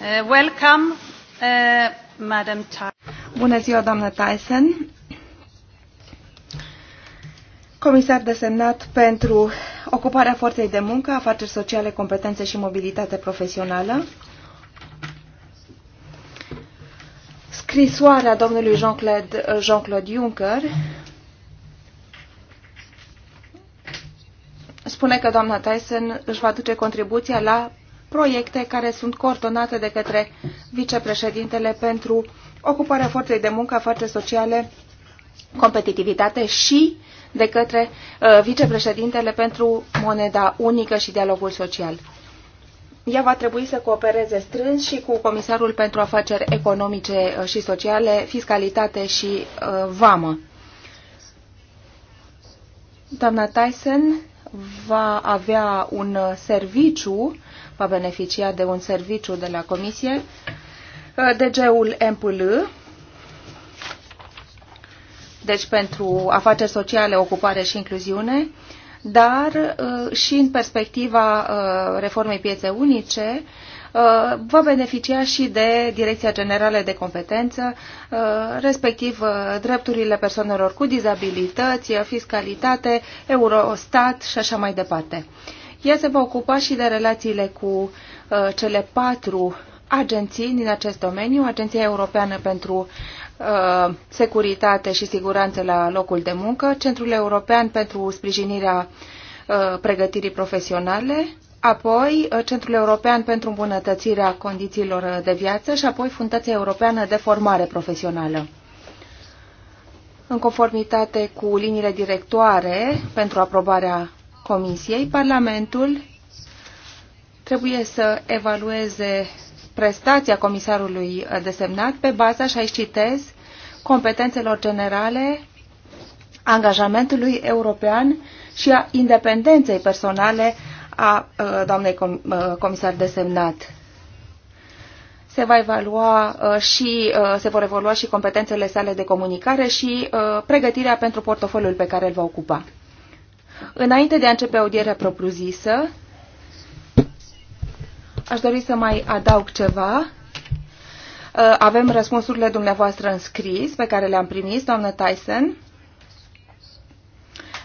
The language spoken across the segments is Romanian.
Uh, welcome, uh, Madam Bună ziua, doamnă Tyson, comisar desemnat pentru ocuparea forței de muncă, afaceri sociale, competențe și mobilitate profesională. Scrisoarea domnului Jean-Claude uh, Jean -Claude Juncker spune că doamna Tyson își va duce contribuția la proiecte care sunt coordonate de către vicepreședintele pentru ocuparea forței de muncă, afaceri sociale, competitivitate și de către uh, vicepreședintele pentru moneda unică și dialogul social. Ea va trebui să coopereze strâns și cu Comisarul pentru Afaceri Economice uh, și Sociale, Fiscalitate și uh, Vamă. Doamna Tyson va avea un serviciu, va beneficia de un serviciu de la Comisie, DG-ul MPL, deci pentru afaceri sociale, ocupare și incluziune, dar uh, și în perspectiva uh, reformei pieței unice, uh, va beneficia și de Direcția Generală de Competență, respectiv drepturile persoanelor cu dizabilități, fiscalitate, Eurostat și așa mai departe. Ea se va ocupa și de relațiile cu cele patru agenții din acest domeniu, Agenția Europeană pentru Uh, securitate și siguranță la locul de muncă, Centrul European pentru sprijinirea uh, pregătirii profesionale, apoi uh, Centrul European pentru îmbunătățirea condițiilor de viață și apoi Fundația Europeană de Formare Profesională. În conformitate cu liniile directoare pentru aprobarea Comisiei, Parlamentul trebuie să evalueze prestația comisarului desemnat pe baza, și aici citez, competențelor generale, angajamentului european și a independenței personale a ă, doamnei ă, comisar desemnat. Se va evalua ă, și se vor evalua și competențele sale de comunicare și pregătirea pentru portofoliul pe care îl va ocupa. Înainte de a începe audierea propriu-zisă, Aș dori să mai adaug ceva. Uh, avem răspunsurile dumneavoastră în scris pe care le-am primit, doamnă Tyson,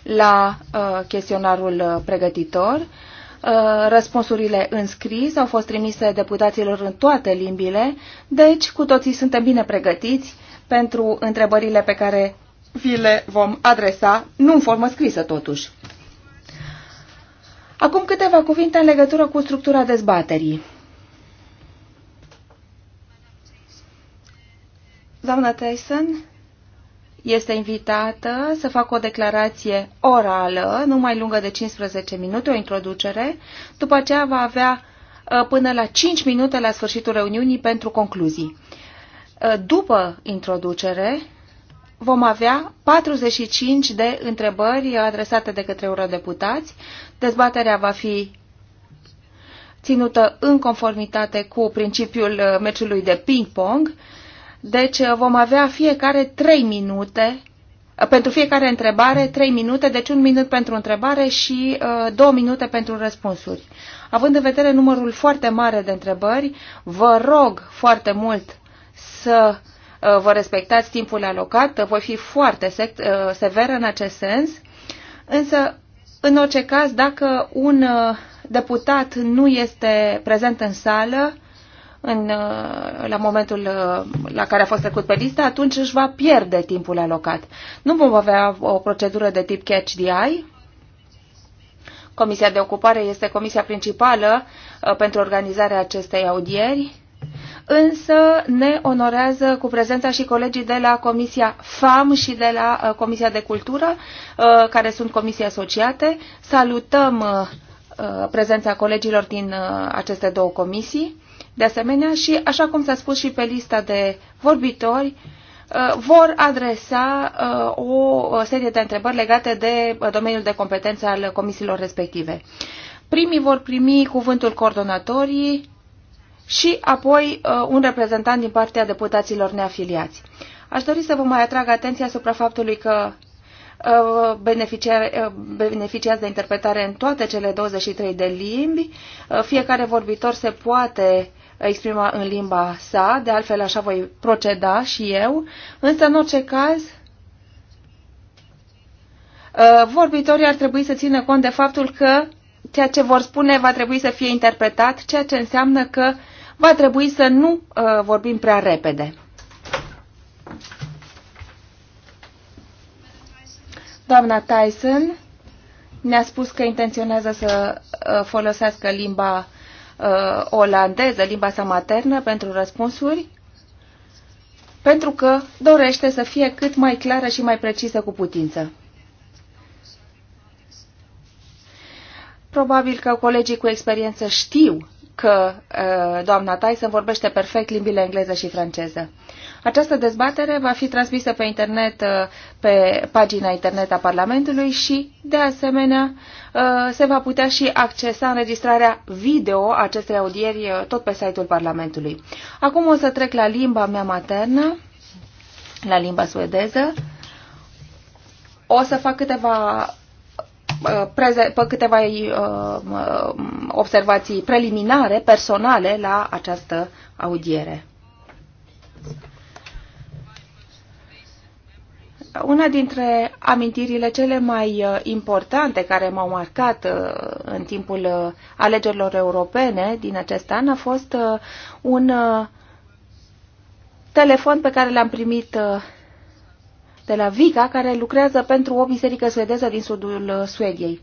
la uh, chestionarul uh, pregătitor. Răspunsurile în scris au fost trimise deputaților în toate limbile, deci cu toții suntem bine pregătiți pentru întrebările pe care vi le vom adresa, nu în formă scrisă totuși. Acum câteva cuvinte în legătură cu structura dezbaterii. Doamna Tyson este invitată să facă o declarație orală, nu mai lungă de 15 minute, o introducere. După aceea va avea uh, până la 5 minute la sfârșitul reuniunii pentru concluzii. Uh, după introducere, vom avea 45 de întrebări adresate de către eurodeputați. Dezbaterea va fi ținută în conformitate cu principiul uh, meciului de ping-pong. Deci uh, vom avea fiecare 3 minute, uh, pentru fiecare întrebare 3 minute, deci un minut pentru întrebare și uh, 2 minute pentru răspunsuri. Având în vedere numărul foarte mare de întrebări, vă rog foarte mult să uh, Uh, vă respectați timpul alocat, voi fi foarte uh, severă în acest sens, însă, în orice caz, dacă un uh, deputat nu este prezent în sală, în, la momentul la care a fost trecut pe listă, atunci își va pierde timpul alocat. Nu vom avea o procedură de tip catch the eye. Comisia de ocupare este comisia principală pentru organizarea acestei audieri însă ne onorează cu prezența și colegii de la Comisia FAM și de la uh, Comisia de Cultură, uh, care sunt comisii asociate. Salutăm uh, prezența colegilor din aceste două comisii. De asemenea, și așa cum s-a spus și pe lista de vorbitori, vor adresa o serie de întrebări legate de domeniul de competență al comisiilor respective. Primii vor primi cuvântul coordonatorii, și apoi uh, un reprezentant din partea deputaților neafiliați. Aș dori să vă mai atrag atenția asupra faptului că uh, uh, beneficiați de interpretare în toate cele 23 de limbi. Fiecare vorbitor se poate exprima în limba sa, de altfel așa voi proceda și eu, însă în orice caz vorbitorii ar trebui să țină cont de faptul că ceea ce vor spune va trebui să fie interpretat, ceea ce înseamnă că uh, va trebui să nu uh, vorbim prea repede. Doamna Tyson ne-a spus că intenționează să uh, folosească limba uh, olandeză, limba sa maternă, pentru răspunsuri, pentru că dorește să fie cât mai clară și mai precisă cu putință. Probabil că colegii cu experiență știu că uh, doamna Tyson vorbește perfect limbile engleză și franceză. Această dezbatere va fi transmisă pe internet, uh, pe pagina internet a Parlamentului și, de asemenea, uh, se va putea și accesa înregistrarea video a acestei audieri uh, tot pe site-ul Parlamentului. Acum o să trec la limba mea maternă, la limba suedeză. O să fac câteva pe câteva uh, observații preliminare, personale, la această audiere. Una dintre amintirile cele mai uh, importante care m-au marcat uh, în timpul alegerilor europene din acest an a fost un telefon pe care l-am primit de la Viga, care lucrează pentru o biserică suedeză din sudul uh, Suediei.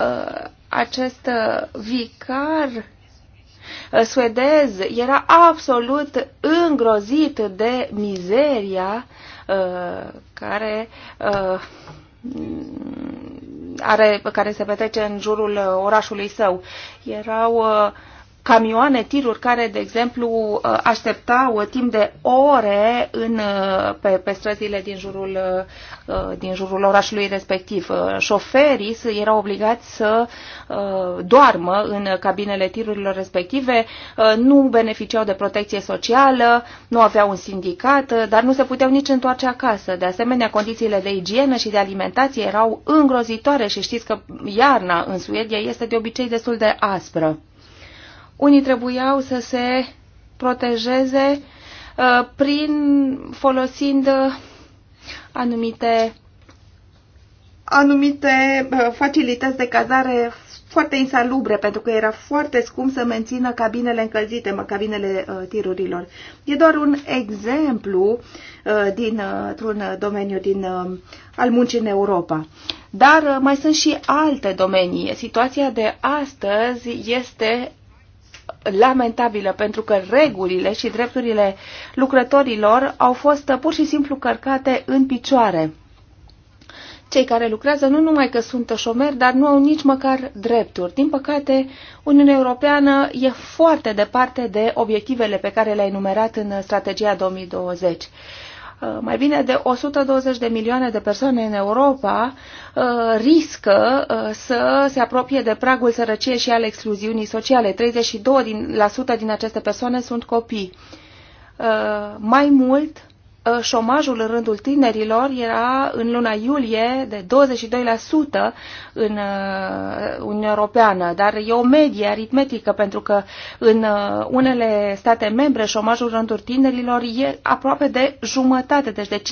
Uh, acest uh, vicar suedez era absolut îngrozit de mizeria care are, care se petrece în jurul orașului său. Erau uh, camioane, tiruri care, de exemplu, uh, așteptau timp de ore în, uh, pe, pe străzile din jurul, uh, din jurul orașului respectiv. Șoferii erau obligați să doarmă în cabinele tirurilor respective, nu beneficiau de protecție socială, nu aveau un sindicat, dar nu se puteau nici întoarce acasă. De asemenea, condițiile de igienă și de alimentație erau îngrozitoare și știți că iarna în Suedia este de obicei destul de aspră. Unii trebuiau să se protejeze uh, prin folosind uh, anumite anumite uh, facilități de cazare foarte insalubre, pentru că era foarte scump să mențină cabinele încălzite, mă, cabinele uh, tirurilor. E doar un exemplu uh, dintr-un domeniu din, uh, al muncii în Europa. Dar uh, mai sunt și alte domenii. Situația de astăzi este lamentabilă pentru că regulile și drepturile lucrătorilor au fost pur și simplu cărcate în picioare. Cei care lucrează nu numai că sunt șomeri, dar nu au nici măcar drepturi. Din păcate, Uniunea Europeană e foarte departe de obiectivele pe care le-a enumerat în strategia 2020. Eh, mai bine de 120 de milioane de persoane în Europa eh, riscă eh, să se apropie de pragul sărăciei și al excluziunii sociale. 32% din aceste persoane sunt copii. Mai mult, Ă, șomajul în rândul tinerilor era în luna iulie de 22% în ă, Uniunea Europeană, dar e o medie aritmetică pentru că în ă, unele state membre șomajul în rândul tinerilor e aproape de jumătate, deci de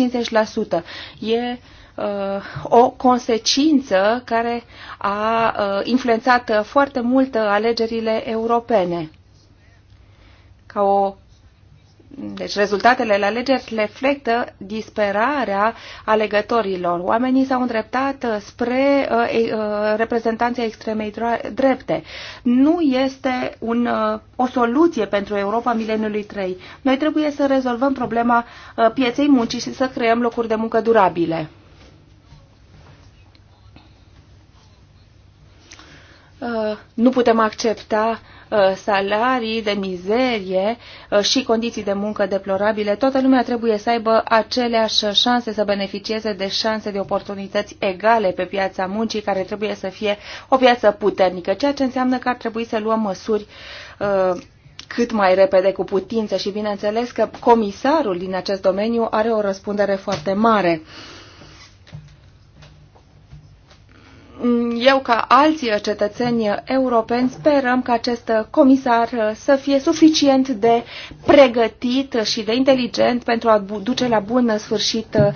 50%. E o consecință care a influențat foarte mult alegerile europene ca o deci rezultatele la alegeri reflectă disperarea alegătorilor. Oamenii s-au îndreptat spre uh, uh, reprezentanții extremei drepte. Nu este un, uh, o soluție pentru Europa mileniului 3. Noi trebuie să rezolvăm problema uh, pieței muncii și să creăm locuri de muncă durabile. Uh, nu putem accepta uh, Uh, salarii de mizerie uh, și condiții de muncă deplorabile, toată lumea trebuie să aibă aceleași șanse să beneficieze de șanse de oportunități egale pe piața muncii, care trebuie să fie o piață puternică, ceea ce înseamnă că ar trebui să luăm măsuri uh, cât mai repede cu putință și bineînțeles că comisarul din acest domeniu are o răspundere foarte mare. eu, ca alții cetățeni europeni, sperăm că acest comisar să fie suficient de pregătit și de inteligent pentru a duce la bun sfârșit uh,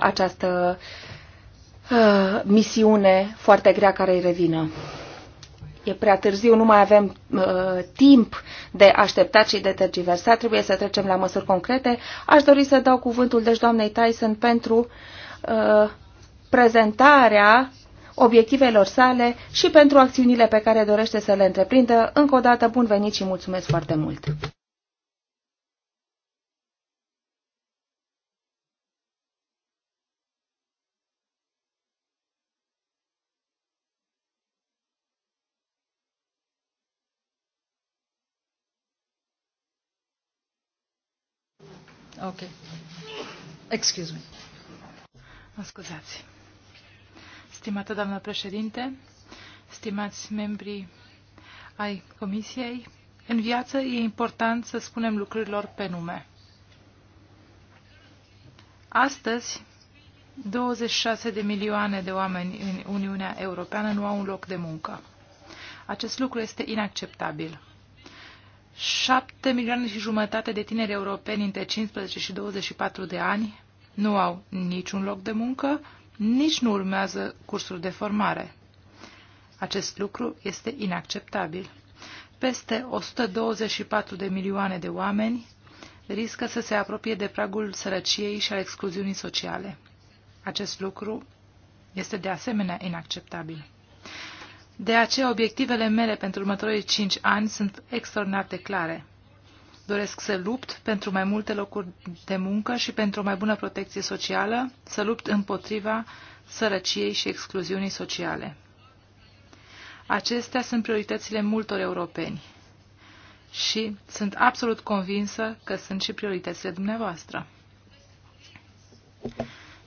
această uh, misiune foarte grea care îi revină. E prea târziu, nu mai avem uh, timp de așteptat și de tergiversat, trebuie să trecem la măsuri concrete. Aș dori să dau cuvântul deci doamnei Tyson pentru uh, prezentarea obiectivelor sale și pentru acțiunile pe care dorește să le întreprindă. Încă o dată, bun venit și mulțumesc foarte mult! Ok. Excuse me. Mă scuzați. Stimată doamnă președinte, stimați membrii ai Comisiei, în viață e important să spunem lucrurilor pe nume. Astăzi, 26 de milioane de oameni în Uniunea Europeană nu au un loc de muncă. Acest lucru este inacceptabil. 7 milioane și jumătate de tineri europeni între 15 și 24 de ani nu au niciun loc de muncă nici nu urmează cursuri de formare. Acest lucru este inacceptabil. Peste 124 de milioane de oameni riscă să se apropie de pragul sărăciei și al excluziunii sociale. Acest lucru este de asemenea inacceptabil. De aceea, obiectivele mele pentru următorii cinci ani sunt extraordinar de clare doresc să lupt pentru mai multe locuri de muncă și pentru o mai bună protecție socială, să lupt împotriva sărăciei și excluziunii sociale. Acestea sunt prioritățile multor europeni și sunt absolut convinsă că sunt și prioritățile dumneavoastră.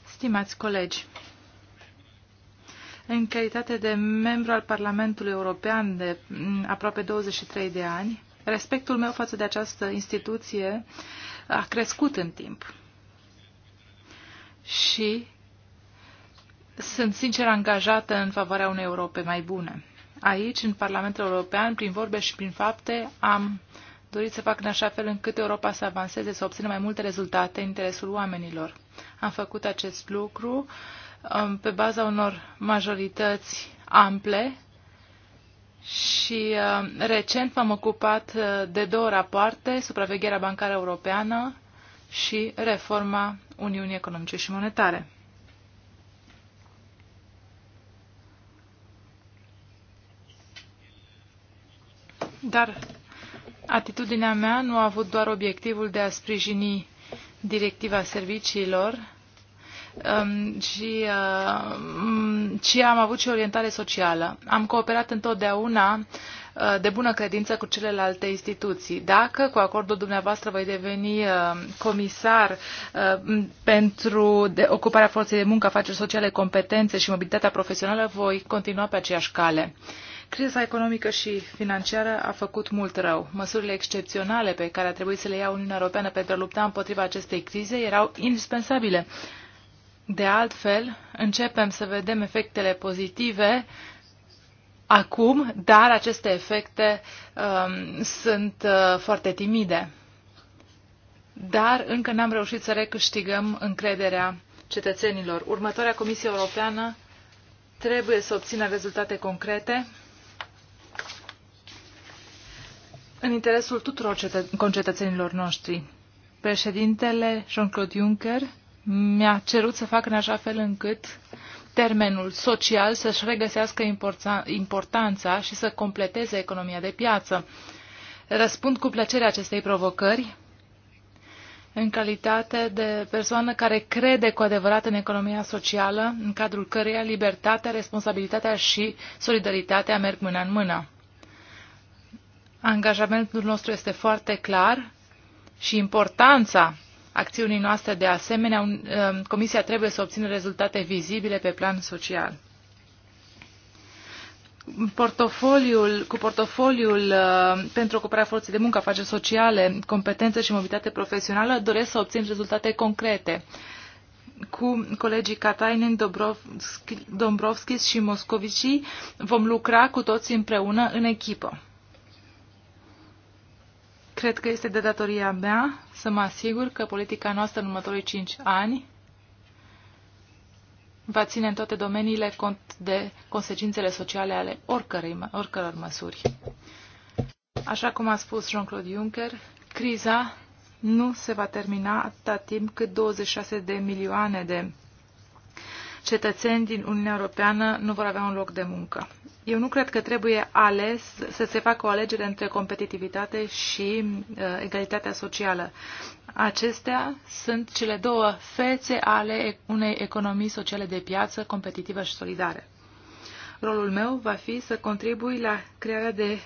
Stimați colegi, în calitate de membru al Parlamentului European de aproape 23 de ani, Respectul meu față de această instituție a crescut în timp. Și sunt sincer angajată în favoarea unei Europe mai bune. Aici, în Parlamentul European, prin vorbe și prin fapte, am dorit să fac în așa fel încât Europa să avanseze, să obțină mai multe rezultate în interesul oamenilor. Am făcut acest lucru um, pe baza unor majorități ample și uh, recent m-am ocupat uh, de două rapoarte, supravegherea bancară europeană și reforma Uniunii Economice și Monetare. Dar atitudinea mea nu a avut doar obiectivul de a sprijini directiva serviciilor, și, uh, și am avut și orientare socială. Am cooperat întotdeauna uh, de bună credință cu celelalte instituții. Dacă cu acordul dumneavoastră voi deveni uh, comisar pentru de ocuparea forței de muncă, afaceri sociale, competențe și mobilitatea profesională, voi continua pe aceeași cale. Criza economică și financiară a făcut mult rău. Măsurile excepționale pe care a trebuit să le ia Uniunea Europeană pentru a lupta împotriva acestei crize erau indispensabile de altfel, începem să vedem efectele pozitive acum, dar aceste efecte um, sunt uh, foarte timide. Dar încă n-am reușit să recâștigăm încrederea cetățenilor. Următoarea Comisie Europeană trebuie să obțină rezultate concrete în interesul tuturor concetățenilor noștri. Președintele Jean-Claude Juncker mi-a cerut să fac în așa fel încât termenul social să-și regăsească importanța și să completeze economia de piață. Răspund cu plăcere acestei provocări în calitate de persoană care crede cu adevărat în economia socială, în cadrul căreia libertatea, responsabilitatea și solidaritatea merg mână în mână. Angajamentul nostru este foarte clar și importanța acțiunii noastre. De asemenea, un, um, Comisia trebuie să obțină rezultate vizibile pe plan social. Portofoliul, cu portofoliul uh, pentru ocuparea forței de muncă, afaceri sociale, competențe și mobilitate profesională, doresc să obțin rezultate concrete. Cu colegii Katainen, Dombrovskis și Moscovici vom lucra cu toți împreună în echipă. Cred că este de datoria mea să mă asigur că politica noastră în următorii 5 ani va ține în toate domeniile cont de consecințele sociale ale oricărei, oricăror măsuri. Așa cum a spus Jean-Claude Juncker, criza nu se va termina atâta timp cât 26 de milioane de cetățeni din Uniunea Europeană nu vor avea un loc de muncă. Eu nu cred că trebuie ales să se facă o alegere între competitivitate și uh, egalitatea socială. Acestea sunt cele două fețe ale unei economii sociale de piață, competitivă și solidare. Rolul meu va fi să contribui la crearea de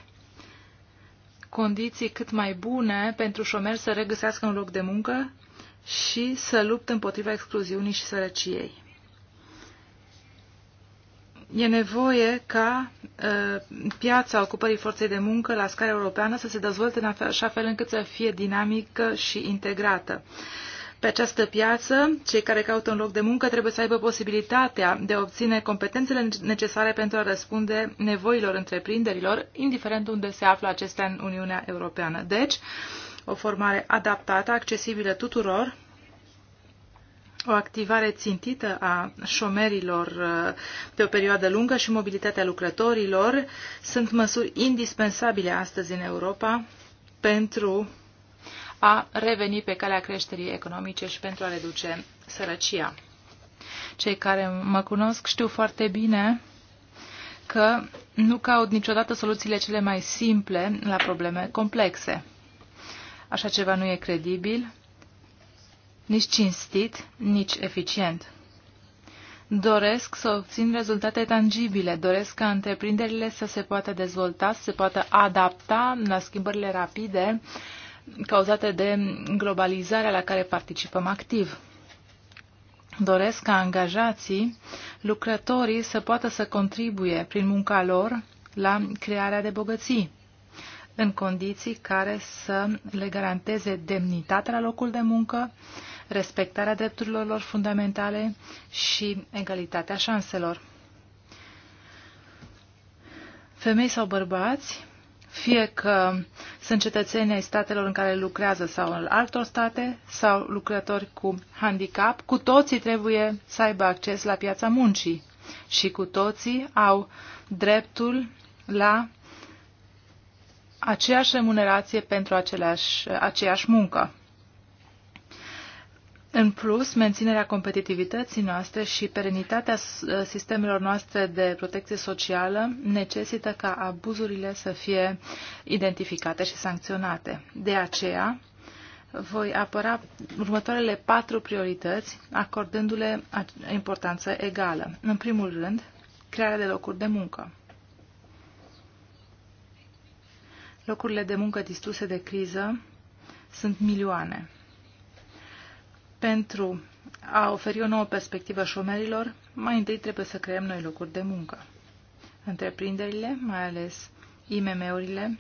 condiții cât mai bune pentru șomeri să regăsească un loc de muncă și să lupt împotriva excluziunii și sărăciei. E nevoie ca piața ocupării forței de muncă la scară europeană să se dezvolte în așa fel încât să fie dinamică și integrată. Pe această piață, cei care caută un loc de muncă trebuie să aibă posibilitatea de a obține competențele necesare pentru a răspunde nevoilor întreprinderilor, indiferent unde se află acestea în Uniunea Europeană. Deci, o formare adaptată, accesibilă tuturor, o activare țintită a șomerilor uh, pe o perioadă lungă și mobilitatea lucrătorilor sunt măsuri indispensabile astăzi în Europa pentru a reveni pe calea creșterii economice și pentru a reduce sărăcia. Cei care mă cunosc știu foarte bine că nu caut niciodată soluțiile cele mai simple la probleme complexe. Așa ceva nu e credibil nici cinstit, nici eficient. Doresc să obțin rezultate tangibile, doresc ca întreprinderile să se poată dezvolta, să se poată adapta la schimbările rapide cauzate de globalizarea la care participăm activ. Doresc ca angajații, lucrătorii să poată să contribuie prin munca lor la crearea de bogății, în condiții care să le garanteze demnitatea la locul de muncă, respectarea drepturilor lor fundamentale și egalitatea șanselor. Femei sau bărbați, fie că sunt cetățeni ai statelor în care lucrează sau în altor state, sau lucrători cu handicap, cu toții trebuie să aibă acces la piața muncii și cu toții au dreptul la aceeași remunerație pentru aceleași, aceeași muncă. În plus, menținerea competitivității noastre și perenitatea sistemelor noastre de protecție socială necesită ca abuzurile să fie identificate și sancționate. De aceea, voi apăra următoarele patru priorități, acordându-le importanță egală. În primul rând, crearea de locuri de muncă. Locurile de muncă distruse de criză sunt milioane. Pentru a oferi o nouă perspectivă șomerilor, mai întâi trebuie să creăm noi locuri de muncă. Întreprinderile, mai ales IMM-urile,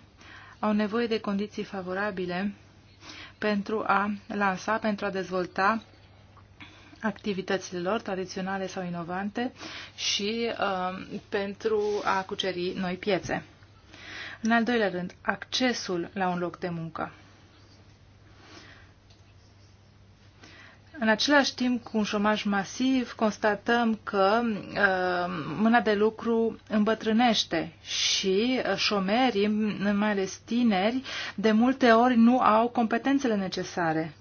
au nevoie de condiții favorabile pentru a lansa, pentru a dezvolta activitățile lor tradiționale sau inovante și uh, pentru a cuceri noi piețe. În al doilea rând, accesul la un loc de muncă. În același timp, cu un șomaj masiv, constatăm că uh, mâna de lucru îmbătrânește și uh, șomerii, mai ales tineri, de multe ori nu au competențele necesare,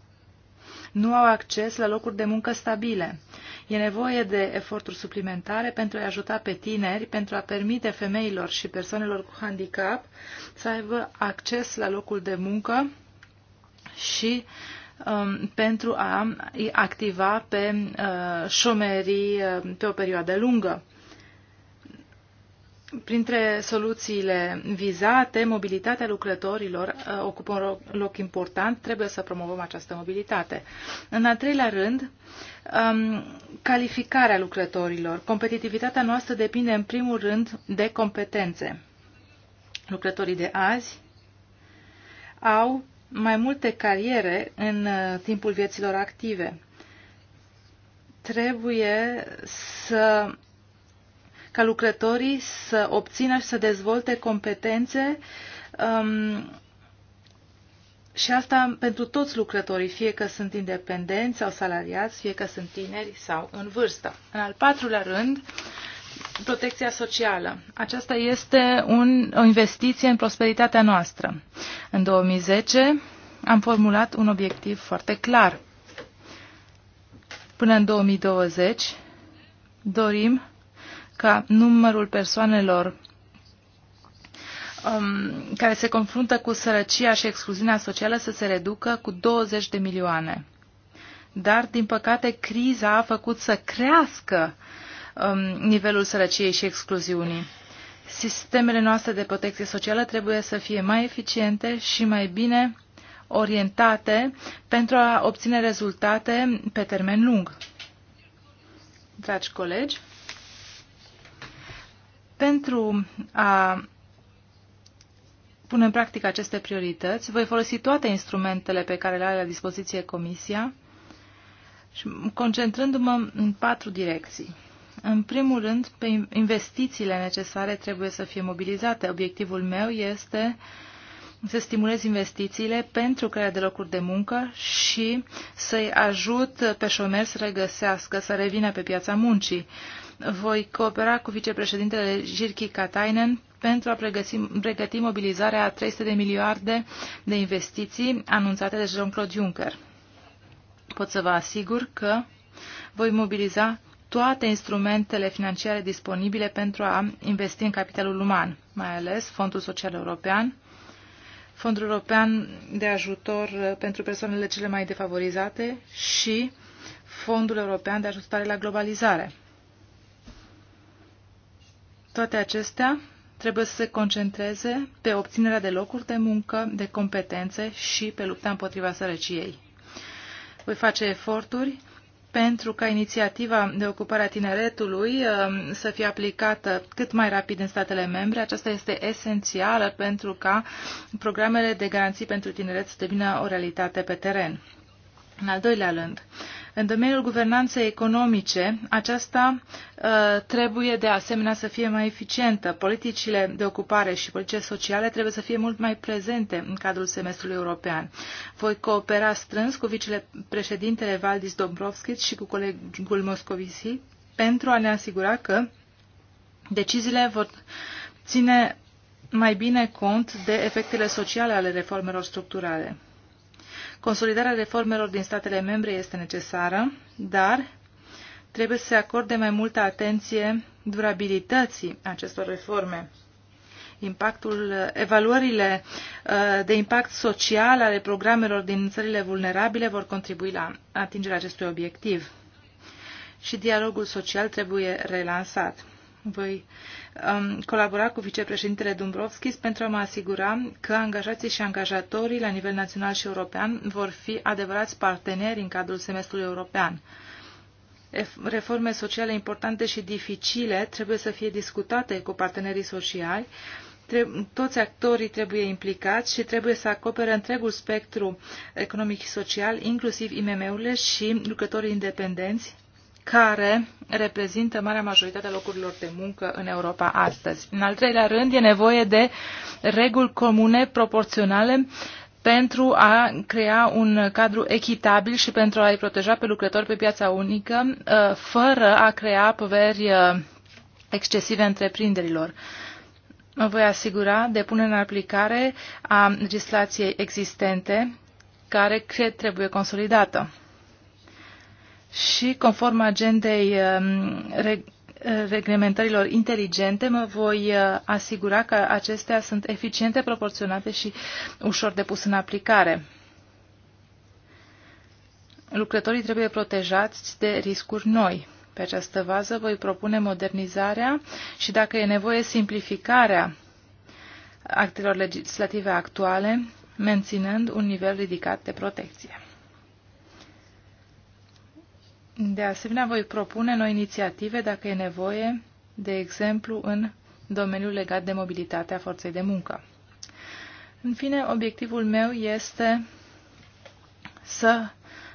nu au acces la locuri de muncă stabile. E nevoie de eforturi suplimentare pentru a ajuta pe tineri, pentru a permite femeilor și persoanelor cu handicap să aibă acces la locul de muncă și uh, Um, pentru a activa pe uh, șomerii uh, pe o perioadă lungă. Printre soluțiile vizate, mobilitatea lucrătorilor uh, ocupă un loc important, trebuie să promovăm această mobilitate. În al treilea rând, um, calificarea lucrătorilor. Competitivitatea noastră depinde în primul rând de competențe. Lucrătorii de azi au mai multe cariere în uh, timpul vieților active. Trebuie să ca lucrătorii să obțină și să dezvolte competențe um, și asta pentru toți lucrătorii, fie că sunt independenți sau salariați, fie că sunt tineri sau în vârstă. În al patrulea rând, uh, protecția socială. Aceasta este un, o investiție în prosperitatea noastră. În 2010 am formulat un obiectiv foarte clar. Până în 2020 dorim ca numărul persoanelor um, care se confruntă cu sărăcia și excluziunea socială să se reducă cu 20 de milioane. Dar, din păcate, criza a făcut să crească uh, Um, nivelul sărăciei și excluziunii. Sistemele noastre de protecție socială trebuie să fie mai eficiente și mai bine orientate pentru a obține rezultate pe termen lung. Dragi colegi, pentru a pune în practică aceste priorități, voi folosi toate instrumentele pe care le are la dispoziție Comisia, concentrându-mă în patru direcții. În primul rând, pe investițiile necesare trebuie să fie mobilizate. Obiectivul meu este să stimulez investițiile pentru crearea de locuri de muncă și să-i ajut pe șomeri să regăsească, să revină pe piața muncii. Voi coopera cu vicepreședintele Jirki Katainen pentru a pregăsi, pregăti mobilizarea a 300 de miliarde de investiții anunțate de Jean-Claude Juncker. Pot să vă asigur că voi mobiliza toate instrumentele financiare disponibile pentru a investi în capitalul uman, mai ales Fondul Social European, Fondul European de Ajutor uh, pentru persoanele cele mai defavorizate și Fondul European de Ajutare la Globalizare. Toate acestea trebuie să se concentreze pe obținerea de locuri de muncă, de competențe și pe lupta împotriva sărăciei. Voi face eforturi pentru ca inițiativa de ocupare a tineretului um, să fie aplicată cât mai rapid în statele membre. Aceasta este esențială pentru ca programele de garanții pentru tineret să devină o realitate pe teren. În al doilea rând, în domeniul guvernanței economice, aceasta ă, trebuie de asemenea să fie mai eficientă. Politicile de ocupare și politicile sociale trebuie să fie mult mai prezente în cadrul semestrului european. Voi coopera strâns cu vicepreședintele Valdis Dombrovskis și cu colegul Moscovici pentru a ne asigura că deciziile vor ține mai bine cont de efectele sociale ale reformelor structurale. Consolidarea reformelor din statele membre este necesară, dar trebuie să se acorde mai multă atenție durabilității acestor reforme. Impactul, evaluările uh, de impact social ale programelor din țările vulnerabile vor contribui la atingerea acestui obiectiv și dialogul social trebuie relansat voi um, colabora cu vicepreședintele Dumbrovskis pentru a mă asigura că angajații și angajatorii la nivel național și european vor fi adevărați parteneri în cadrul semestrului european. Reforme sociale importante și dificile trebuie să fie discutate cu partenerii sociali, toți actorii trebuie implicați și trebuie să acopere întregul spectru economic și social, inclusiv IMM-urile și lucrătorii independenți, care reprezintă marea majoritate a locurilor de muncă în Europa astăzi. În al treilea rând, e nevoie de reguli comune proporționale pentru a crea un cadru echitabil și pentru a-i proteja pe lucrători pe piața unică, uh, fără a crea poveri uh, excesive întreprinderilor. Mă voi asigura de punerea în aplicare a legislației existente, care cred trebuie consolidată și conform agendei um, reglementărilor inteligente mă voi uh, asigura că acestea sunt eficiente, proporționate și ușor de pus în aplicare. Lucrătorii trebuie protejați de riscuri noi. Pe această bază voi propune modernizarea și, dacă e nevoie, simplificarea actelor legislative actuale, menținând un nivel ridicat de protecție. De asemenea, voi propune noi inițiative dacă e nevoie, de exemplu, în domeniul legat de mobilitatea forței de muncă. În fine, obiectivul meu este să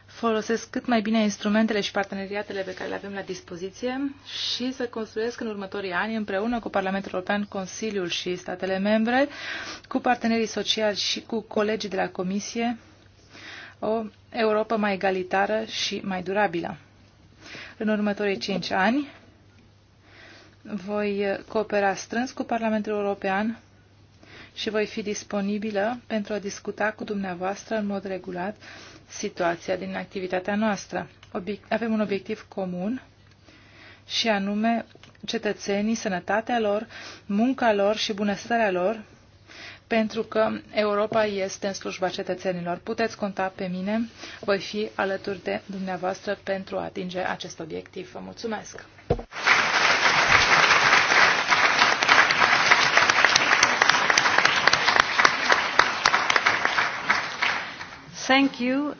folosesc cât mai bine instrumentele și parteneriatele pe care le avem la dispoziție și să construiesc în următorii ani, împreună cu Parlamentul European, Consiliul și statele membre, cu partenerii sociali și cu colegii de la Comisie, o Europa mai egalitară și mai durabilă. În următorii cinci ani voi coopera strâns cu Parlamentul European și voi fi disponibilă pentru a discuta cu dumneavoastră în mod regulat situația din activitatea noastră. Avem un obiectiv comun și anume cetățenii, sănătatea lor, munca lor și bunăstarea lor pentru că Europa este în slujba cetățenilor. Puteți conta pe mine, voi fi alături de dumneavoastră pentru a atinge acest obiectiv. Vă mulțumesc! Thank you, uh,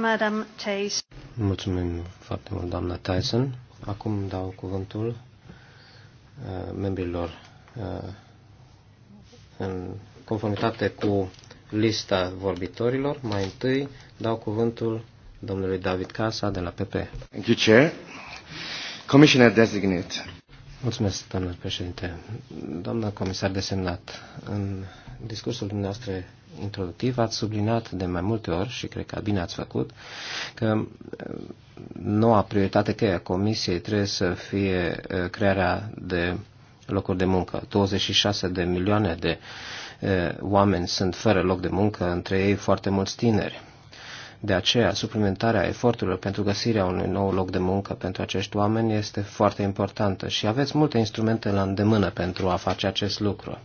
Madam Tyson. Mulțumim foarte mult, doamna Tyson. Acum dau cuvântul uh, membrilor uh, în conformitate cu lista vorbitorilor. Mai întâi dau cuvântul domnului David Casa de la PP. Thank you, Chair. Commissioner Designate. Mulțumesc, domnule președinte. Doamna comisar desemnat, în discursul dumneavoastră introductiv ați subliniat de mai multe ori, și cred că bine ați făcut, că uh, noua prioritate cheie a Comisiei trebuie să fie uh, crearea de locuri de muncă. 26 de milioane de uh, oameni sunt fără loc de muncă, între ei foarte mulți tineri. De aceea, suplimentarea eforturilor pentru găsirea unui nou loc de muncă pentru acești oameni este foarte importantă și aveți multe instrumente la îndemână pentru a face acest lucru.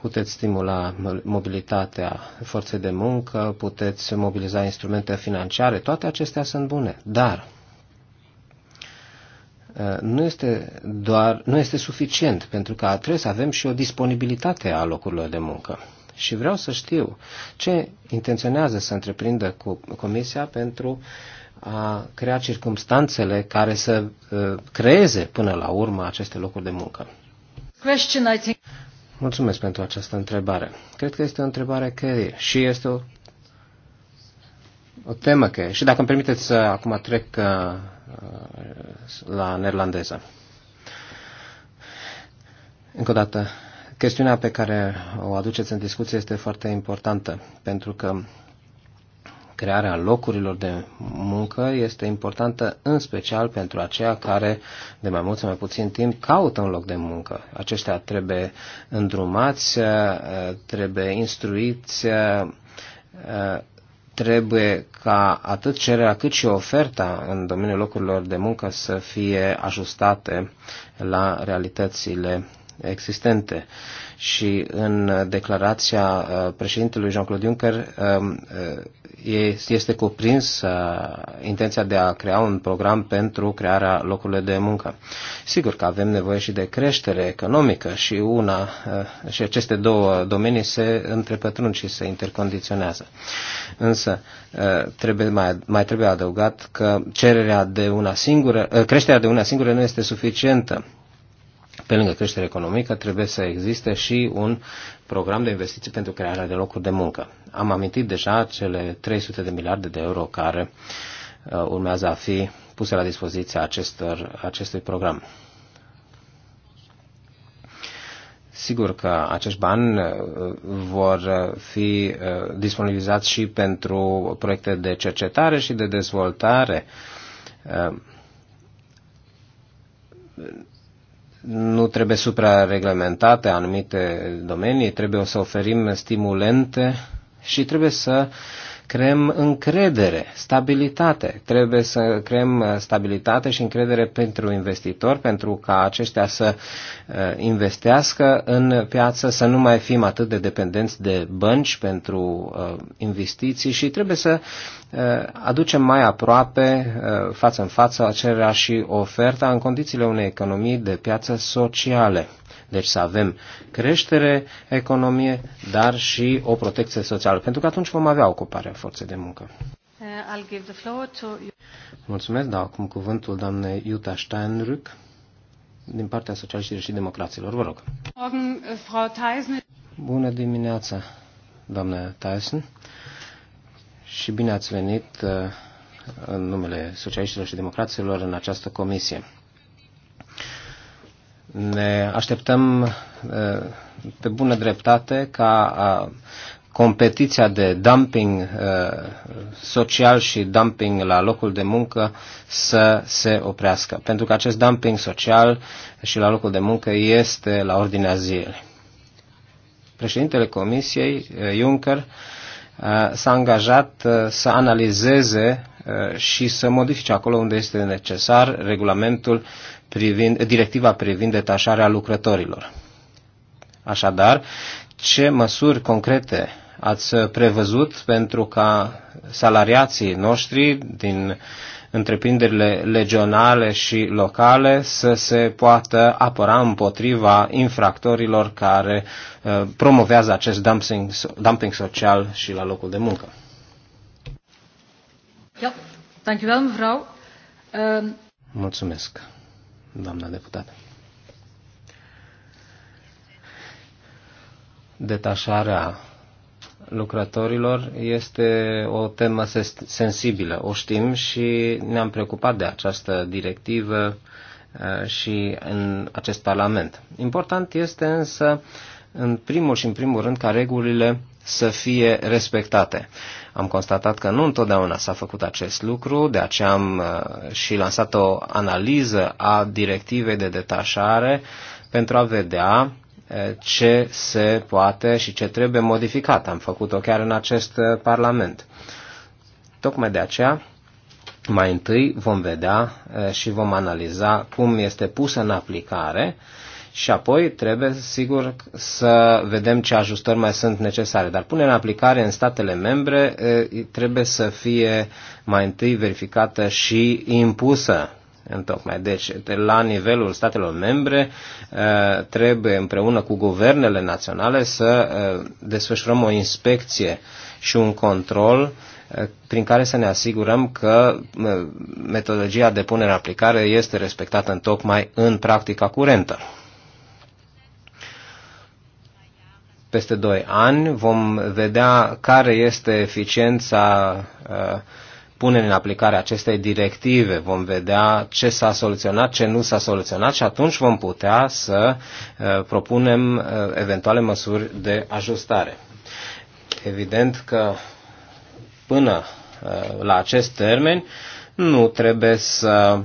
Puteți stimula mobilitatea forței de muncă, puteți mobiliza instrumente financiare, toate acestea sunt bune, dar Uh, nu este, doar, nu este suficient, pentru că trebuie să avem și o disponibilitate a locurilor de muncă. Și vreau să știu ce intenționează să întreprindă cu Comisia pentru a crea circumstanțele care să uh, creeze până la urmă aceste locuri de muncă. Mulțumesc pentru această întrebare. Cred că este o întrebare cheie și este o, o temă cheie. Și dacă îmi permiteți să acum trec uh, la neerlandeză. Încă o dată, chestiunea pe care o aduceți în discuție este foarte importantă, pentru că crearea locurilor de muncă este importantă în special pentru aceia care de mai mult sau mai puțin timp caută un loc de muncă. Aceștia trebuie îndrumați, trebuie instruiți trebuie ca atât cererea cât și oferta în domeniul locurilor de muncă să fie ajustate la realitățile existente și în declarația uh, președintelui Jean-Claude Juncker um, uh, este cuprins uh, intenția de a crea un program pentru crearea locurilor de muncă. Sigur că avem nevoie și de creștere economică și una și aceste două domenii se întrepătrund și se intercondiționează. Însă trebuie mai, mai trebuie adăugat că cererea de una singură, creșterea de una singură nu este suficientă pe lângă creștere economică, trebuie să existe și un program de investiții pentru crearea de locuri de muncă. Am amintit deja cele 300 de miliarde de euro care uh, urmează a fi puse la dispoziția acestor, acestui program. Sigur că acești bani uh, vor uh, fi disponibilizați și pentru proiecte de cercetare și de dezvoltare nu trebuie suprareglementate anumite domenii, trebuie să oferim stimulente și trebuie să creăm încredere, stabilitate. Trebuie să creăm uh, stabilitate și încredere pentru investitori, pentru ca aceștia să uh, investească în piață, să nu mai fim atât de dependenți de bănci pentru uh, investiții și trebuie să aducem mai aproape, față în față, cererea și oferta în condițiile unei economii de piață sociale. Deci să avem creștere economie, dar și o protecție socială, pentru că atunci vom avea ocuparea forței de muncă. Uh, I'll give the floor to... Mulțumesc, dau acum cuvântul doamnei Jutta Steinrück din partea socialiștilor și democraților. Vă rog. Uh, Bună dimineața, doamnă Tyson, și bine ați venit uh, în numele socialiștilor și democraților în această comisie. Ne așteptăm pe bună dreptate ca competiția de dumping social și dumping la locul de muncă să se oprească. Pentru că acest dumping social și la locul de muncă este la ordinea zilei. Președintele Comisiei, Juncker, s-a angajat să analizeze Eh, și să modifice acolo unde este necesar regulamentul privind, directiva privind detașarea lucrătorilor. Așadar, ce măsuri concrete ați prevăzut pentru ca salariații noștri din întreprinderile legionale și locale să se poată apăra împotriva infractorilor care eh, promovează acest dumping, dumping social și la locul de muncă. Ja, ehm, Mulțumesc, doamna deputată. Detașarea lucrătorilor este o temă sensibilă, o știm și ne-am preocupat de această directivă eh, și în acest Parlament. Important este însă, în primul și în primul rând, ca regulile să fie respectate. Am constatat că nu întotdeauna s-a făcut acest lucru, de aceea am uh, și lansat o analiză a directivei de detașare pentru a vedea uh, ce se poate și ce trebuie modificat. Am făcut-o chiar în acest uh, Parlament. Tocmai de aceea, mai întâi vom vedea și vom analiza cum este pusă în aplicare uh, și apoi trebuie, sigur, să vedem ce ajustări mai sunt necesare. Dar punerea în aplicare în statele membre trebuie să fie mai întâi verificată și impusă. Întocmai. Deci, la nivelul statelor membre, trebuie împreună cu guvernele naționale să desfășurăm o inspecție și un control prin care să ne asigurăm că metodologia de punere în aplicare este respectată în tocmai în practica curentă. peste 2 ani vom vedea care este eficiența uh, punerii în aplicare acestei directive, vom vedea ce s-a soluționat, ce nu s-a soluționat și atunci vom putea să uh, propunem uh, eventuale măsuri de ajustare. Evident că până la acest termen nu trebuie să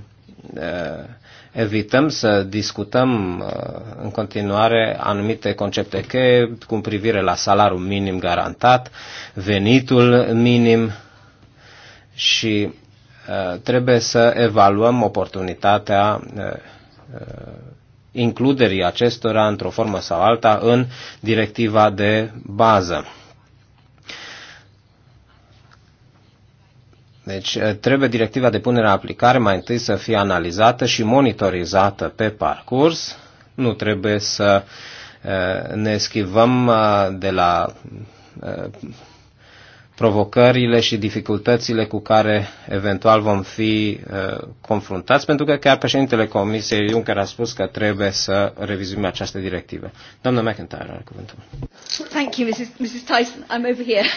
evităm să discutăm uh, în continuare anumite concepte cheie cu privire la salariul minim garantat, venitul minim și uh, trebuie să evaluăm oportunitatea uh, includerii acestora într-o formă sau alta în directiva de bază. Deci eh, trebuie directiva de punere în aplicare mai întâi să fie analizată și monitorizată pe parcurs. Nu trebuie să eh, ne schivăm eh, de la provocările și dificultățile cu care eventual vom fi uh, confruntați, pentru că chiar președintele Comisiei Juncker a spus că trebuie să revizuim această directivă. Doamna McIntyre are cuvântul. Thank you, Mrs. Mrs. Tyson. I'm over here.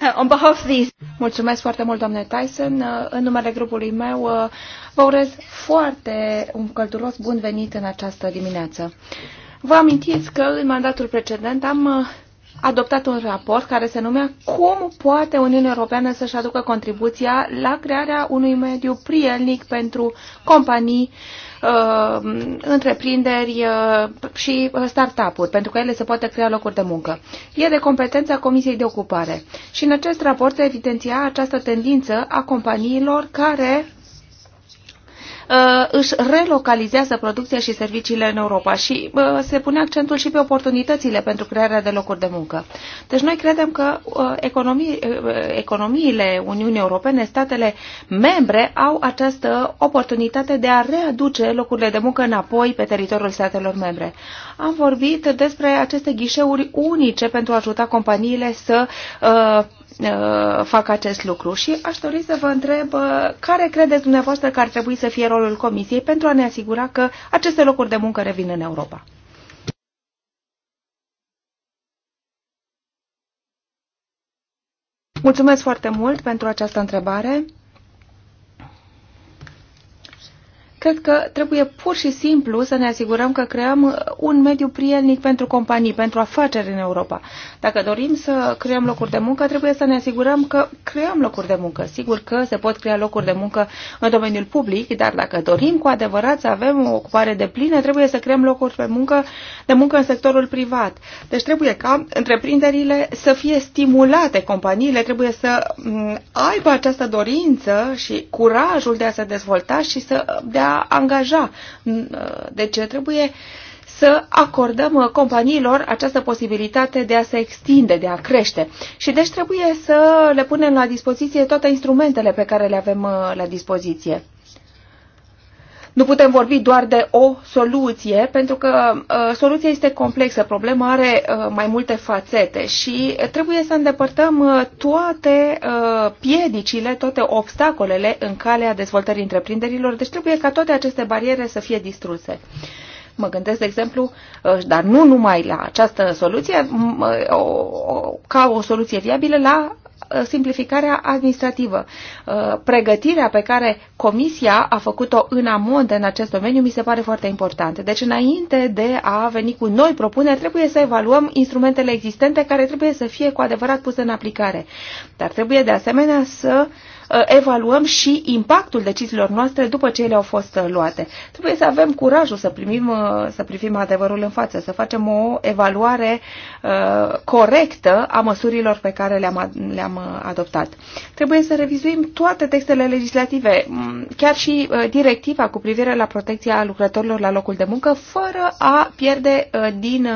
Uh, on behalf of these... Mulțumesc foarte mult, doamne Tyson. Uh, în numele grupului meu uh, vă urez foarte un călduros bun venit în această dimineață. Vă amintiți că în mandatul precedent am adoptat un raport care se numea Cum poate Uniunea Europeană să-și aducă contribuția la crearea unui mediu prielnic pentru companii, uh, întreprinderi uh, și uh, start-up-uri, pentru că ele se poate crea locuri de muncă. E de competența Comisiei de Ocupare. Și în acest raport se evidenția această tendință a companiilor care Uh, își relocalizează producția și serviciile în Europa și uh, se pune accentul și pe oportunitățile pentru crearea de locuri de muncă. Deci noi credem că uh, economii, economiile Uniunii Europene, statele membre, au această oportunitate de a readuce locurile de muncă înapoi pe teritoriul statelor membre. Am vorbit despre aceste ghișeuri unice pentru a ajuta companiile să uh, Uh, fac acest lucru și aș dori să vă întreb uh, care credeți dumneavoastră că ar trebui să fie rolul Comisiei pentru a ne asigura că aceste locuri de muncă revin în Europa. Mulțumesc foarte mult pentru această întrebare. Cred că trebuie pur și simplu să ne asigurăm că creăm un mediu prielnic pentru companii, pentru afaceri în Europa. Dacă dorim să creăm locuri de muncă, trebuie să ne asigurăm că creăm locuri de muncă. Sigur că se pot crea locuri de muncă în domeniul public, dar dacă dorim cu adevărat să avem o ocupare de plină, trebuie să creăm locuri de muncă, de muncă în sectorul privat. Deci trebuie ca întreprinderile să fie stimulate, companiile trebuie să mm, aibă această dorință și curajul de a se dezvolta și să, de a a angaja. Uh, deci trebuie să acordăm uh, companiilor această posibilitate de a se extinde, de a crește. Și deci trebuie să le punem la dispoziție toate instrumentele pe care le avem uh, la dispoziție. Nu putem vorbi doar de o soluție, pentru că uh, soluția este complexă, problema are uh, mai multe fațete și trebuie să îndepărtăm uh, toate uh, piedicile, toate obstacolele în calea dezvoltării întreprinderilor, deci trebuie ca toate aceste bariere să fie distruse. Mă gândesc, de exemplu, uh, dar nu numai la această soluție, uh, ca o soluție viabilă la Uh, simplificarea administrativă. Uh, pregătirea pe care Comisia a făcut-o în amont în acest domeniu mi se pare foarte importantă. Deci, înainte de a veni cu noi propuneri, trebuie să evaluăm instrumentele existente care trebuie să fie cu adevărat puse în aplicare. Dar trebuie de asemenea să uh, Uh, evaluăm și impactul deciziilor noastre după ce ele au fost uh, luate. Trebuie să avem curajul să, primim, uh, să privim adevărul în față, să facem o evaluare corectă a măsurilor pe care le-am, le-am adoptat. Trebuie să revizuim toate textele legislative, mm, chiar și directiva cu privire la protecția lucrătorilor la locul de muncă, fără a pierde din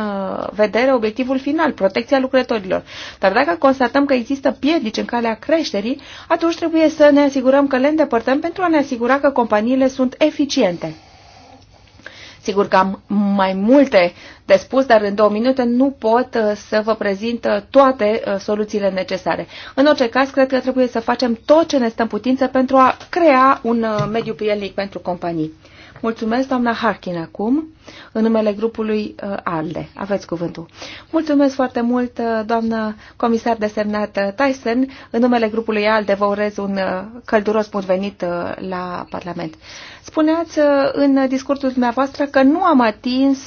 vedere obiectivul final, protecția lucrătorilor. Dar dacă constatăm că există piedici în calea creșterii, atunci trebuie trebuie să ne asigurăm că le îndepărtăm pentru a ne asigura că companiile sunt eficiente. Sigur că am mai multe de spus, dar în două minute nu pot uh, să vă prezint uh, toate uh, soluțiile necesare. În orice caz, cred că trebuie să facem tot ce ne stă în putință pentru a crea un mediu prielnic pentru companii. Mulțumesc, doamna Harkin, acum în numele grupului uh, ALDE. Aveți cuvântul. Mulțumesc foarte mult, uh, doamnă comisar desemnat uh, Tyson. În numele grupului ALDE vă urez un călduros bun venit la Parlament. Spuneați în discursul dumneavoastră că nu am atins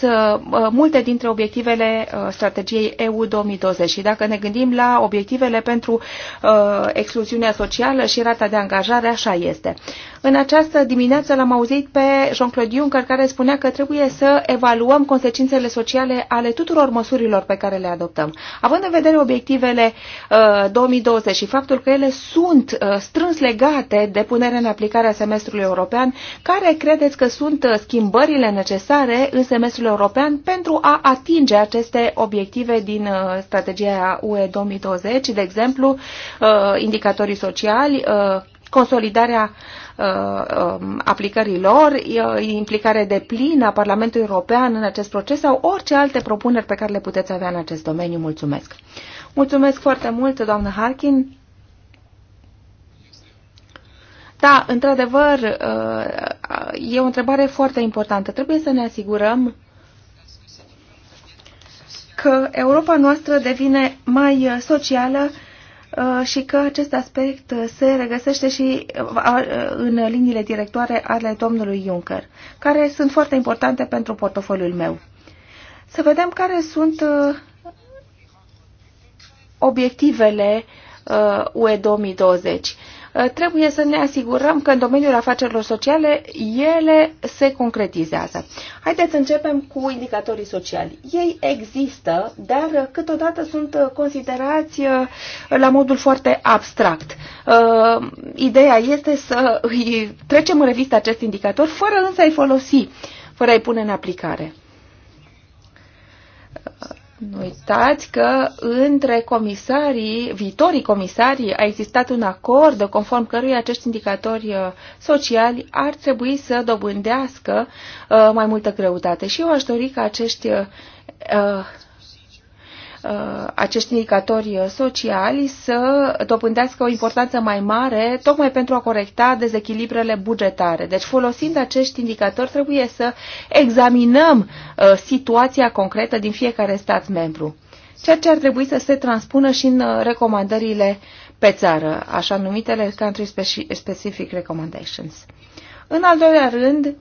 multe dintre obiectivele strategiei EU 2020 și dacă ne gândim la obiectivele pentru excluziunea socială și rata de angajare, așa este. În această dimineață l-am auzit pe Jean-Claude Juncker care spunea că trebuie să evaluăm consecințele sociale ale tuturor măsurilor pe care le adoptăm. Având în vedere obiectivele uh, 2020 și faptul că ele sunt uh, strâns legate de punerea în aplicare a semestrului european, care credeți că sunt uh, schimbările necesare în semestrul european pentru a atinge aceste obiective din uh, strategia UE 2020, de exemplu, uh, indicatorii sociali, uh, consolidarea Uh, um, aplicării lor, implicare de plin a Parlamentului European în acest proces sau orice alte propuneri pe care le puteți avea în acest domeniu. Mulțumesc! Mulțumesc foarte mult, doamnă Harkin! Da, într-adevăr, uh, e o întrebare foarte importantă. Trebuie să ne asigurăm că Europa noastră devine mai uh, socială Uh, și că acest aspect uh, se regăsește și uh, în liniile directoare ale domnului Juncker, care sunt foarte importante pentru portofoliul meu. Să vedem care sunt obiectivele UE 2020. Uh, trebuie să ne asigurăm că în domeniul afacerilor sociale ele se concretizează. Haideți să începem cu indicatorii sociali. Ei există, dar câteodată sunt considerați uh, la modul foarte abstract. Uh, ideea este să îi trecem în revistă acest indicator fără însă a-i folosi, fără a-i pune în aplicare nu uitați că între comisarii, viitorii comisarii, a existat un acord conform căruia acești indicatori uh, sociali ar trebui să dobândească uh, mai multă greutate. Și eu aș dori ca acești uh, Uh, acești indicatori uh, sociali să dobândească o importanță mai mare tocmai pentru a corecta dezechilibrele bugetare. Deci folosind acești indicatori trebuie să examinăm uh, situația concretă din fiecare stat membru, ceea ce ar trebui să se transpună și în recomandările pe țară, așa numitele Country Specific Recommendations. În al doilea rând,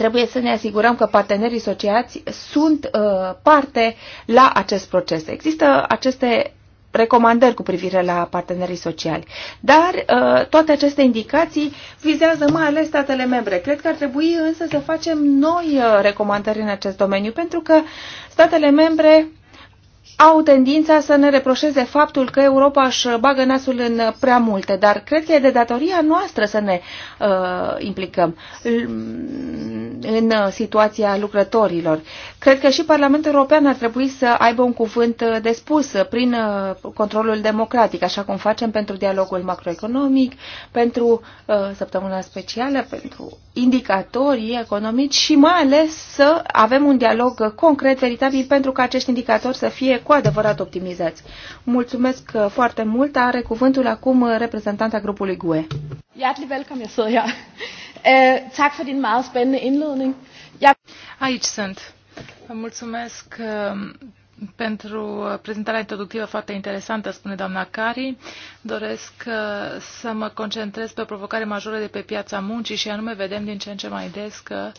trebuie să ne asigurăm că partenerii sociați sunt uh, parte la acest proces. Există aceste recomandări cu privire la partenerii sociali. Dar uh, toate aceste indicații vizează mai ales statele membre. Cred că ar trebui însă să facem noi uh, recomandări în acest domeniu, pentru că statele membre au tendința să ne reproșeze faptul că Europa își bagă nasul în prea multe, dar cred că e de datoria noastră să ne uh, implicăm în situația lucrătorilor. Cred că și Parlamentul European ar trebui să aibă un cuvânt uh, de spus prin uh, controlul democratic, așa cum facem pentru dialogul macroeconomic, pentru uh, săptămâna specială, pentru indicatorii economici și mai ales să avem un dialog concret, veritabil, pentru ca acești indicatori să fie cu adevărat optimizați. Mulțumesc uh, foarte mult. Are cuvântul acum uh, reprezentanta grupului GUE. Øh, for din Aici sunt. mulțumesc um, pentru uh, prezentarea introductivă foarte interesantă, spune doamna Cari. Doresc să mă concentrez pe o provocare majoră de pe piața muncii și anume vedem din ce în ce mai des că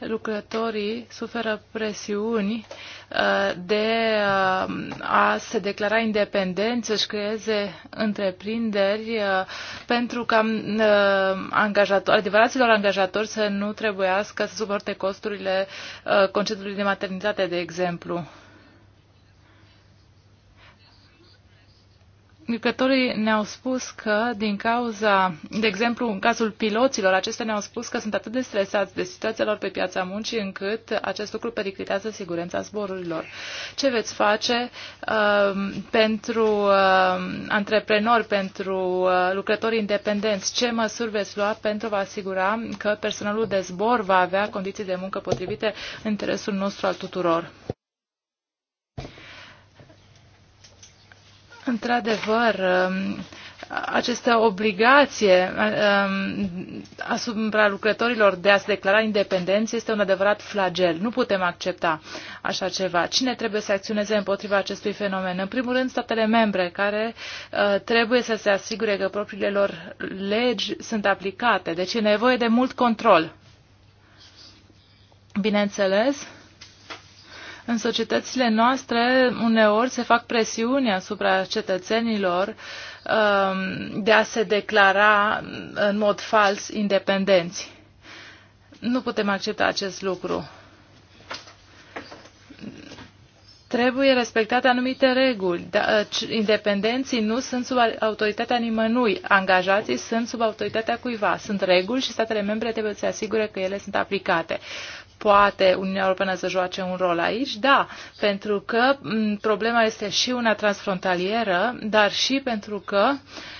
lucrătorii suferă presiuni uh, de uh, a se declara independenți, să-și creeze întreprinderi uh, pentru ca angajator, adevăraților angajatori să nu trebuiască să suporte costurile concediului de maternitate, de exemplu. Lucrătorii ne-au spus că, din cauza, de exemplu, în cazul piloților, acestea ne-au spus că sunt atât de stresați de situația lor pe piața muncii, încât acest lucru periclitează siguranța zborurilor. Ce veți face uh, pentru uh, antreprenori, pentru uh, lucrători independenți? Ce măsuri veți lua pentru a vă asigura că personalul de zbor va avea condiții de muncă potrivite în interesul nostru al tuturor? Într-adevăr, um, această obligație um, asupra lucrătorilor de a se declara independenți este un adevărat flagel. Nu putem accepta așa ceva. Cine trebuie să acționeze împotriva acestui fenomen? În primul rând, statele membre, care uh, trebuie să se asigure că propriile lor legi sunt aplicate. Deci e nevoie de mult control. Bineînțeles, în societățile noastre, uneori se fac presiuni asupra cetățenilor um, de a se declara în mod fals independenți. Nu putem accepta acest lucru. Trebuie respectate anumite reguli. Da, independenții nu sunt sub autoritatea nimănui. Angajații sunt sub autoritatea cuiva. Sunt reguli și statele membre trebuie să se asigure că ele sunt aplicate poate Uniunea Europeană să joace un rol aici? Da, pentru că problema este și una transfrontalieră, dar și pentru că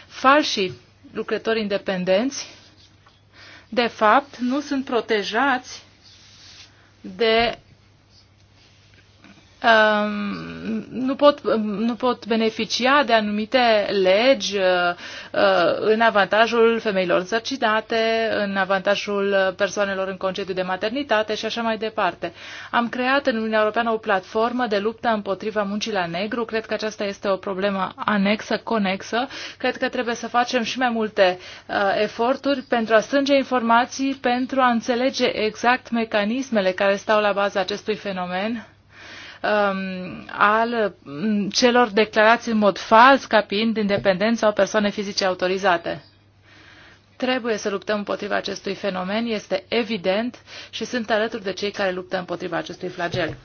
falsii lucrători independenți, de fapt, nu sunt protejați de nu pot, nu pot beneficia de anumite legi uh, uh, în avantajul femeilor însărcinate, în avantajul persoanelor în concediu de maternitate și așa mai departe. Am creat în Uniunea Europeană o platformă de luptă împotriva muncii la negru. Cred că aceasta este o problemă anexă, conexă. Cred că trebuie să facem și mai multe uh, eforturi pentru a strânge informații, pentru a înțelege exact mecanismele care stau la baza acestui fenomen Um, al mm, celor declarați în mod fals ca fiind independenți sau persoane fizice autorizate. Trebuie să luptăm împotriva acestui fenomen, este evident și sunt alături de cei care luptă împotriva acestui flagel.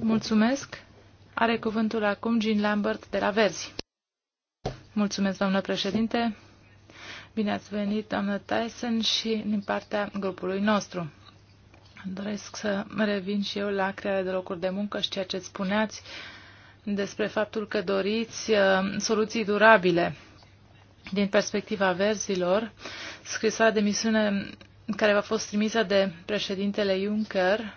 Mulțumesc. Are cuvântul acum Jean Lambert de la Verzi. Mulțumesc, doamnă președinte. Bine ați venit, doamnă Tyson, și din partea grupului nostru. Doresc să revin și eu la crearea de locuri de muncă și ceea ce spuneați despre faptul că doriți uh, soluții durabile. Din perspectiva verzilor, scrisoarea de misiune care v-a fost trimisă de președintele Juncker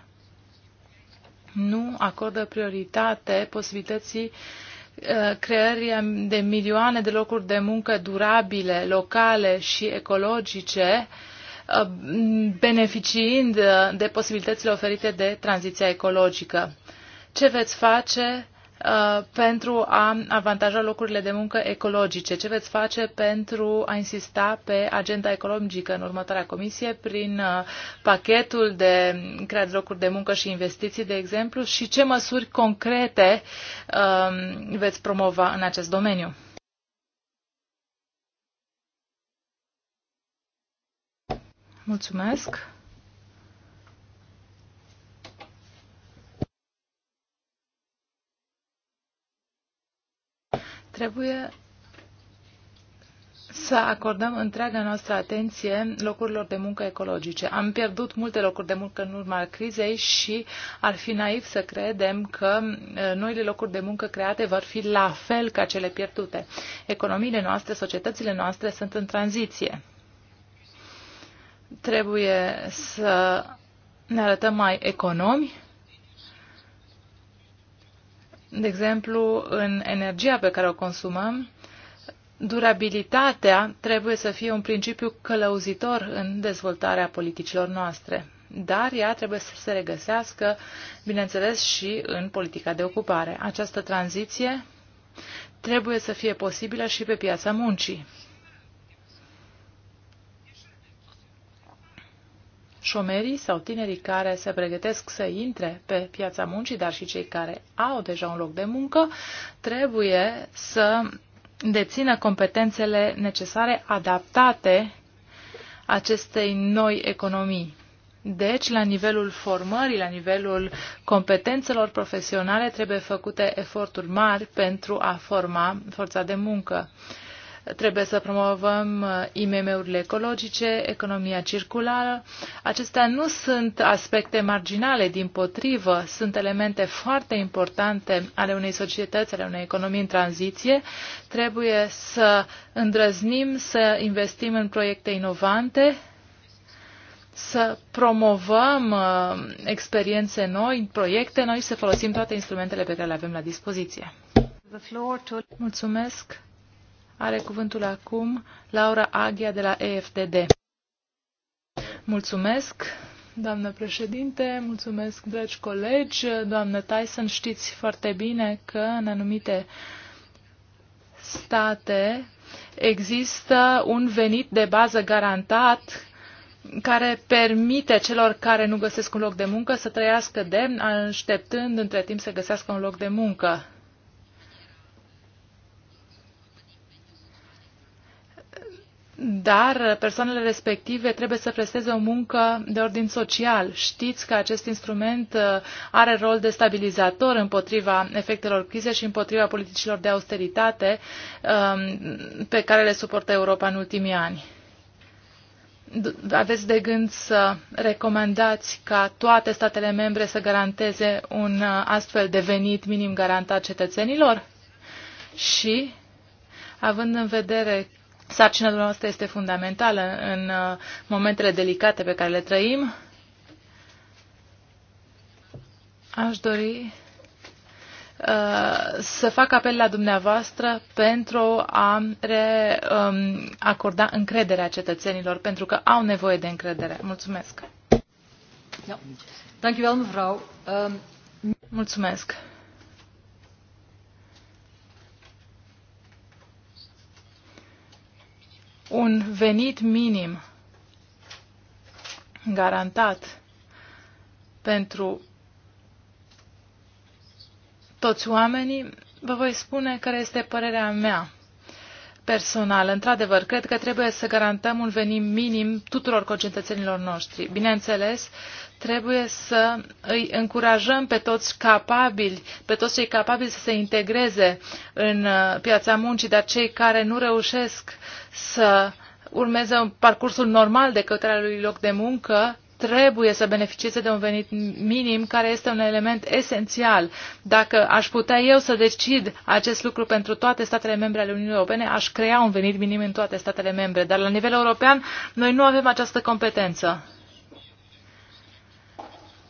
nu acordă prioritate posibilității uh, creării de milioane de locuri de muncă durabile, locale și ecologice, Uh, beneficiind uh, de posibilitățile oferite de tranziția ecologică. Ce veți face uh, pentru a avantaja locurile de muncă ecologice? Ce veți face pentru a insista pe agenda ecologică în următoarea comisie prin pachetul de creat locuri de muncă și investiții, de exemplu, și ce măsuri concrete um, veți promova în acest domeniu? Mulțumesc. Trebuie să acordăm întreaga noastră atenție locurilor de muncă ecologice. Am pierdut multe locuri de muncă în urma crizei și ar fi naiv să credem că noile locuri de muncă create vor fi la fel ca cele pierdute. Economiile noastre, societățile noastre sunt în tranziție. Trebuie să ne arătăm mai economi. De exemplu, în energia pe care o consumăm, durabilitatea trebuie să fie un principiu călăuzitor în dezvoltarea politicilor noastre dar ea trebuie să se regăsească, bineînțeles, și în politica de ocupare. Această tranziție trebuie să fie posibilă și pe piața muncii. șomerii sau tinerii care se pregătesc să intre pe piața muncii, dar și cei care au deja un loc de muncă, trebuie să dețină competențele necesare adaptate acestei noi economii. Deci, la nivelul formării, la nivelul competențelor profesionale, trebuie făcute eforturi mari pentru a forma forța de muncă. Trebuie să promovăm uh, IMM-urile ecologice, economia circulară. Acestea nu sunt aspecte marginale, din potrivă, sunt elemente foarte importante ale unei societăți, ale unei economii în tranziție. Trebuie să îndrăznim, să investim în proiecte inovante, să promovăm uh, experiențe noi, proiecte noi să folosim toate instrumentele pe care le avem la dispoziție. Mulțumesc. Are cuvântul acum Laura Aghia de la EFDD. Mulțumesc, doamnă președinte, mulțumesc, dragi colegi. Doamnă Tyson, știți foarte bine că în anumite state există un venit de bază garantat care permite celor care nu găsesc un loc de muncă să trăiască demn, așteptând între timp să găsească un loc de muncă. dar persoanele respective trebuie să presteze o muncă de ordin social. Știți că acest instrument uh, are rol de stabilizator împotriva efectelor crize și împotriva politicilor de austeritate um, pe care le suportă Europa în ultimii ani. Aveți de gând să recomandați ca toate statele membre să garanteze un uh, astfel de venit minim garantat cetățenilor? Și având în vedere Sarcina dumneavoastră este fundamentală în uh, momentele delicate pe care le trăim. Aș dori uh, să fac apel la dumneavoastră pentru a re, um, acorda încrederea cetățenilor, pentru că au nevoie de încredere. Mulțumesc! Ehm, Mulțumesc! un venit minim garantat pentru toți oamenii, vă voi spune care este părerea mea personal. Într-adevăr, cred că trebuie să garantăm un venit minim tuturor concetățenilor noștri. Bineînțeles, Trebuie să îi încurajăm pe toți capabili, pe toți cei capabili să se integreze în uh, piața muncii, dar cei care nu reușesc să urmeze un parcursul normal de căutarea lui loc de muncă, trebuie să beneficieze de un venit minim, care este un element esențial. Dacă aș putea eu să decid acest lucru pentru toate statele membre ale Uniunii Europene, aș crea un venit minim în toate statele membre. Dar la nivel european, noi nu avem această competență.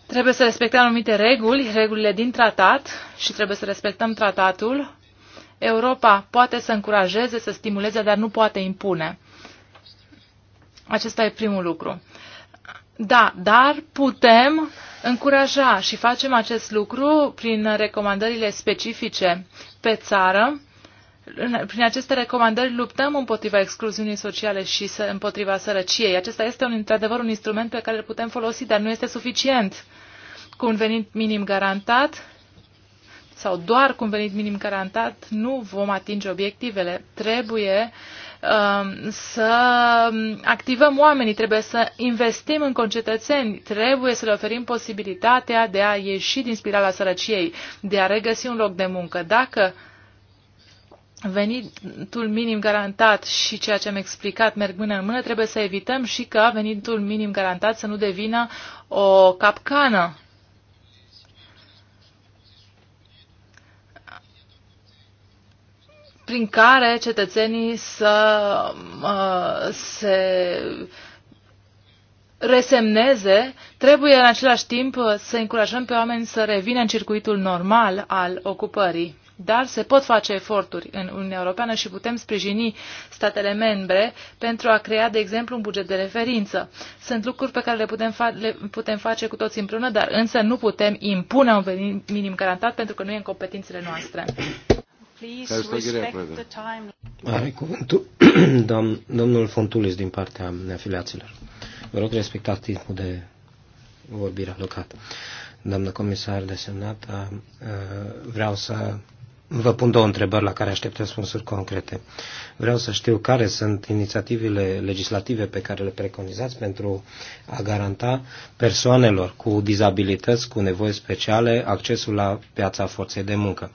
Trebuie să respectăm anumite reguli, regulile din tratat și trebuie să respectăm tratatul. Europa poate să încurajeze, să stimuleze, dar nu poate impune. Acesta e primul lucru. Da, dar putem încuraja și facem acest lucru prin recomandările specifice pe țară. Prin aceste recomandări luptăm împotriva excluziunii sociale și împotriva sărăciei. Acesta este, într-adevăr, un instrument pe care îl putem folosi, dar nu este suficient cu un venit minim garantat sau doar cu un venit minim garantat nu vom atinge obiectivele. Trebuie um, să activăm oamenii, trebuie să investim în concetățeni, trebuie să le oferim posibilitatea de a ieși din spirala sărăciei, de a regăsi un loc de muncă. Dacă venitul minim garantat și ceea ce am explicat merg mână în mână, trebuie să evităm și ca venitul minim garantat să nu devină o capcană prin care cetățenii să se resemneze, trebuie în același timp să încurajăm pe oameni să revină în circuitul normal al ocupării. Dar se pot face eforturi în Uniunea Europeană și putem sprijini statele membre pentru a crea, de exemplu, un buget de referință. Sunt lucruri pe care le putem, fa- le putem face cu toți împreună, dar însă nu putem impune un venit minim garantat pentru că nu e în competințele noastre. Are cuvântul domnul Fontulis din partea neafiliaților. Vă rog respectați timpul de vorbire alocat. Doamnă comisar desemnată, uh, vreau să Vă pun două întrebări la care aștept răspunsuri concrete. Vreau să știu care sunt inițiativele legislative pe care le preconizați pentru a garanta persoanelor cu dizabilități, cu nevoi speciale, accesul la piața forței de muncă.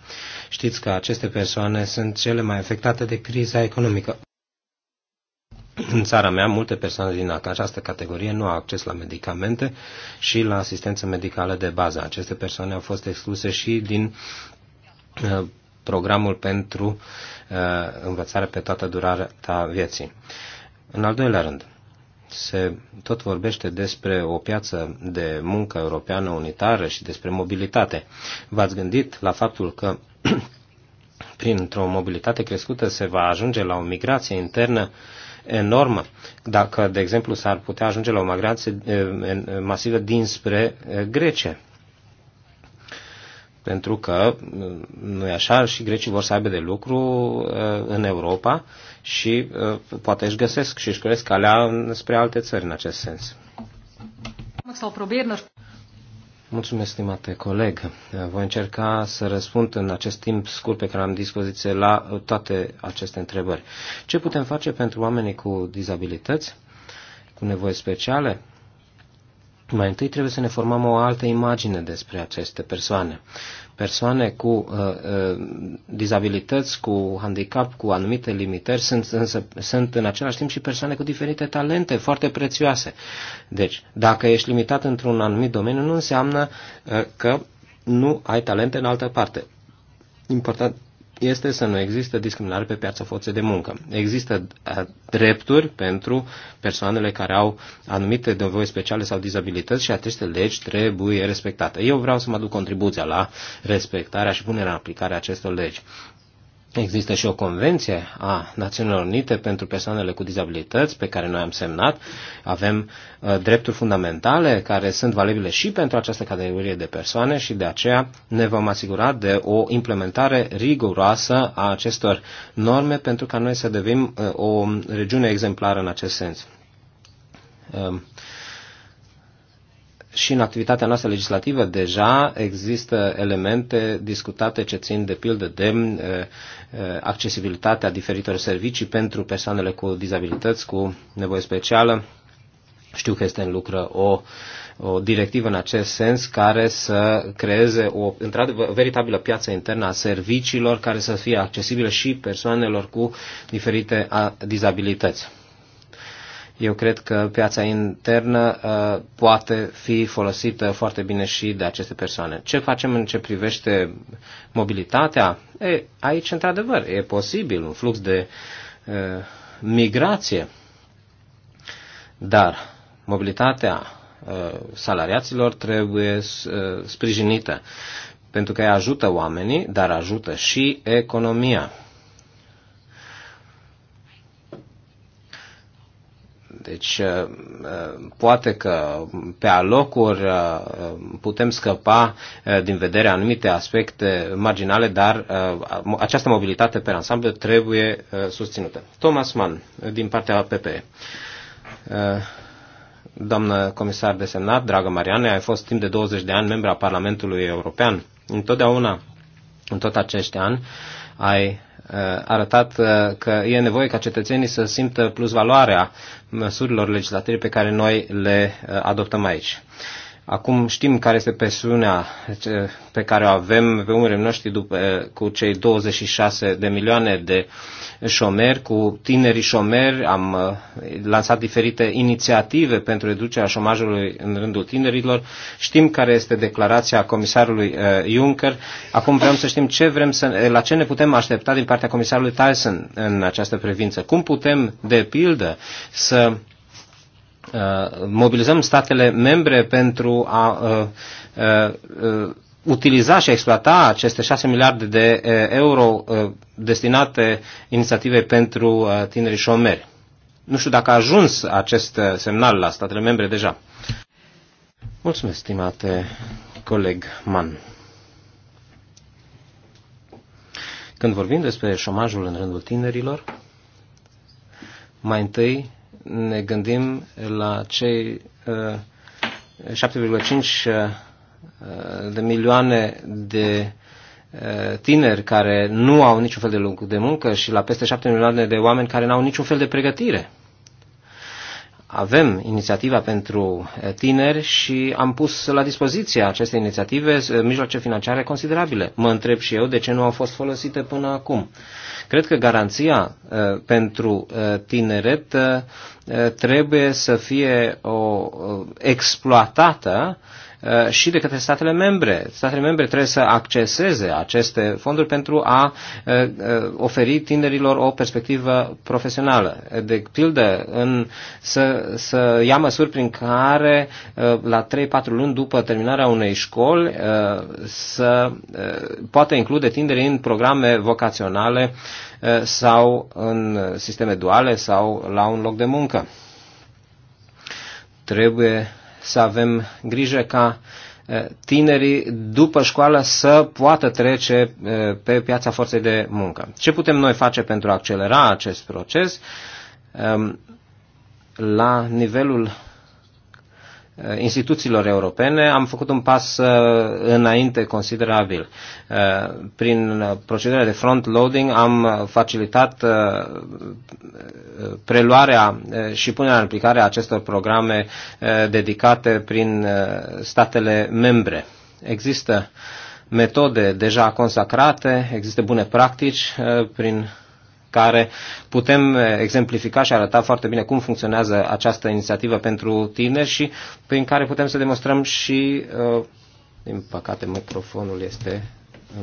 Știți că aceste persoane sunt cele mai afectate de criza economică. În țara mea, multe persoane din această categorie nu au acces la medicamente și la asistență medicală de bază. Aceste persoane au fost excluse și din uh, programul pentru uh, învățare pe toată durata vieții. În al doilea rând, se tot vorbește despre o piață de muncă europeană unitară și despre mobilitate. V-ați gândit la faptul că printr-o mobilitate crescută se va ajunge la o migrație internă enormă. Dacă, de exemplu, s-ar putea ajunge la o migrație eh, masivă dinspre eh, Grecia, pentru că, mm, nu e așa, și grecii vor să aibă de lucru uh, în Europa și uh, poate își găsesc și își cresc calea spre alte țări în acest sens. Mulțumesc, stimate coleg. Voi încerca să răspund în acest timp scurt pe care am dispoziție la uh, toate aceste întrebări. Ce putem face pentru oamenii cu dizabilități, cu nevoi speciale? Mai întâi trebuie să ne formăm o altă imagine despre aceste persoane. Persoane cu uh, uh, dizabilități, cu handicap, cu anumite limitări, sunt, însă, sunt în același timp și persoane cu diferite talente foarte prețioase. Deci, dacă ești limitat într-un anumit domeniu, nu înseamnă uh, că nu ai talente în altă parte. Important este să nu există discriminare pe piața forței de muncă. Există drepturi pentru persoanele care au anumite nevoi speciale sau dizabilități și aceste legi trebuie respectate. Eu vreau să mă aduc contribuția la respectarea și punerea în aplicare acestor legi. Există și o convenție a Națiunilor Unite pentru persoanele cu dizabilități pe care noi am semnat. Avem uh, drepturi fundamentale care sunt valabile și pentru această categorie de persoane și de aceea ne vom asigura de o implementare riguroasă a acestor norme pentru ca noi să devenim uh, o regiune exemplară în acest sens. Uh, și în activitatea noastră legislativă deja există elemente discutate ce țin de pildă de eh, eh, accesibilitatea diferitor servicii pentru persoanele cu dizabilități, cu nevoie specială. Știu că este în lucră o, o directivă în acest sens care să creeze o veritabilă piață internă a serviciilor care să fie accesibile și persoanelor cu diferite dizabilități. Eu cred că piața internă uh, poate fi folosită foarte bine și de aceste persoane. Ce facem în ce privește mobilitatea? E, aici, într-adevăr, e posibil un flux de uh, migrație, dar mobilitatea uh, salariaților trebuie uh, sprijinită, pentru că ajută oamenii, dar ajută și economia. Deci, uh, uh, poate că pe alocuri uh, putem scăpa din vedere anumite aspecte marginale, dar această mobilitate pe ansamblu trebuie susținută. Thomas Mann, din partea PPE. Doamnă comisar desemnat, dragă Mariane, ai fost timp de 20 de ani membra Parlamentului European. Întotdeauna, în tot acești ani, ai arătat uh, că e nevoie ca cetățenii să simtă plus valoarea măsurilor legislative pe care noi le uh, adoptăm aici. Acum știm care este presiunea pe care o avem pe umerii noștri după, cu cei 26 de milioane de șomeri, cu tinerii șomeri. Am uh, lansat diferite inițiative pentru reducerea șomajului în rândul tinerilor. Știm care este declarația comisarului uh, Juncker. Acum vrem să știm ce vrem să, la ce ne putem aștepta din partea comisarului Tyson în această privință. Cum putem, de pildă, să Uh, mobilizăm statele membre pentru a uh, uh, utiliza și exploata aceste 6 miliarde de euro destinate inițiativei pentru tinerii șomeri. Nu știu dacă a ajuns acest semnal la statele membre deja. Mulțumesc, stimate coleg Mann. Când vorbim despre șomajul în rândul tinerilor, mai întâi ne gândim la cei 7,5 uh, uh, de milioane de uh, tineri care nu au niciun fel de loc de muncă și la peste 7 milioane de oameni care nu au niciun fel de pregătire avem inițiativa pentru eh, tineri și am pus la dispoziție aceste inițiative eh, mijloace financiare considerabile. Mă întreb și eu de ce nu au fost folosite până acum. Cred că garanția eh, pentru tineret trebuie să fie o exploatată Uh, și de către statele membre. Statele membre trebuie să acceseze aceste fonduri pentru a uh, uh, oferi tinerilor o perspectivă profesională. De pildă, în, să, să ia măsuri prin care la 3-4 luni după terminarea unei școli să poate include tinerii în programe vocaționale sau în sisteme duale sau la un loc de muncă. Trebuie să avem grijă ca tinerii după școală să poată trece pe piața forței de muncă. Ce putem noi face pentru a accelera acest proces? La nivelul Uh, instituțiilor europene, am făcut un pas uh, înainte considerabil. Uh, prin procedura de front-loading am facilitat preluarea și punerea în aplicare a acestor programe dedicate prin statele membre. Există metode deja consacrate, există bune practici prin care putem eh, exemplifica și arăta foarte bine cum funcționează această inițiativă pentru tineri și prin care putem să demonstrăm și, eh, din păcate, microfonul este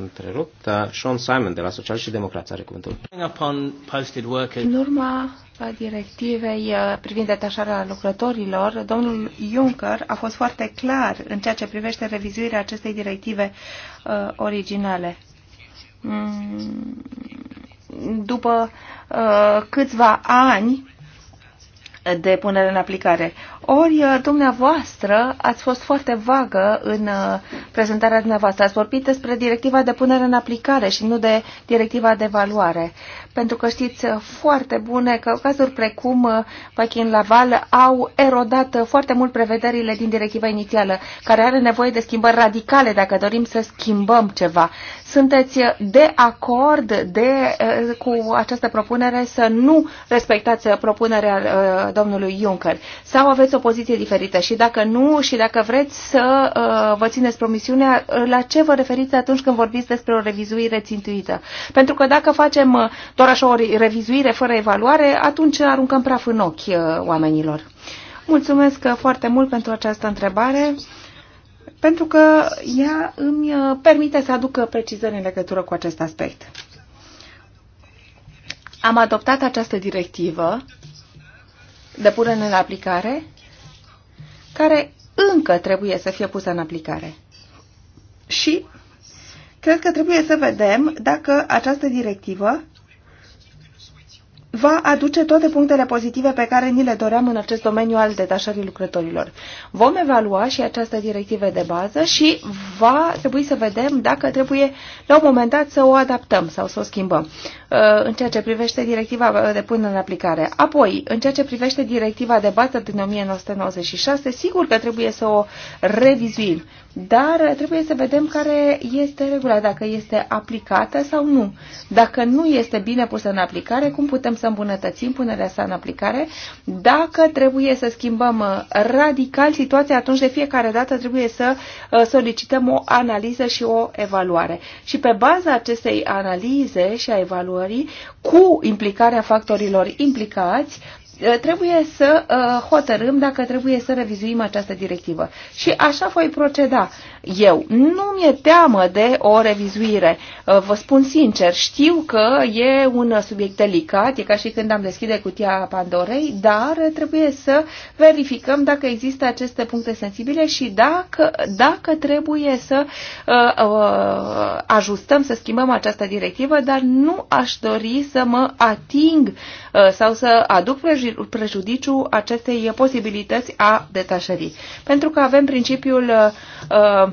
întrerupt. Sean Simon de la Social și Democrația are cuvântul. În urma directivei eh, privind detașarea lucrătorilor, domnul Juncker a fost foarte clar în ceea ce privește revizuirea acestei directive uh, originale. Mm, după uh, câțiva ani de punere în aplicare. Ori uh, dumneavoastră ați fost foarte vagă în uh, prezentarea dumneavoastră. Ați vorbit despre directiva de punere în aplicare și nu de directiva de evaluare. Pentru că știți uh, foarte bune că cazuri precum Pachin Laval au erodat foarte mult prevederile din directiva inițială, care are nevoie de schimbări radicale dacă dorim să schimbăm ceva. Sunteți de acord de, cu această propunere să nu respectați propunerea domnului Juncker? Sau aveți o o poziție diferită și dacă nu și dacă vreți să uh, vă țineți promisiunea, uh, la ce vă referiți atunci când vorbiți despre o revizuire țintuită? Pentru că dacă facem uh, doar așa o revizuire fără evaluare, atunci aruncăm praf în ochi uh, oamenilor. Mulțumesc uh, foarte mult pentru această întrebare, pentru că ea îmi permite să aduc precizări în legătură cu acest aspect. Am adoptat această directivă de punere în aplicare care încă trebuie să fie pusă în aplicare. Și cred că trebuie să vedem dacă această directivă va aduce toate punctele pozitive pe care ni le doream în acest domeniu al detașării lucrătorilor. Vom evalua și această directivă de bază și va trebui să vedem dacă trebuie la un moment dat să o adaptăm sau să o schimbăm uh, în ceea ce privește directiva de până în aplicare. Apoi, în ceea ce privește directiva de bază din 1996, sigur că trebuie să o revizuim dar trebuie să vedem care este regula, dacă este aplicată sau nu. Dacă nu este bine pusă în aplicare, cum putem să îmbunătățim punerea sa în aplicare? Dacă trebuie să schimbăm uh, radical situația, atunci de fiecare dată trebuie să uh, solicităm o analiză și o evaluare. Și pe baza acestei analize și a evaluării, cu implicarea factorilor implicați, Eh, trebuie să eh, hotărâm dacă trebuie să revizuim această directivă. Și așa voi proceda eu. Nu mi-e teamă de o revizuire. Uh, vă spun sincer, știu că e un subiect delicat, e ca și când am deschide cutia Pandorei, dar trebuie să verificăm dacă există aceste puncte sensibile și dacă, dacă trebuie să uh, uh, ajustăm, să schimbăm această directivă, dar nu aș dori să mă ating uh, sau să aduc prejudiciu acestei posibilități a detașării. Pentru că avem principiul uh, uh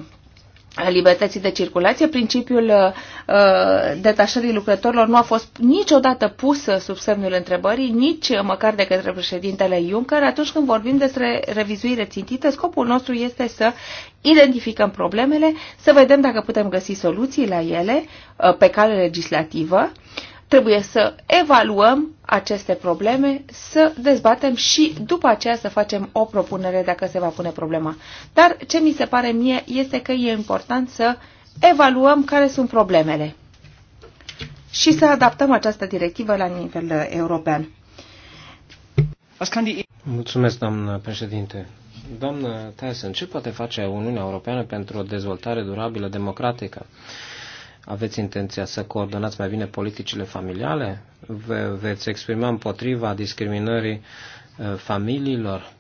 libertății de circulație, principiul uh, detașării lucrătorilor nu a fost niciodată pus sub semnul întrebării, nici măcar de către președintele Juncker. Atunci când vorbim despre revizuire țintită, scopul nostru este să identificăm problemele, să vedem dacă putem găsi soluții la ele uh, pe cale legislativă, Trebuie să evaluăm aceste probleme, să dezbatem și după aceea să facem o propunere dacă se va pune problema. Dar ce mi se pare mie este că e important să evaluăm care sunt problemele și să adaptăm această directivă la nivel european. Mulțumesc, doamnă președinte. Doamnă Tyson, ce poate face Uniunea Europeană pentru o dezvoltare durabilă democratică? Aveți intenția să coordonați mai bine politicile familiale? Ve- veți exprima împotriva discriminării uh, familiilor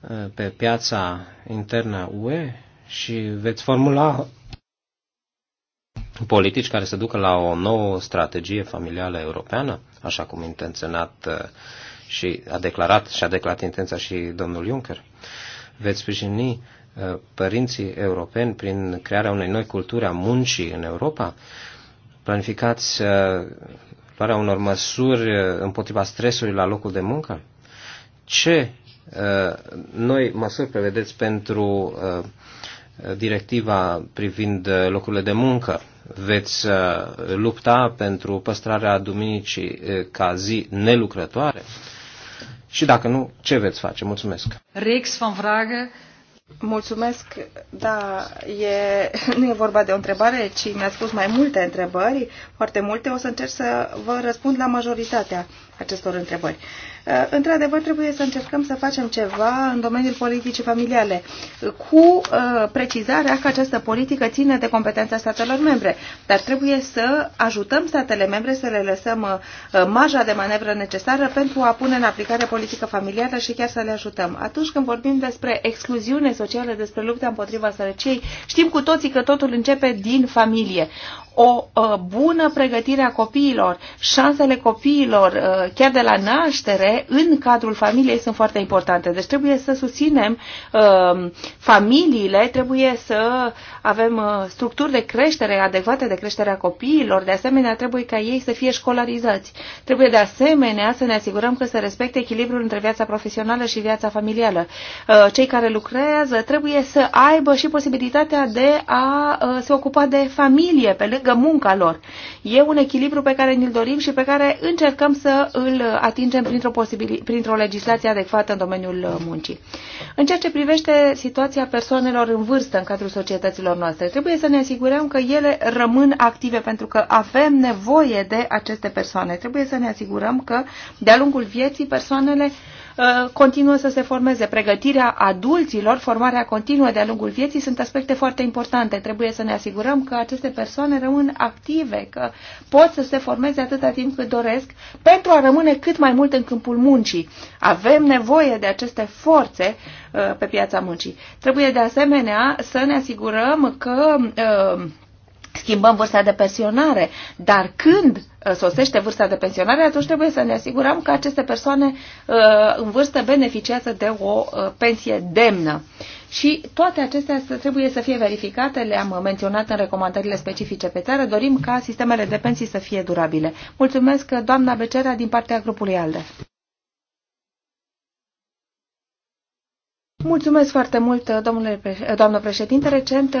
uh, pe piața internă UE și veți formula politici care să ducă la o nouă strategie familială europeană, așa cum intenționat uh, și a declarat și a declarat intenția și domnul Juncker. Veți sprijini Uh, părinții europeni prin crearea unei noi culturi a muncii în Europa? Planificați uh, luarea unor măsuri uh, împotriva stresului la locul de muncă? Ce noi măsuri prevedeți pentru directiva privind locurile de muncă? Veți lupta pentru păstrarea duminicii ca zi nelucrătoare? Și dacă nu, ce veți face? Mulțumesc! Reeks van vragen Mulțumesc, da, e, nu e vorba de o întrebare, ci mi-a spus mai multe întrebări, foarte multe. O să încerc să vă răspund la majoritatea acestor întrebări. Uh, Uh, într-adevăr trebuie să încercăm să facem ceva în domeniul politicii familiale, cu uh, precizarea că această politică ține de competența statelor membre, dar trebuie să ajutăm statele membre să le lăsăm uh, marja de manevră necesară pentru a pune în aplicare politică familială și chiar să le ajutăm. Atunci când vorbim despre excluziune socială, despre lupta împotriva sărăciei, știm cu toții că totul începe din familie o bună pregătire a copiilor, șansele copiilor uh, chiar de la naștere în cadrul familiei sunt foarte importante. Deci trebuie să susținem um, familiile, trebuie să avem uh, structuri de creștere adecvate de creștere a copiilor, de asemenea trebuie ca ei să fie școlarizați. Trebuie de asemenea să ne asigurăm că se respecte echilibrul între viața profesională și viața familială. Uh, cei care lucrează trebuie să aibă și posibilitatea de a se ocupa de familie pe lângă înțeleagă munca lor. E un echilibru pe care ni-l dorim și pe care încercăm să îl atingem printr-o, posibil, printr-o legislație adecvată în domeniul muncii. În ceea ce privește situația persoanelor în vârstă în cadrul societăților noastre, trebuie să ne asigurăm că ele rămân active pentru că avem nevoie de aceste persoane. Trebuie să ne asigurăm că de-a lungul vieții persoanele Uh, continuă să se formeze. Pregătirea adulților, formarea continuă de-a lungul vieții sunt aspecte foarte importante. Trebuie să ne asigurăm că aceste persoane rămân active, că pot să se formeze atâta timp cât doresc pentru a rămâne cât mai mult în câmpul muncii. Avem nevoie de aceste forțe uh, pe piața muncii. Trebuie de asemenea să ne asigurăm că uh, schimbăm vârsta de pensionare, dar când uh, sosește vârsta de pensionare, atunci trebuie să ne asigurăm că aceste persoane uh, în vârstă beneficiază de o uh, pensie demnă. Și toate acestea trebuie să fie verificate, le-am menționat în recomandările specifice pe țară, dorim ca sistemele de pensii să fie durabile. Mulțumesc, doamna Becerea, din partea grupului ALDE. Mulțumesc foarte mult, domnule, doamnă președinte. Recent,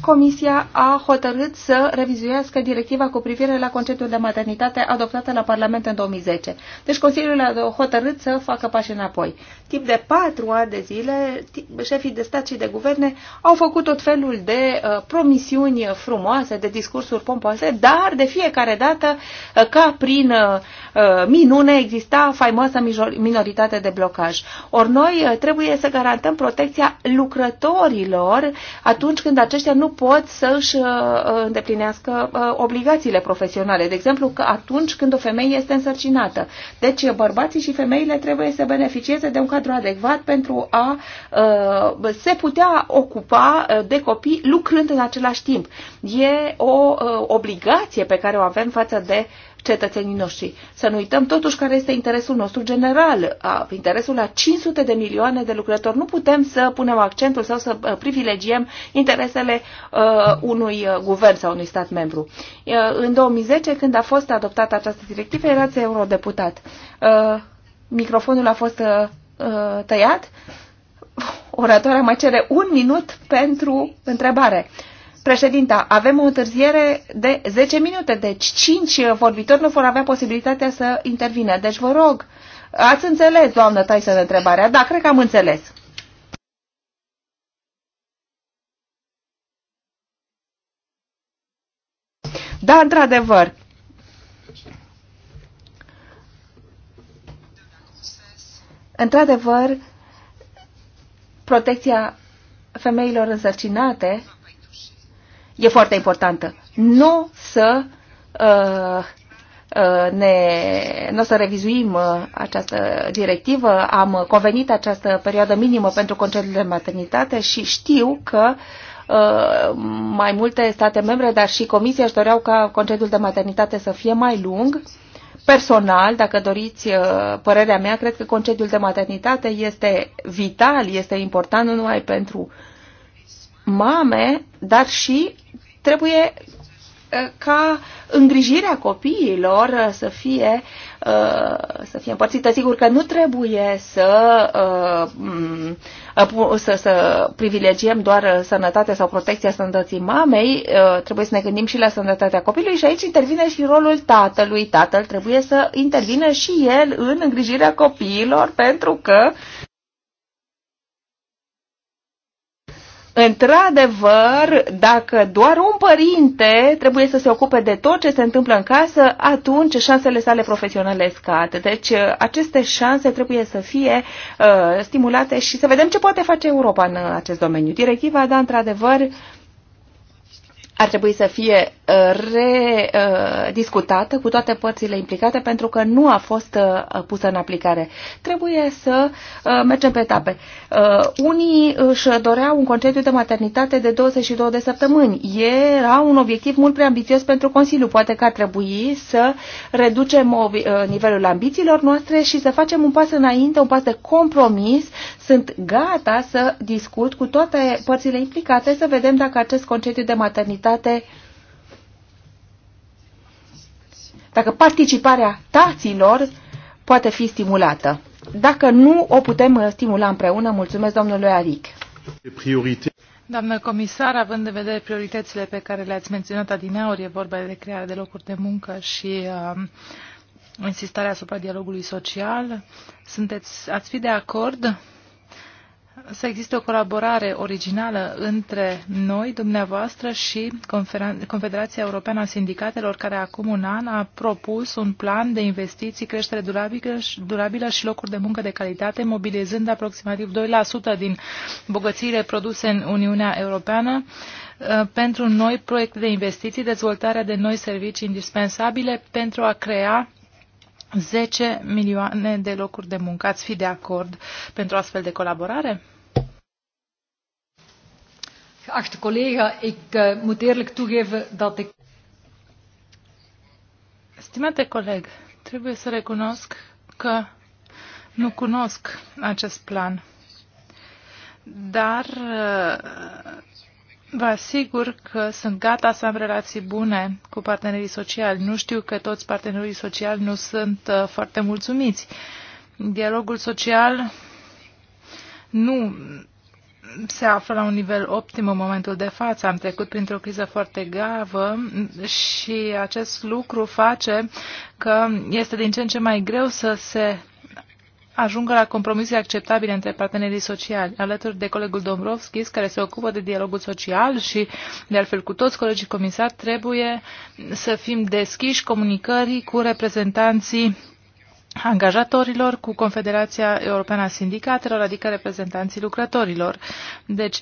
Comisia a hotărât să revizuiască directiva cu privire la concediul de maternitate adoptată la Parlament în 2010. Deci Consiliul a hotărât să facă pași înapoi. Tip de patru ani de zile, șefii de stat și de guverne au făcut tot felul de uh, promisiuni frumoase, de discursuri pompoase, dar de fiecare dată, uh, ca prin uh, minune, exista faimoasa minoritate de blocaj. Ori noi trebuie să garantăm garantăm protecția lucrătorilor atunci când aceștia nu pot să își uh, uh, îndeplinească uh, obligațiile profesionale, de exemplu că atunci când o femeie este însărcinată. Deci bărbații și femeile trebuie să beneficieze de un cadru adecvat pentru a se putea ocupa de copii lucrând în același timp. E o obligație pe care o avem față de uh, cetățenii noștri. Să nu uităm totuși care este interesul nostru general, interesul a 500 de milioane de lucrători. Nu putem să punem accentul sau să privilegiem interesele uh, unui guvern sau unui stat membru. Uh, în 2010, când a fost adoptată această directivă, erați eurodeputat. Uh, microfonul a fost uh, tăiat. Oratoarea mai cere un minut pentru întrebare. Uh, Președinta, avem o întârziere de 10 minute, deci 5 vorbitori nu vor avea posibilitatea să intervine. Deci vă rog, ați înțeles, doamnă Tyson, întrebarea? Da, cred că am înțeles. Da, într-adevăr. Într-adevăr, protecția femeilor însărcinate e foarte importantă. Nu să uh, uh ne, nu o să revizuim uh, această directivă. Am convenit această perioadă minimă pentru concediile de maternitate și știu că uh, mai multe state membre, dar și Comisia își doreau ca concediul de maternitate să fie mai lung. Personal, dacă doriți părerea mea, cred că concediul de maternitate este vital, este important nu numai pentru mame, dar și trebuie uh, ca îngrijirea copiilor uh, să fie, uh, să fie împărțită. Sigur că nu trebuie să, mm, să, să privilegiem doar sănătatea sau protecția sănătății mamei, trebuie să ne gândim și la sănătatea copilului și aici intervine și rolul tatălui. Tatăl trebuie să intervină și el în îngrijirea copiilor pentru că Într-adevăr, dacă doar un părinte trebuie să se ocupe de tot ce se întâmplă în casă, atunci șansele sale profesionale scad. Deci uh, aceste șanse trebuie să fie uh, stimulate și să vedem ce poate face Europa în acest domeniu. Directiva, da, într-adevăr, uh, ar trebui să fie uh, rediscutată cu toate părțile implicate pentru că nu a fost uh, pusă în aplicare. Trebuie să uh, mergem pe etape. Unii își doreau un concediu de maternitate de 22 de săptămâni. Era un obiectiv mult prea ambițios pentru Consiliu. Poate că ar trebui să reducem nivelul ambițiilor noastre și să facem un pas înainte, un pas de compromis, sunt gata să discut cu toate părțile implicate să vedem dacă acest concediu de maternitate, dacă participarea taților poate fi stimulată. Dacă nu, o putem stimula împreună. Mulțumesc domnului Aric. Priorite. Doamnă comisar, având în vedere prioritățile pe care le-ați menționat adineauri, e vorba de crearea de locuri de muncă și uh, insistarea asupra dialogului social, sunteți, ați fi de acord să existe o colaborare originală între noi, dumneavoastră și Confederația Europeană a Sindicatelor, care acum un an a propus un plan de investiții, creștere durabilă și locuri de muncă de calitate, mobilizând aproximativ 2% din bogățiile produse în Uniunea Europeană uh, pentru noi proiecte de investiții, dezvoltarea de noi servicii indispensabile pentru a crea 10 milioane de locuri de muncă. Ați fi de acord pentru astfel de colaborare? Geachte collega, ik eh, moet eerlijk toegeven dat ik... Stimate coleg, trebuie să recunosc că nu cunosc acest plan, dar eh, vă asigur că sunt gata să am relații bune cu partenerii sociali. Nu știu că toți partenerii sociali nu sunt eh, foarte mulțumiți. Dialogul social nu se află la un nivel optim în momentul de față. Am trecut printr-o criză foarte gravă și acest lucru face că este din ce în ce mai greu să se ajungă la compromisuri acceptabile între partenerii sociali. Alături de colegul Dombrovskis, care se ocupă de dialogul social și, de altfel, cu toți colegii comisari, trebuie să fim deschiși comunicării cu reprezentanții angajatorilor, cu Confederația Europeană a Sindicatelor, adică reprezentanții lucrătorilor. Deci,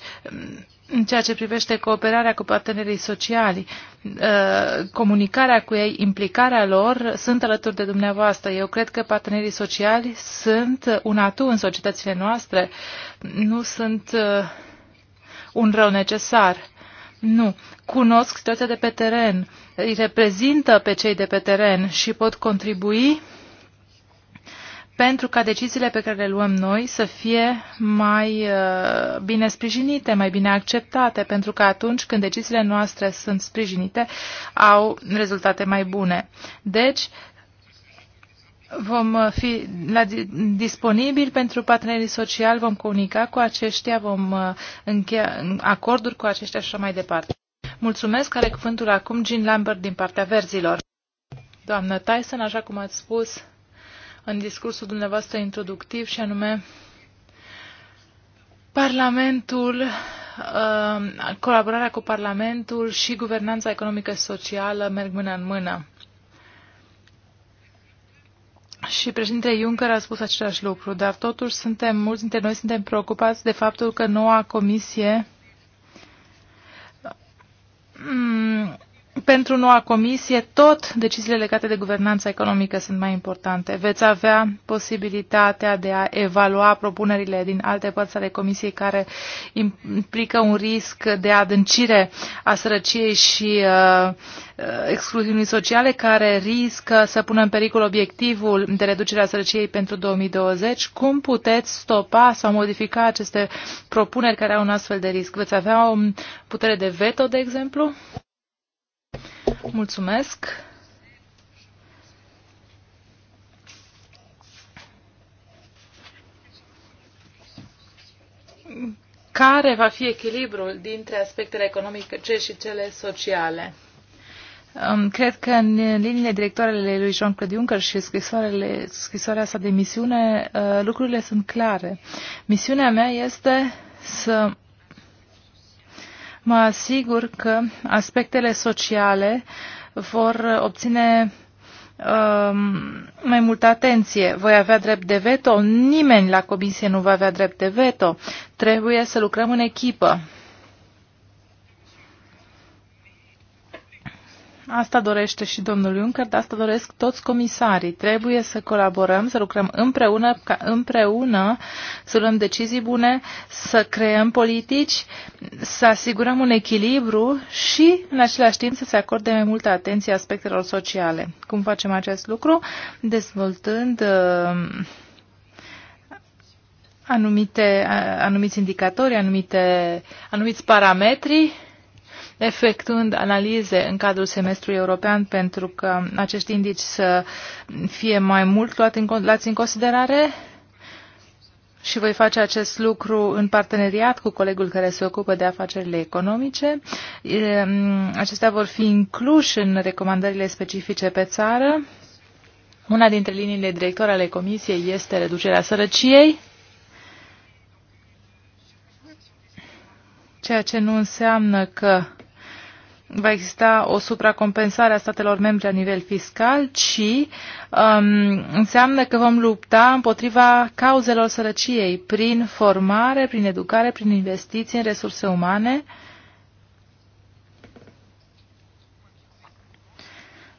în ceea ce privește cooperarea cu partenerii sociali, uh, comunicarea cu ei, implicarea lor, sunt alături de dumneavoastră. Eu cred că partenerii sociali sunt un atu în societățile noastre, nu sunt uh, un rău necesar. Nu. Cunosc situația de pe teren, îi reprezintă pe cei de pe teren și pot contribui pentru ca deciziile pe care le luăm noi să fie mai uh, bine sprijinite, mai bine acceptate, pentru că atunci când deciziile noastre sunt sprijinite, au rezultate mai bune. Deci, vom uh, fi la, disponibil pentru partenerii sociali, vom comunica cu aceștia, vom uh, încheia acorduri cu aceștia și așa mai departe. Mulțumesc, are cuvântul acum Jean Lambert din partea verzilor. Doamnă Tyson, așa cum ați spus, în discursul dumneavoastră introductiv și anume Parlamentul, uh, colaborarea cu Parlamentul și guvernanța economică socială merg mână în mână. Și președintele Juncker a spus același lucru, dar totuși suntem, mulți dintre noi suntem preocupați de faptul că noua comisie mm, pentru noua comisie, tot deciziile legate de guvernanța economică sunt mai importante. Veți avea posibilitatea de a evalua propunerile din alte părți ale comisiei care implică un risc de adâncire a sărăciei și uh, uh excluziunii sociale, care riscă să pună în pericol obiectivul de reducere a sărăciei pentru 2020. Cum puteți stopa sau modifica aceste propuneri care au un astfel de risc? Veți avea o putere de veto, de exemplu? Mulțumesc. Care va fi echilibrul dintre aspectele economice și cele sociale? Cred că în liniile directoarele lui Jean-Claude Juncker și scrisoarea sa de misiune, uh, lucrurile sunt clare. Misiunea mea este să mă asigur că aspectele sociale vor obține um, mai multă atenție. Voi avea drept de veto? Nimeni la comisie nu va avea drept de veto. Trebuie să lucrăm în echipă. Asta dorește și domnul Juncker, dar asta doresc toți comisarii. Trebuie să colaborăm, să lucrăm împreună, ca împreună să luăm decizii bune, să creăm politici, să asigurăm un echilibru și, în același timp, să se acorde mai multă atenție aspectelor sociale. Cum facem acest lucru? Dezvoltând uh, anumite, anumiți indicatori, anumite, anumiți parametri efectuând analize în cadrul semestrului european pentru că acești indici să fie mai mult luați în, în considerare? și voi face acest lucru în parteneriat cu colegul care se ocupă de afacerile economice. Acestea vor fi incluși în recomandările specifice pe țară. Una dintre liniile directoare ale Comisiei este reducerea sărăciei, ceea ce nu înseamnă că va exista o supracompensare a statelor membre la nivel fiscal, ci um, înseamnă că vom lupta împotriva cauzelor sărăciei prin formare, prin educare, prin investiții în resurse umane,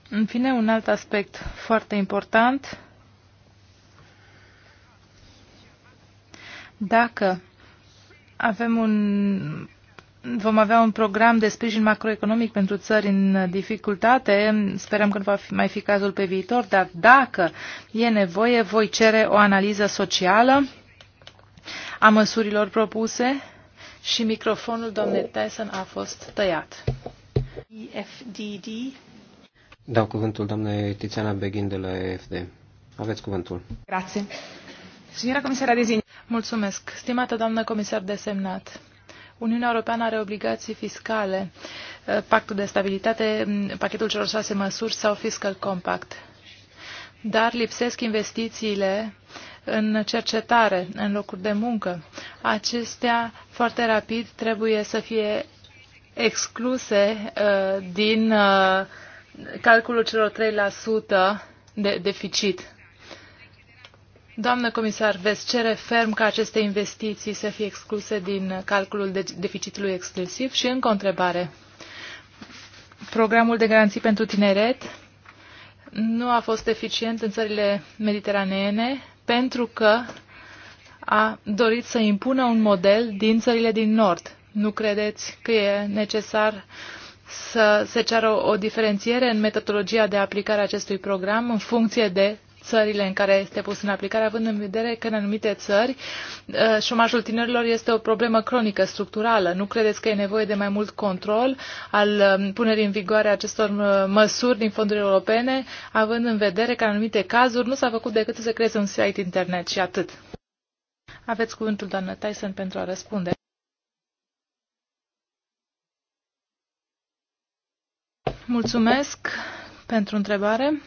În fine, un alt aspect foarte important. Dacă avem un vom avea un program de sprijin macroeconomic pentru țări în dificultate. Sperăm că nu va mai fi cazul pe viitor, dar dacă e nevoie, voi cere o analiză socială a măsurilor propuse și microfonul domnului Tyson a fost tăiat. EFDD. Dau cuvântul doamnei Tiziana Beghin de la EFD. Aveți cuvântul. Grație. Signora comisară Mulțumesc. Stimată doamnă comisar desemnat. Uniunea Europeană are obligații fiscale, eh, pactul de stabilitate, pachetul celor șase măsuri sau fiscal compact. Dar lipsesc investițiile în cercetare, în locuri de muncă. Acestea foarte rapid trebuie să fie excluse uh, din uh, calculul celor 3% de deficit. Doamnă comisar, veți cere ferm ca aceste investiții să fie excluse din calculul de deficitului exclusiv? Și încă o întrebare. Programul de garanții pentru tineret nu a fost eficient în țările mediteraneene pentru că a dorit să impună un model din țările din Nord. Nu credeți că e necesar să se ceară o, o diferențiere în metodologia de aplicare a acestui program în funcție de țările în care este pus în aplicare, având în vedere că în anumite țări uh, șomajul tinerilor este o problemă cronică, structurală. Nu credeți că e nevoie de mai mult control al um, punerii în vigoare acestor uh, măsuri din fonduri europene, având în vedere că în anumite cazuri nu s-a făcut decât să se creeze un site internet și atât? Aveți cuvântul, doamnă Tyson, pentru a răspunde. Mulțumesc pentru întrebare.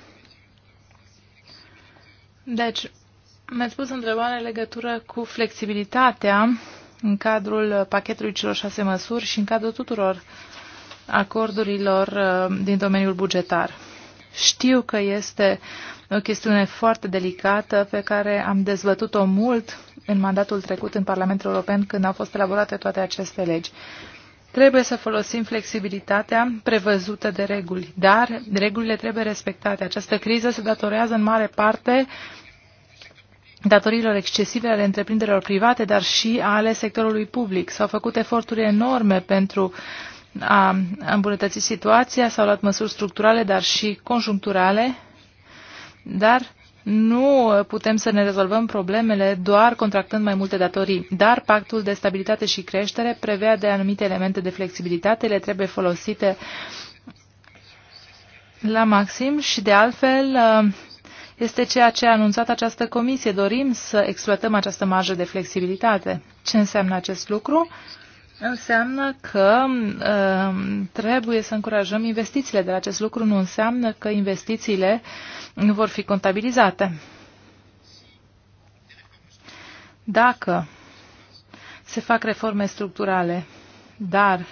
Deci, mi-ați pus întrebare în legătură cu flexibilitatea în cadrul pachetului celor șase măsuri și în cadrul tuturor acordurilor uh, din domeniul bugetar. Știu că este o chestiune foarte delicată pe care am dezbătut-o mult în mandatul trecut în Parlamentul European când au fost elaborate toate aceste legi. Trebuie să folosim flexibilitatea prevăzută de reguli, dar regulile trebuie respectate. Această criză se datorează în mare parte uh, datoriilor excesive ale întreprinderilor private, dar și ale sectorului public. S-au făcut eforturi enorme pentru a îmbunătăți situația, s-au luat măsuri structurale, dar și conjuncturale, dar nu putem să ne rezolvăm problemele doar contractând mai multe datorii, dar pactul de stabilitate și creștere prevede anumite elemente de flexibilitate, le trebuie folosite la maxim și de altfel este ceea ce a anunțat această comisie. Dorim să exploatăm această marjă de flexibilitate. Ce înseamnă acest lucru? Înseamnă că uh, trebuie să încurajăm investițiile, dar acest lucru nu înseamnă că investițiile nu vor fi contabilizate. Dacă se fac reforme structurale, dar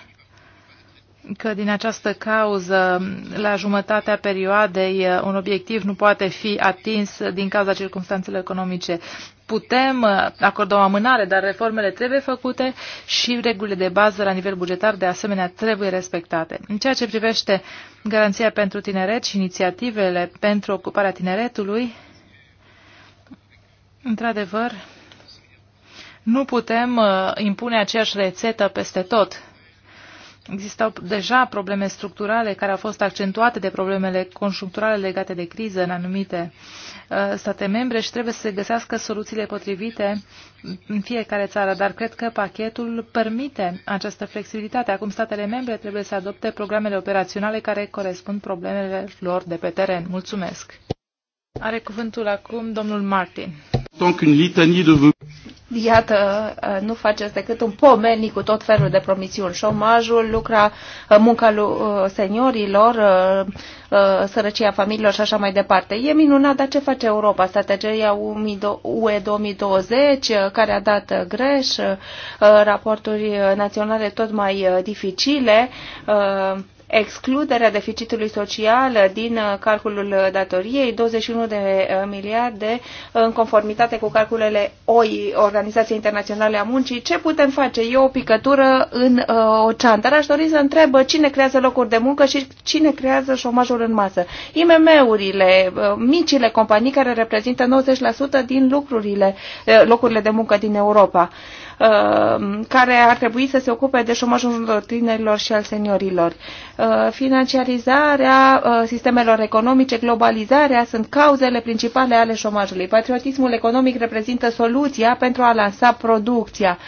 că din această cauză, la jumătatea perioadei, uh, un obiectiv nu poate fi atins din cauza circunstanțelor economice. Putem uh, acorda o amânare, dar reformele trebuie făcute și regulile de bază la nivel bugetar, de asemenea, trebuie respectate. În ceea ce privește garanția pentru tineret și inițiativele pentru ocuparea tineretului, într-adevăr, nu putem uh, impune aceeași rețetă peste tot Existau deja probleme structurale care au fost accentuate de problemele conjuncturale legate de criză în anumite uh, state membre și trebuie să se găsească soluțiile potrivite în fiecare țară, dar cred că pachetul permite această flexibilitate. Acum statele membre trebuie să adopte programele operaționale care corespund problemelor lor de pe teren. Mulțumesc! Are cuvântul acum domnul Martin. Iată, uh, nu faceți decât un pomeni cu tot felul de promisiuni. Șomajul, lucra, uh, munca uh, seniorilor, sărăcia familiilor și așa mai departe. E minunat, dar ce face Europa? Strategia UE 2020, care a dat greș, raporturi naționale tot mai dificile, excluderea deficitului social din uh, calculul datoriei, 21 de uh, miliarde uh, în conformitate cu calculele OI, Organizației Internaționale a Muncii. Ce putem face? E o picătură în uh, ocean, dar aș dori să întreb cine creează locuri de muncă și cine creează șomajul în masă. IMM-urile, uh, micile companii care reprezintă 90% din lucrurile, uh, locurile de muncă din Europa. Uh, Uh, care ar trebui să se ocupe de șomajul tinerilor și al seniorilor. Uh, financiarizarea uh, sistemelor economice, globalizarea sunt cauzele principale ale șomajului. Patriotismul economic reprezintă soluția pentru a lansa producția.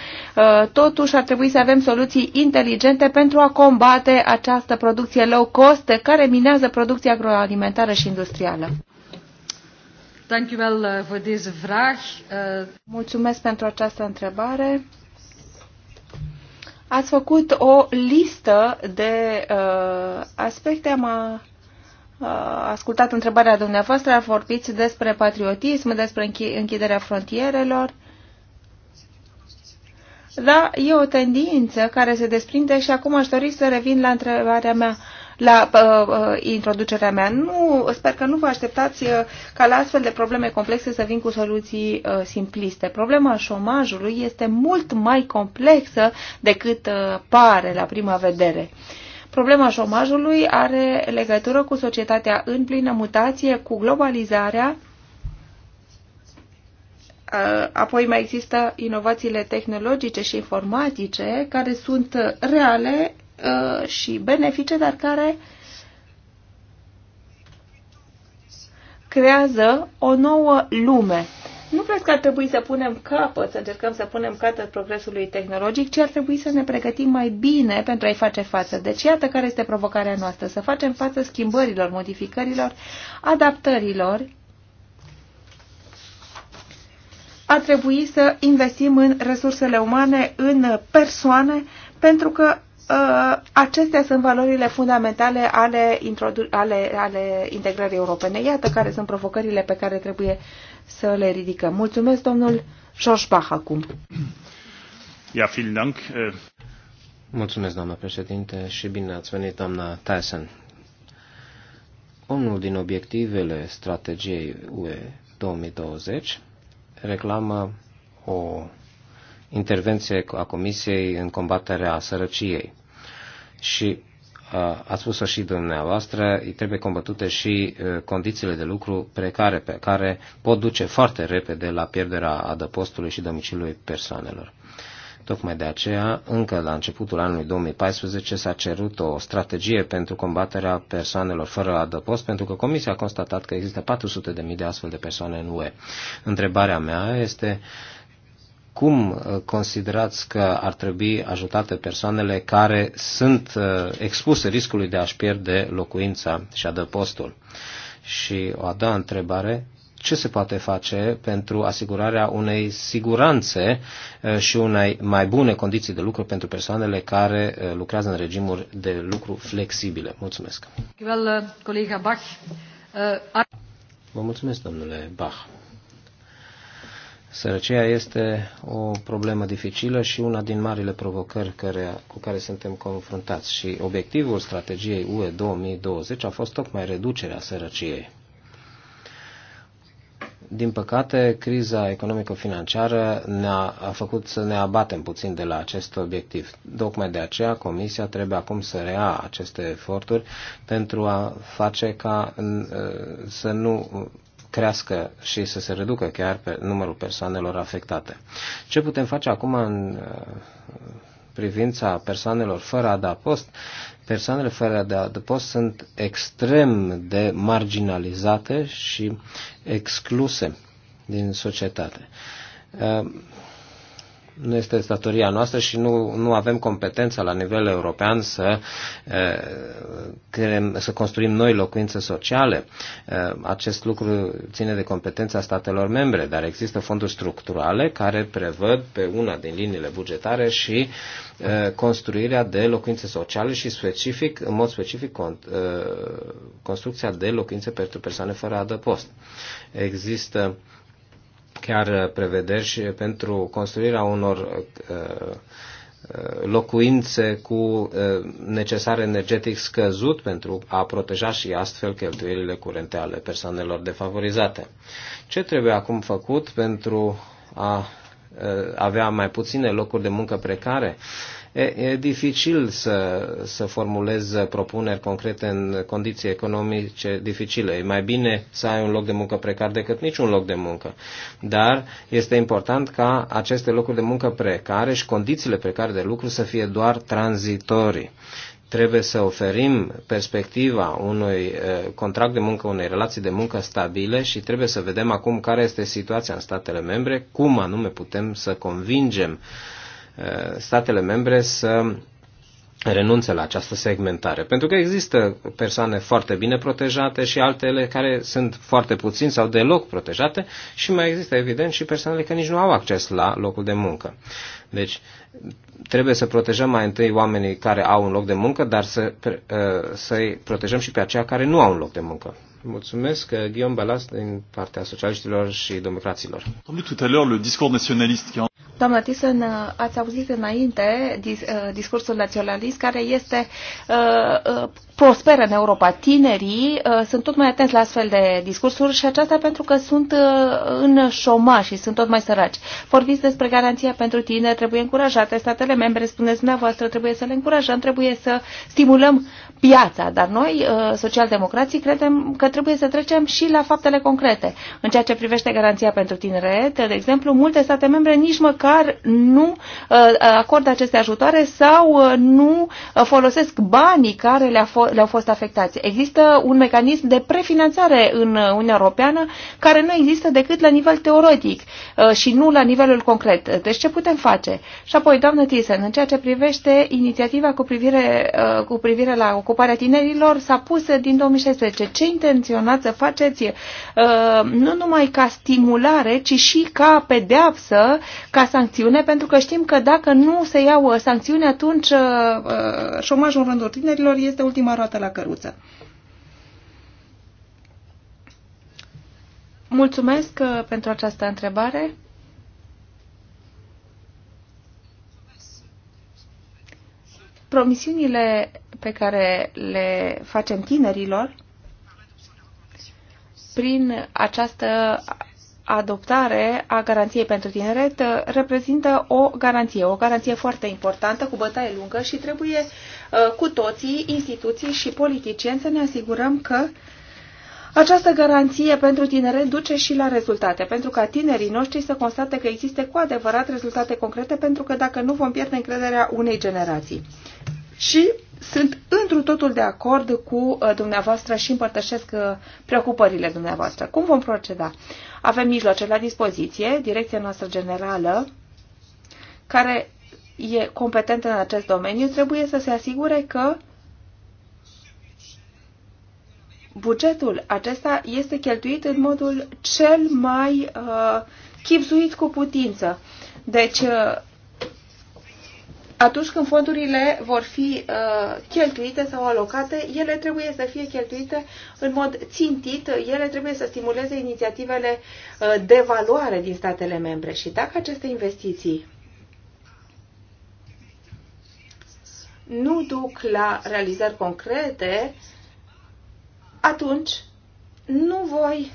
Totuși ar trebui să avem soluții inteligente pentru a combate această producție low cost care minează producția agroalimentară și industrială. Dank u wel voor uh, deze vraag. Uh, Mulțumesc pentru această întrebare. Ați făcut o listă de uh, aspecte. Am a, uh, ascultat întrebarea dumneavoastră. Vorbiți despre patriotism, despre închiderea frontierelor. Da, e o tendință care se desprinde și acum aș dori să revin la întrebarea mea. Uh, la uh, uh, introducerea mea. Nu, sper că nu vă așteptați uh, ca la astfel de probleme complexe să vin cu soluții uh, simpliste. Problema șomajului este mult mai complexă decât uh, pare la prima vedere. Problema șomajului are legătură cu societatea în plină mutație, cu globalizarea, uh, Apoi mai există inovațiile tehnologice și informatice care sunt reale Uh, și benefice, dar care creează o nouă lume. Nu cred că ar trebui să punem capăt, să încercăm să punem capăt progresului tehnologic, ci ar trebui să ne pregătim mai bine pentru a-i face față. Deci iată care este provocarea noastră, să facem față schimbărilor, modificărilor, adaptărilor. Ar trebui să investim în resursele umane, în persoane, pentru că Uh, acestea sunt valorile fundamentale ale, ale, ale integrării europene. Iată care sunt provocările pe care trebuie să le ridicăm. Mulțumesc, domnul George Bach, acum. Ja, vielen Dank. Äh, Mulțumesc, doamna președinte, și bine ați venit, doamna Tyson. Unul din obiectivele strategiei UE 2020 reclamă o intervenție a Comisiei în combaterea sărăciei și uh, a spus-o și dumneavoastră, trebuie combătute și uh, condițiile de lucru precare, pe care pot duce foarte repede la pierderea adăpostului și domiciliului persoanelor. Tocmai de aceea, încă la începutul anului 2014 s-a cerut o strategie pentru combaterea persoanelor fără adăpost, pentru că Comisia a constatat că există 400.000 de astfel de persoane în UE. Întrebarea mea este cum uh, considerați că ar trebui ajutate persoanele care sunt uh, expuse riscului de a-și pierde locuința și adăpostul? Și o a doua întrebare, ce se poate face pentru asigurarea unei siguranțe uh, și unei mai bune condiții de lucru pentru persoanele care lucrează în regimuri de lucru flexibile? Mulțumesc! Vă mulțumesc, domnule Bach. Sărăcia este o problemă dificilă și una din marile provocări care, cu care suntem confruntați și obiectivul strategiei UE 2020 a fost tocmai reducerea sărăciei. Din păcate, criza economico-financiară ne-a făcut să ne abatem puțin de la acest obiectiv. Tocmai de aceea, Comisia trebuie acum să rea aceste eforturi pentru a face ca să nu crească și să se reducă chiar pe numărul persoanelor afectate. Ce putem face acum în uh, privința persoanelor fără adapost? Persoanele fără adapost sunt extrem de marginalizate și excluse din societate. Uh, nu este datoria noastră și nu, nu avem competența la nivel european să, să construim noi locuințe sociale. Acest lucru ține de competența statelor membre, dar există fonduri structurale care prevăd pe una din liniile bugetare și construirea de locuințe sociale și specific, în mod specific construcția de locuințe pentru persoane fără adăpost. Există chiar uh, prevederi și uh, pentru construirea unor uh, locuințe cu necesar energetic scăzut pentru a proteja și astfel cheltuielile curente ale persoanelor defavorizate. Ce trebuie acum făcut pentru a avea mai puține locuri de muncă precare? e dificil să, să formulez propuneri concrete în condiții economice dificile. E mai bine să ai un loc de muncă precar decât niciun loc de muncă. Dar este important ca aceste locuri de muncă precare și condițiile precare de lucru să fie doar tranzitorii trebuie să oferim perspectiva unui contract de muncă, unei relații de muncă stabile și trebuie să vedem acum care este situația în statele membre, cum anume putem să convingem Uh, statele membre să renunțe la această segmentare. Pentru că există persoane foarte bine protejate și altele care sunt foarte puțin sau deloc protejate și mai există, evident, și persoanele care nici nu au acces la locul de muncă. Deci, trebuie să protejăm mai întâi oamenii care au un loc de muncă, dar să, uh, să-i protejăm și pe aceia care nu au un loc de muncă. Mulțumesc, uh, Guillaume Balas, din partea socialiștilor și democraților. Tout à l'heure, le discours nationaliste qui Doamna Thyssen, uh, ați auzit înainte dis, uh, discursul naționalist care este uh, uh prosperă în Europa. Tinerii uh, sunt tot mai atenți la astfel de discursuri și aceasta pentru că sunt uh, în șoma și sunt tot mai săraci. Vorbiți despre garanția pentru tine trebuie încurajate statele membre, spuneți dumneavoastră, trebuie să le încurajăm, trebuie să stimulăm piața, dar noi, uh, socialdemocrații, credem că trebuie să trecem și la faptele concrete. În ceea ce privește garanția pentru tineret, de exemplu, multe state membre nici măcar nu uh, acordă aceste ajutoare sau uh, nu folosesc banii care le-au fost afectați. Există un mecanism de prefinanțare în Uniunea Europeană care nu există decât la nivel teoretic și nu la nivelul concret. Deci ce putem face? Și apoi, doamnă Thyssen, în ceea ce privește inițiativa cu privire, cu privire la o ocuparea tinerilor s-a pus din 2016. Ce intenționați să faceți uh, nu numai ca stimulare, ci și ca pedeapsă, ca sancțiune, pentru că știm că dacă nu se iau uh, sancțiuni, atunci uh, șomajul în rândul tinerilor este ultima roată la căruță. Mulțumesc pentru această întrebare. promisiunile pe care le facem tinerilor prin această adoptare a garanției pentru tineret uh, reprezintă o garanție, o garanție foarte importantă, cu bătaie lungă și trebuie uh, cu toții, instituții și politicieni să ne asigurăm că această garanție pentru tineret duce și la rezultate, pentru ca tinerii noștri să constate că există cu adevărat rezultate concrete, pentru că dacă nu vom pierde încrederea unei generații și sunt întru totul de acord cu uh, dumneavoastră și împărtășesc uh, preocupările dumneavoastră. Cum vom proceda? Avem mijloace la dispoziție, direcția noastră generală, care e competentă în acest domeniu, trebuie să se asigure că bugetul acesta este cheltuit în modul cel mai uh, chipzuit cu putință. Deci, uh, atunci când fondurile vor fi uh, cheltuite sau alocate, ele trebuie să fie cheltuite în mod țintit, ele trebuie să stimuleze inițiativele uh, de valoare din statele membre. Și dacă aceste investiții nu duc la realizări concrete, atunci nu voi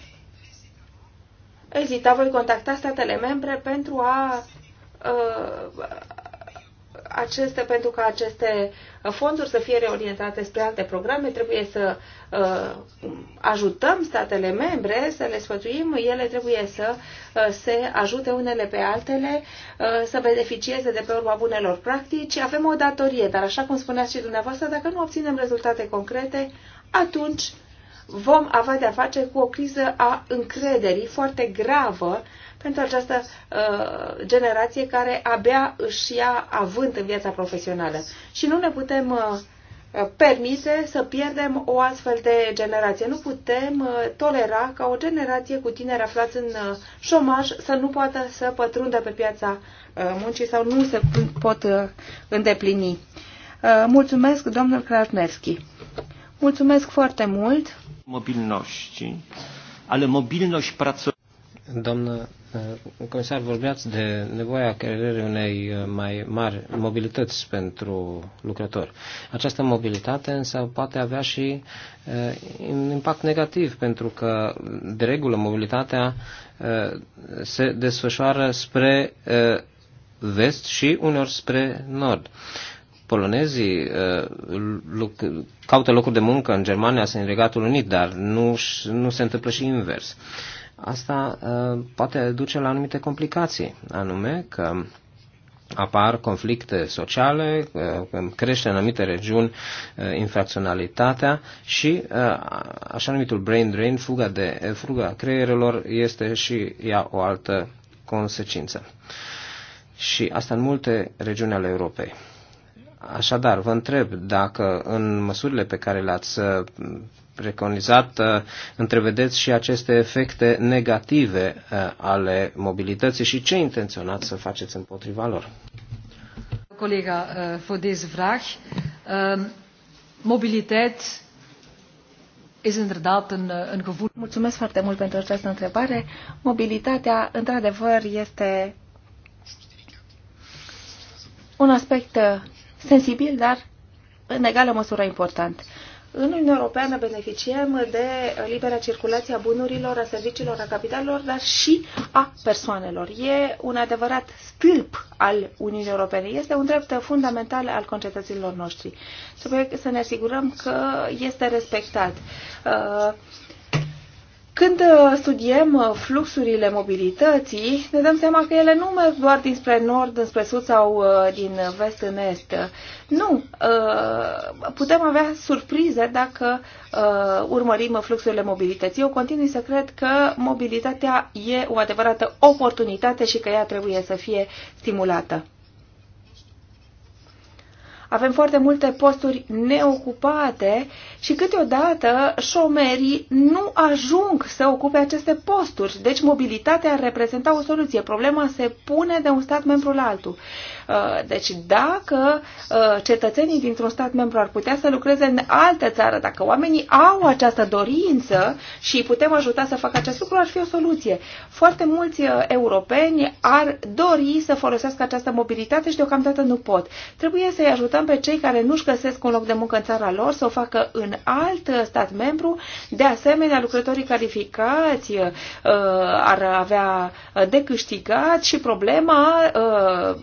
ezita, voi contacta statele membre pentru a uh, aceste, pentru ca aceste fonduri să fie reorientate spre alte programe, trebuie să uh, ajutăm statele membre, să le sfătuim, ele trebuie să uh, se ajute unele pe altele, uh, să beneficieze de pe urma bunelor practici. Avem o datorie, dar așa cum spuneați și dumneavoastră, dacă nu obținem rezultate concrete, atunci vom avea de-a face cu o criză a încrederii foarte gravă pentru această uh, generație care abia își ia avânt în viața profesională. Și nu ne putem uh, permite să pierdem o astfel de generație. Nu putem uh, tolera ca o generație cu tineri aflați în uh, șomaj să nu poată să pătrundă pe piața uh, muncii sau nu se pot uh, îndeplini. Uh, mulțumesc, domnul Krasnevski. Mulțumesc foarte mult. Mobilności, ale mobilność pracowników. Doamnă comisar, vorbeați de nevoia creării unei mai mari mobilități pentru lucrători. Această mobilitate însă poate avea și un impact negativ, pentru că, de regulă, mobilitatea se desfășoară spre vest și uneori spre nord polonezii uh, caută locuri de muncă în Germania sau în Regatul Unit, dar nu, nu se întâmplă și invers. Asta uh, poate duce la anumite complicații, anume că apar conflicte sociale, uh, crește în anumite regiuni infracționalitatea și așa numitul brain drain, fuga, de, fuga creierelor, este și ea o altă consecință. Și asta în multe regiuni ale Europei. Așadar, vă întreb dacă în măsurile pe care le-ați uh, preconizat uh, întrevedeți și aceste efecte negative uh, ale mobilității și ce intenționați să faceți împotriva lor. Colega, voor deze vraag. Um, Mobiliteit is Mulțumesc foarte mult pentru această întrebare. Mobilitatea, într-adevăr, este un aspect sensibil, dar în egală măsură important. În Uniunea Europeană beneficiem de libera circulație a bunurilor, a serviciilor, a capitalelor, dar și a persoanelor. E un adevărat stâlp al Uniunii Europene. Este un drept fundamental al concetățenilor noștri. Trebuie să ne asigurăm că este respectat. Uh, când uh, studiem uh, fluxurile mobilității, ne dăm seama că ele nu merg doar dinspre nord, înspre sud sau uh, din vest în est. Nu, putem avea surprize dacă urmărim fluxurile mobilității. Eu continui să cred că mobilitatea e o adevărată oportunitate și că ea trebuie să fie stimulată. Avem foarte multe posturi neocupate și câteodată șomerii nu ajung să ocupe aceste posturi. Deci mobilitatea ar reprezenta o soluție. Problema se pune de un stat membru la altul. Uh, deci dacă uh, cetățenii dintr-un stat membru ar putea să lucreze în altă țară, dacă oamenii au această dorință și îi putem ajuta să facă acest lucru, ar fi o soluție. Foarte mulți uh, europeni ar dori să folosească această mobilitate și deocamdată nu pot. Trebuie să-i ajutăm ajutăm pe cei care nu-și găsesc un loc de muncă în țara lor să o facă în alt stat membru. De asemenea, lucrătorii calificați uh, ar avea de câștigat și problema uh,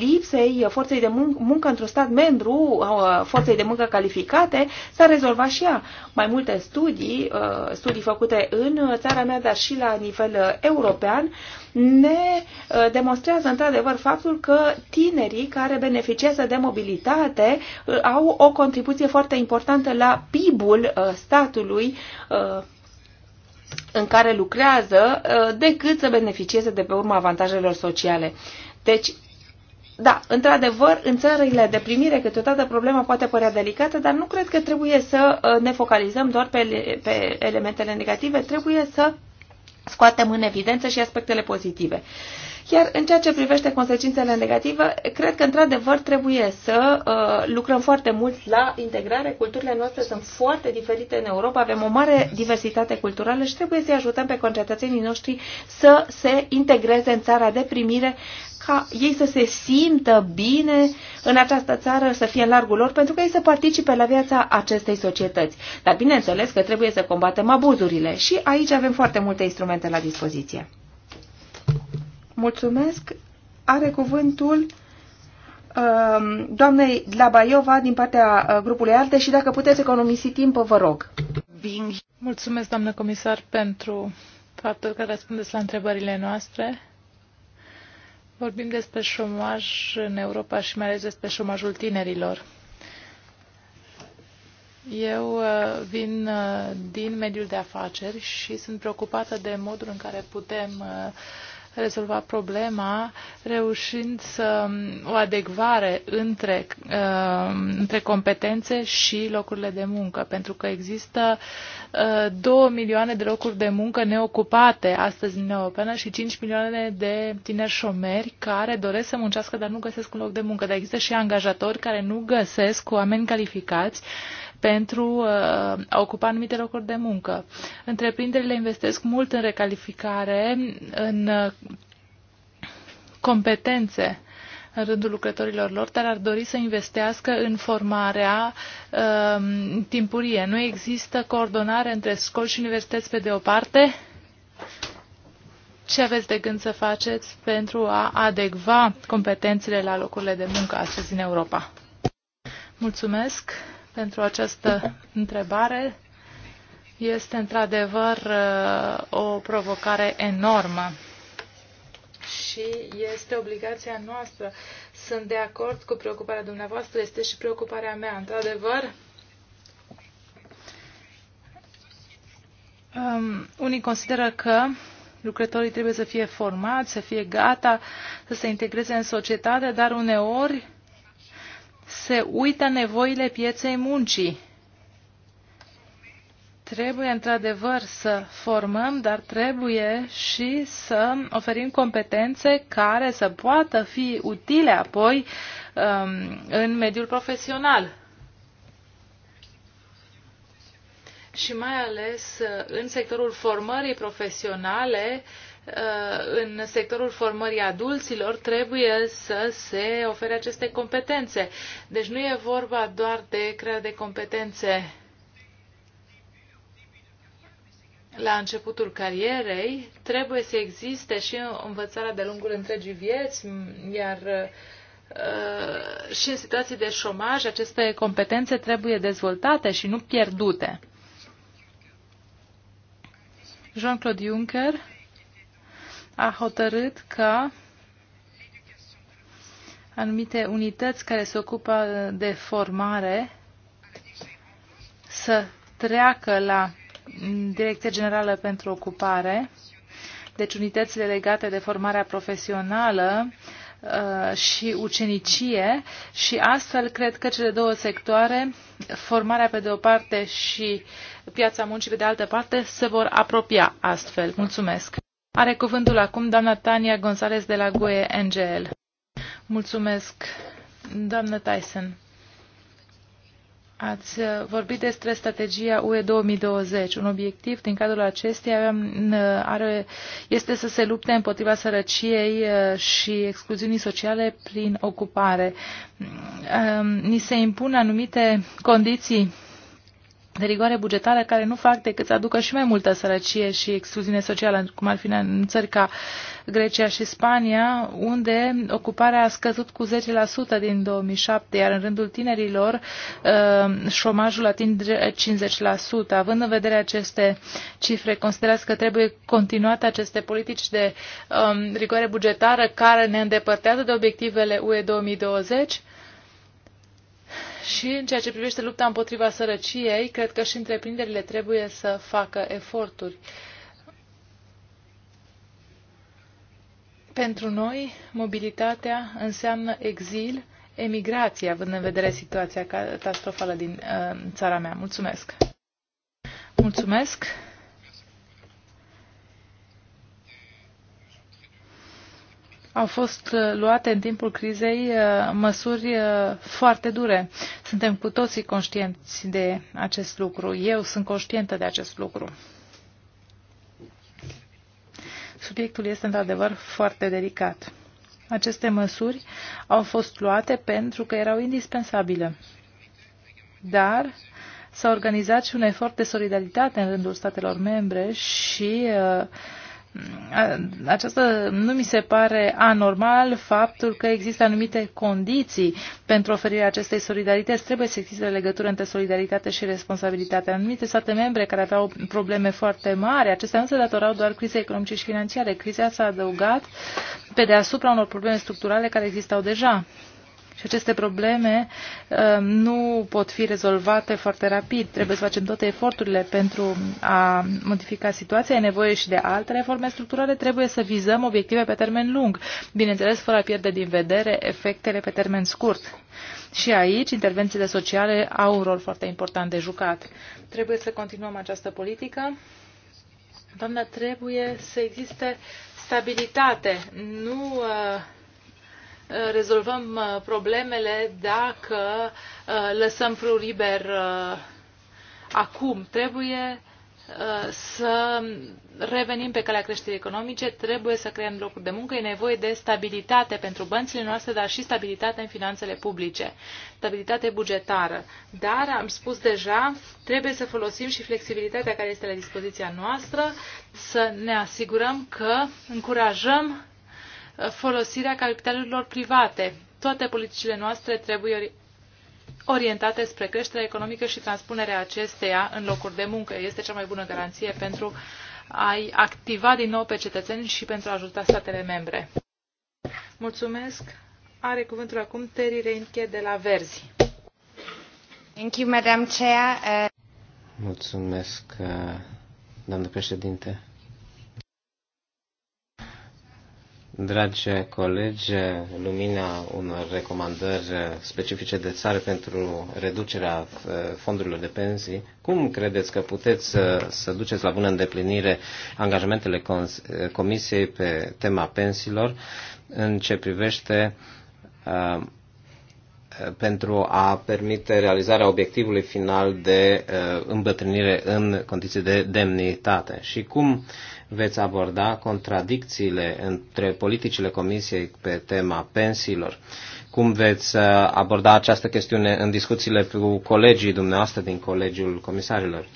lipsei forței de muncă, muncă într-un stat membru, uh, forței de muncă calificate, s-a rezolvat și ea. Mai multe studii, uh, studii făcute în țara mea, dar și la nivel uh, european, uh, ne uh, demonstrează într-adevăr faptul că tinerii care beneficiază de mobilitate uh, au o contribuție foarte importantă la PIB-ul uh, statului în care lucrează decât să beneficieze de pe urma avantajelor sociale. Deci, da, într-adevăr, în țările de primire câteodată problema poate părea delicată, dar nu cred că trebuie să ne focalizăm doar pe, pe elementele negative, trebuie să scoatem în evidență și aspectele pozitive. Iar în ceea ce privește consecințele negative, cred că într-adevăr trebuie să uh, lucrăm foarte mult la integrare. Culturile noastre sunt foarte diferite în Europa, avem o mare diversitate culturală și trebuie să-i ajutăm pe concetățenii noștri să se integreze în țara de primire, ca ei să se simtă bine în această țară, să fie în largul lor, pentru că ei să participe la viața acestei societăți. Dar bineînțeles că trebuie să combatem abuzurile și aici avem foarte multe instrumente la dispoziție. Mulțumesc. Are cuvântul um, doamnei Dlabaiova din partea uh, grupului Arte și dacă puteți economisi timp, vă rog. Mulțumesc, doamnă comisar, pentru faptul că răspundeți la întrebările noastre. Vorbim despre șomaj în Europa și mai ales despre șomajul tinerilor. Eu uh, vin uh, din mediul de afaceri și sunt preocupată de modul în care putem uh, rezolva problema reușind să um, o adecvare între, um, între competențe și locurile de muncă, pentru că există uh, milioane de locuri de muncă neocupate astăzi în Europa Europeană și 5 milioane de tineri șomeri care doresc să muncească, dar nu găsesc un loc de muncă. Dar există și angajatori care nu găsesc oameni calificați pentru uh, a ocupa anumite locuri de muncă. Întreprinderile investesc mult în recalificare, în uh, competențe în rândul lucrătorilor lor, dar ar dori să investească în formarea uh, timpurie. Nu există coordonare între școli și universități pe de o parte. Ce aveți de gând să faceți pentru a adecva competențele la locurile de muncă astăzi în Europa? Mulțumesc! pentru această întrebare. Este într-adevăr uh, o provocare enormă și este obligația noastră. Sunt de acord cu preocuparea dumneavoastră, este și preocuparea mea. Într-adevăr, um, unii consideră că lucrătorii trebuie să fie formați, să fie gata, să se integreze în societate, dar uneori se uită nevoile pieței muncii. Trebuie într-adevăr să formăm, dar trebuie și să oferim competențe care să poată fi utile apoi um, în mediul profesional. Și mai ales uh, în sectorul formării profesionale uh, Uh, în sectorul formării adulților trebuie să se ofere aceste competențe. Deci nu e vorba doar de crearea de competențe la începutul carierei, trebuie să existe și învățarea de lungul întregii vieți, iar uh, și în situații de șomaj aceste competențe trebuie dezvoltate și nu pierdute. Jean-Claude Juncker a hotărât ca anumite unități care se ocupă de formare să treacă la Direcția Generală pentru Ocupare, deci unitățile legate de formarea profesională uh, și ucenicie și astfel cred că cele două sectoare, formarea pe de o parte și piața muncii pe de altă parte, se vor apropia astfel. Mulțumesc! Are cuvântul acum doamna Tania González de la GUE NGL. Mulțumesc, doamnă Tyson. Ați uh, vorbit despre strategia UE 2020. Un obiectiv din cadrul acesteia uh, are, este să se lupte împotriva sărăciei uh, și excluziunii sociale prin ocupare. Mm, ni se impun anumite condiții de rigoare bugetară care nu fac decât să aducă și mai multă sărăcie și excluziune socială, cum ar fi în țări ca Grecia și Spania, unde ocuparea a scăzut cu 10% din 2007, iar în rândul tinerilor uh, șomajul atinge 50%. Având în vedere aceste cifre, considerați că trebuie continuate aceste politici de um, rigoare bugetară care ne îndepărtează de obiectivele UE 2020? Și în ceea ce privește lupta împotriva sărăciei, cred că și întreprinderile trebuie să facă eforturi. Pentru noi, mobilitatea înseamnă exil, emigrație, având în vedere situația catastrofală din uh, țara mea. Mulțumesc! Mulțumesc! au fost uh, luate în timpul crizei uh, măsuri uh, foarte dure. Suntem cu toții conștienți de acest lucru. Eu sunt conștientă de acest lucru. Subiectul este într-adevăr foarte delicat. Aceste măsuri au fost luate pentru că erau indispensabile. Dar s-a organizat și un efort de solidaritate în rândul statelor membre și uh, aceasta nu mi se pare anormal faptul că există anumite condiții pentru oferirea acestei solidarități. Trebuie să existe legătură între solidaritate și responsabilitate. Anumite state membre care aveau probleme foarte mari, acestea nu se datorau doar crizei economice și financiare. Criza s-a adăugat pe deasupra unor probleme structurale care existau deja. Și aceste probleme um, nu pot fi rezolvate foarte rapid. Trebuie să facem toate eforturile pentru a modifica situația. E nevoie și de alte reforme structurale. Trebuie să vizăm obiective pe termen lung, bineînțeles fără a pierde din vedere efectele pe termen scurt. Și aici, intervențiile sociale au un rol foarte important de jucat. Trebuie să continuăm această politică. Doamna, trebuie să existe stabilitate, nu uh, Eh, rezolvăm eh, problemele dacă eh, lăsăm frul liber acum. Trebuie să revenim pe calea creșterii economice, trebuie să creăm locuri de muncă, e nevoie de stabilitate pentru bănțile noastre, dar și stabilitate în finanțele publice, stabilitate bugetară. Dar, am spus deja, trebuie să folosim și flexibilitatea care este la dispoziția noastră, să ne asigurăm că încurajăm folosirea capitalurilor private. Toate politicile noastre trebuie orientate spre creșterea economică și transpunerea acesteia în locuri de muncă. Este cea mai bună garanție pentru a-i activa din nou pe cetățeni și pentru a ajuta statele membre. Mulțumesc. Are cuvântul acum Terry Reinke de la Verzi. Thank you, Madam Chair. Uh, Mulțumesc, uh, doamnă președinte. Dragi colegi, lumina unor recomandări specifice de țară pentru reducerea uh, fondurilor de pensii, cum credeți că puteți să, uh, să duceți la bună îndeplinire angajamentele uh, Comisiei pe tema pensiilor în ce privește uh, pentru a permite realizarea obiectivului final de uh, îmbătrânire în condiții de demnitate și cum uh, veți aborda contradicțiile între politicile Comisiei pe tema pensiilor, cum veți uh, aborda această chestiune în discuțiile cu colegii dumneavoastră din Colegiul Comisarilor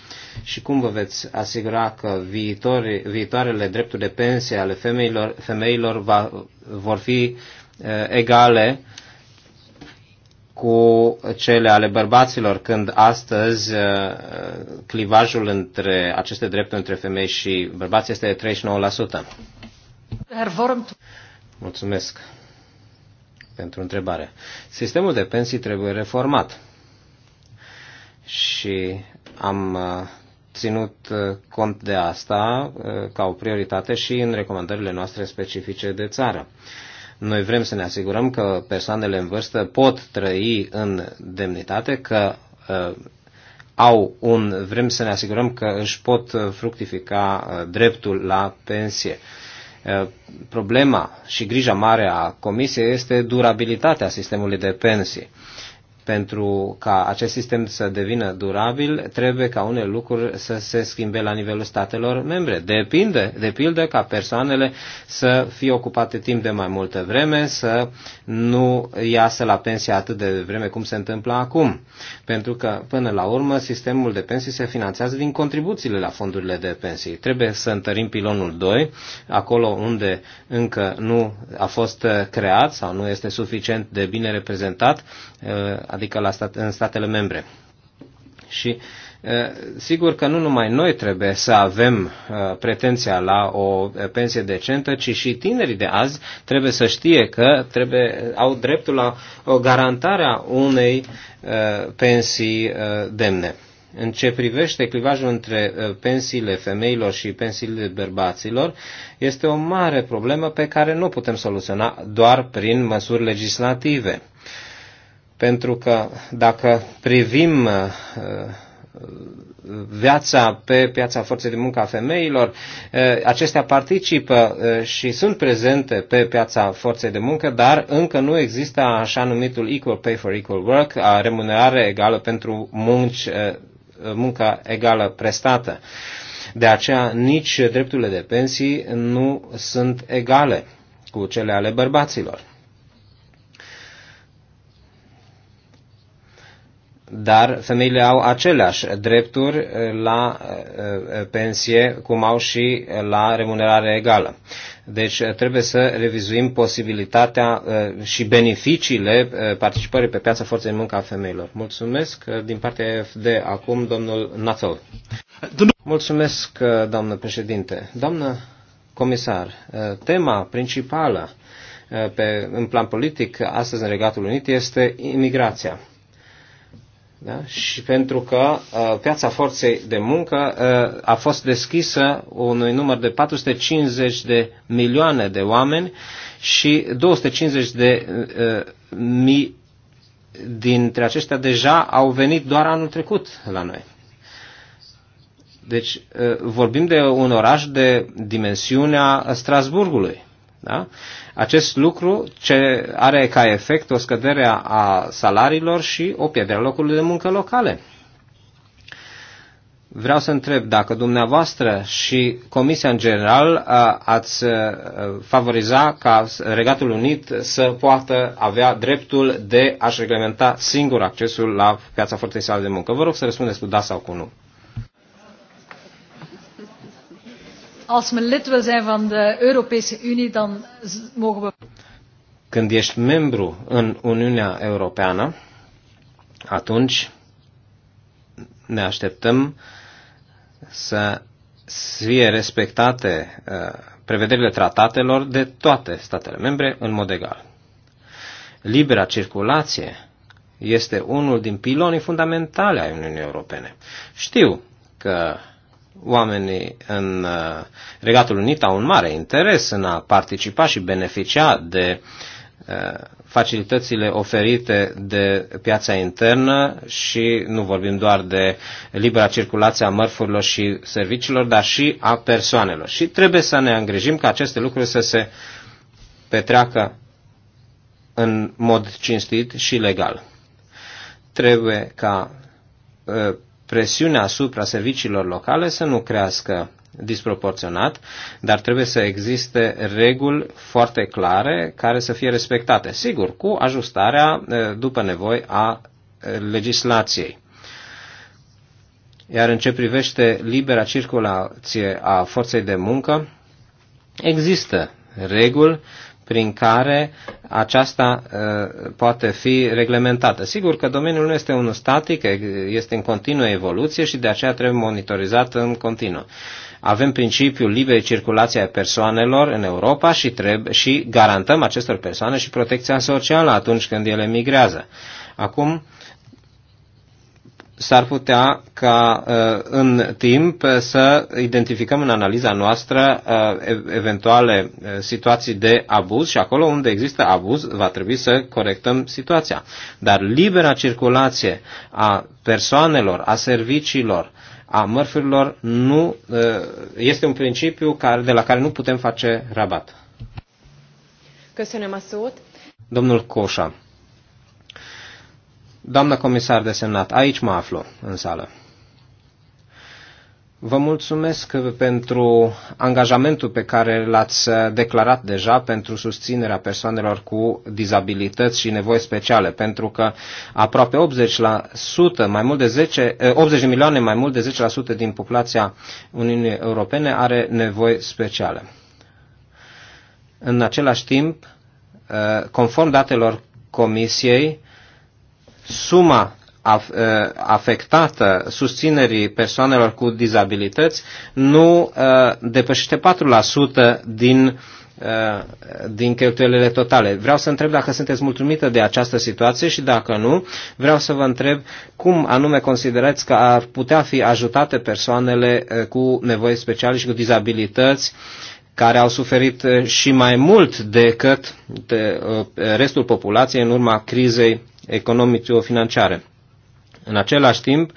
și cum vă veți asigura că viitoare, viitoarele drepturi de pensie ale femeilor, femeilor va, vor fi uh, egale cu cele ale bărbaților, când astăzi uh, clivajul între aceste drepturi între femei și bărbați este de 39%. Mulțumesc pentru întrebare. Sistemul de pensii trebuie reformat și am uh, ținut uh, cont de asta ca o prioritate și în recomandările noastre specifice de țară. Noi vrem să ne asigurăm că persoanele în vârstă pot trăi în demnitate, că uh, au un, vrem să ne asigurăm că își pot fructifica uh, dreptul la pensie. Uh, problema și grija mare a Comisiei este durabilitatea sistemului de pensii. Uh, pentru ca acest sistem să devină durabil, trebuie ca unele lucruri să se schimbe la nivelul statelor membre. Depinde, de pildă, ca persoanele să fie ocupate timp de mai multă vreme, să nu iasă la pensie atât de vreme cum se întâmplă acum. Pentru că, până la urmă, sistemul de pensii se finanțează din contribuțiile la fondurile de pensii. Trebuie să întărim pilonul 2, acolo unde încă nu a fost creat sau nu este suficient de bine reprezentat adică la stat, în statele membre. Și sigur că nu numai noi trebuie să avem pretenția la o pensie decentă, ci și tinerii de azi trebuie să știe că trebuie, au dreptul la o garantarea unei pensii demne. În ce privește clivajul între pensiile femeilor și pensiile bărbaților, este o mare problemă pe care nu putem soluționa doar prin măsuri legislative pentru că dacă privim uh, uh, viața pe piața forței de muncă a femeilor, uh, acestea participă și sunt prezente pe piața forței de muncă, dar încă nu există așa numitul equal pay for equal work, a remunerare egală pentru munci, munca egală prestată. De aceea nici drepturile de pensii nu sunt egale cu cele ale bărbaților. dar femeile au aceleași drepturi la eh, eh, pensie cum au și la remunerare egală. Deci eh, trebuie să revizuim posibilitatea și beneficiile participării pe piața forței de muncă a femeilor. Mulțumesc din partea FD acum domnul Nathol. Mulțumesc, doamnă președinte. Doamnă comisar, tema principală pe, în plan politic astăzi în Regatul Unit este imigrația. Da? Și pentru că uh, piața forței de muncă uh, a fost deschisă unui număr de 450 de milioane de oameni și 250 de uh, mii dintre aceștia deja au venit doar anul trecut la noi. Deci uh, vorbim de un oraș de dimensiunea Strasburgului da? Acest lucru ce are ca efect o scădere a salariilor și o pierdere a locurilor de muncă locale. Vreau să întreb dacă dumneavoastră și Comisia în general ați favoriza ca Regatul Unit să poată avea dreptul de a-și reglementa singur accesul la piața forței sale de muncă. Vă rog să răspundeți cu da sau cu nu. als we lid wil zijn van de Europese Unie, dan mogen we. Când ești membru în Uniunea Europeană, atunci ne așteptăm să fie respectate uh, prevederile tratatelor de toate statele membre în mod egal. Libera circulație este unul din pilonii fundamentale ai Uniunii Europene. Știu că Oamenii în uh, Regatul Unit au un mare interes în a participa și beneficia de uh, facilitățile oferite de piața internă și nu vorbim doar de libera circulație a mărfurilor și serviciilor, dar și a persoanelor. Și trebuie să ne îngrijim ca aceste lucruri să se petreacă în mod cinstit și legal. Trebuie ca uh, presiunea asupra serviciilor locale să nu crească disproporționat, dar trebuie să existe reguli foarte clare care să fie respectate, sigur, cu ajustarea după nevoi a legislației. Iar în ce privește libera circulație a forței de muncă, există reguli prin care aceasta uh, poate fi reglementată. Sigur că domeniul nu este unul static, este în continuă evoluție și de aceea trebuie monitorizat în continuu. Avem principiul liberei circulații a persoanelor în Europa și, trebuie, și garantăm acestor persoane și protecția socială atunci când ele migrează. Acum, s-ar putea ca uh, în timp să identificăm în analiza noastră uh, eventuale uh, situații de abuz și acolo unde există abuz va trebui să corectăm situația. Dar libera circulație a persoanelor, a serviciilor, a mărfurilor nu este un principiu care, de la care nu putem face rabat. Căsănem a Domnul Coșa. Doamna comisar desemnat, aici mă aflu, în sală. Vă mulțumesc pentru angajamentul pe care l-ați declarat deja pentru susținerea persoanelor cu dizabilități și nevoi speciale, pentru că aproape 80%, mai mult de 10, 80 eh, de milioane, mai mult de 10% din populația Uniunii Europene are nevoi speciale. În același timp, eh, conform datelor Comisiei, suma uh, afectată susținerii persoanelor cu dizabilități nu uh, depășește 4% din, uh, din cheltuielile totale. Vreau să întreb dacă sunteți mulțumită de această situație și dacă nu, vreau să vă întreb cum anume considerați că ar putea fi ajutate persoanele cu nevoi speciale și cu dizabilități care au suferit și mai mult decât de restul populației în urma crizei economico-financiare. În același timp,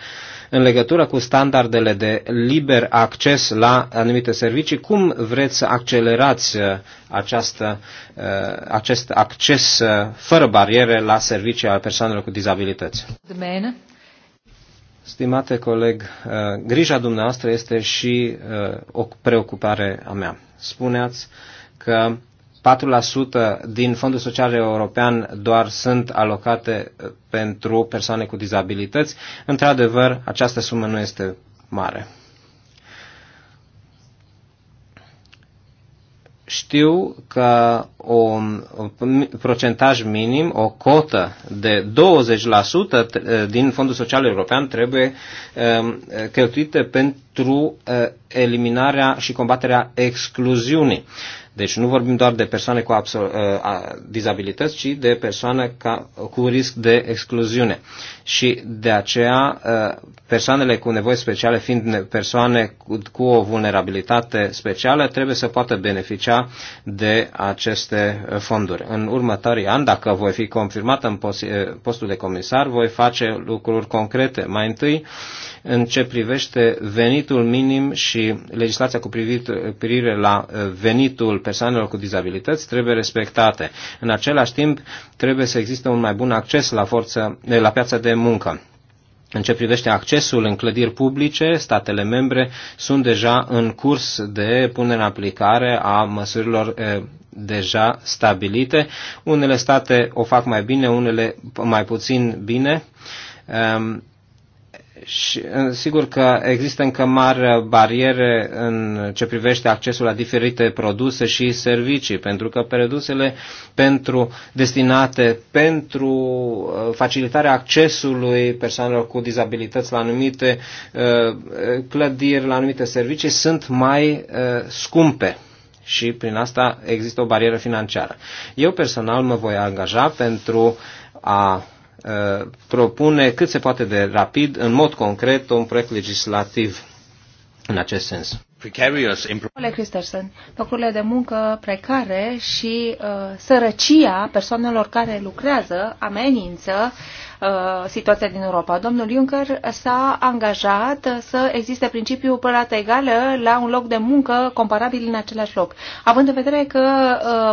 în legătură cu standardele de liber acces la anumite servicii, cum vreți să accelerați uh, această, uh, acest acces uh, fără bariere la servicii al persoanelor cu dizabilități? Stimate coleg, grija dumneavoastră este și o preocupare a mea. Spuneați că 4% din Fondul Social European doar sunt alocate uh, pentru persoane cu dizabilități. Într-adevăr, această sumă nu este mare. știu că un procentaj minim, o cotă de 20% uh, din Fondul Social European trebuie um, cheltuită pentru uh, eliminarea și combaterea excluziunii. Deci nu vorbim doar de persoane cu uh, dizabilități, ci de persoane ca, cu risc de excluziune. Și de aceea uh, persoanele cu nevoi speciale, fiind persoane cu, cu o vulnerabilitate specială, trebuie să poată beneficia de aceste uh, fonduri. În următorii ani, dacă voi fi confirmat în postul de comisar, voi face lucruri concrete. Mai întâi, uh, în ce privește venitul minim și legislația cu privire la uh, venitul persoanelor cu dizabilități trebuie respectate. În același timp, trebuie să existe un mai bun acces la, forță, eh, la piața de muncă. În ce privește accesul în clădiri publice, statele membre sunt deja în curs de punere în aplicare a măsurilor eh, deja stabilite. Unele state o fac mai bine, unele mai puțin bine. Ehm, și sigur că există încă mari bariere în ce privește accesul la diferite produse și servicii, pentru că produsele pentru, destinate pentru facilitarea accesului persoanelor cu dizabilități la anumite clădiri, la anumite servicii, sunt mai scumpe și prin asta există o barieră financiară. Eu personal mă voi angaja pentru a Uh, propune cât se poate de rapid, în mod concret, un proiect legislativ în acest sens. Domnule Christensen, locurile de muncă precare și uh, sărăcia persoanelor care lucrează amenință uh, Uh, situația din Europa. Domnul Juncker s-a angajat să existe principiul plată egală la un loc de muncă comparabil în același loc. Având în vedere că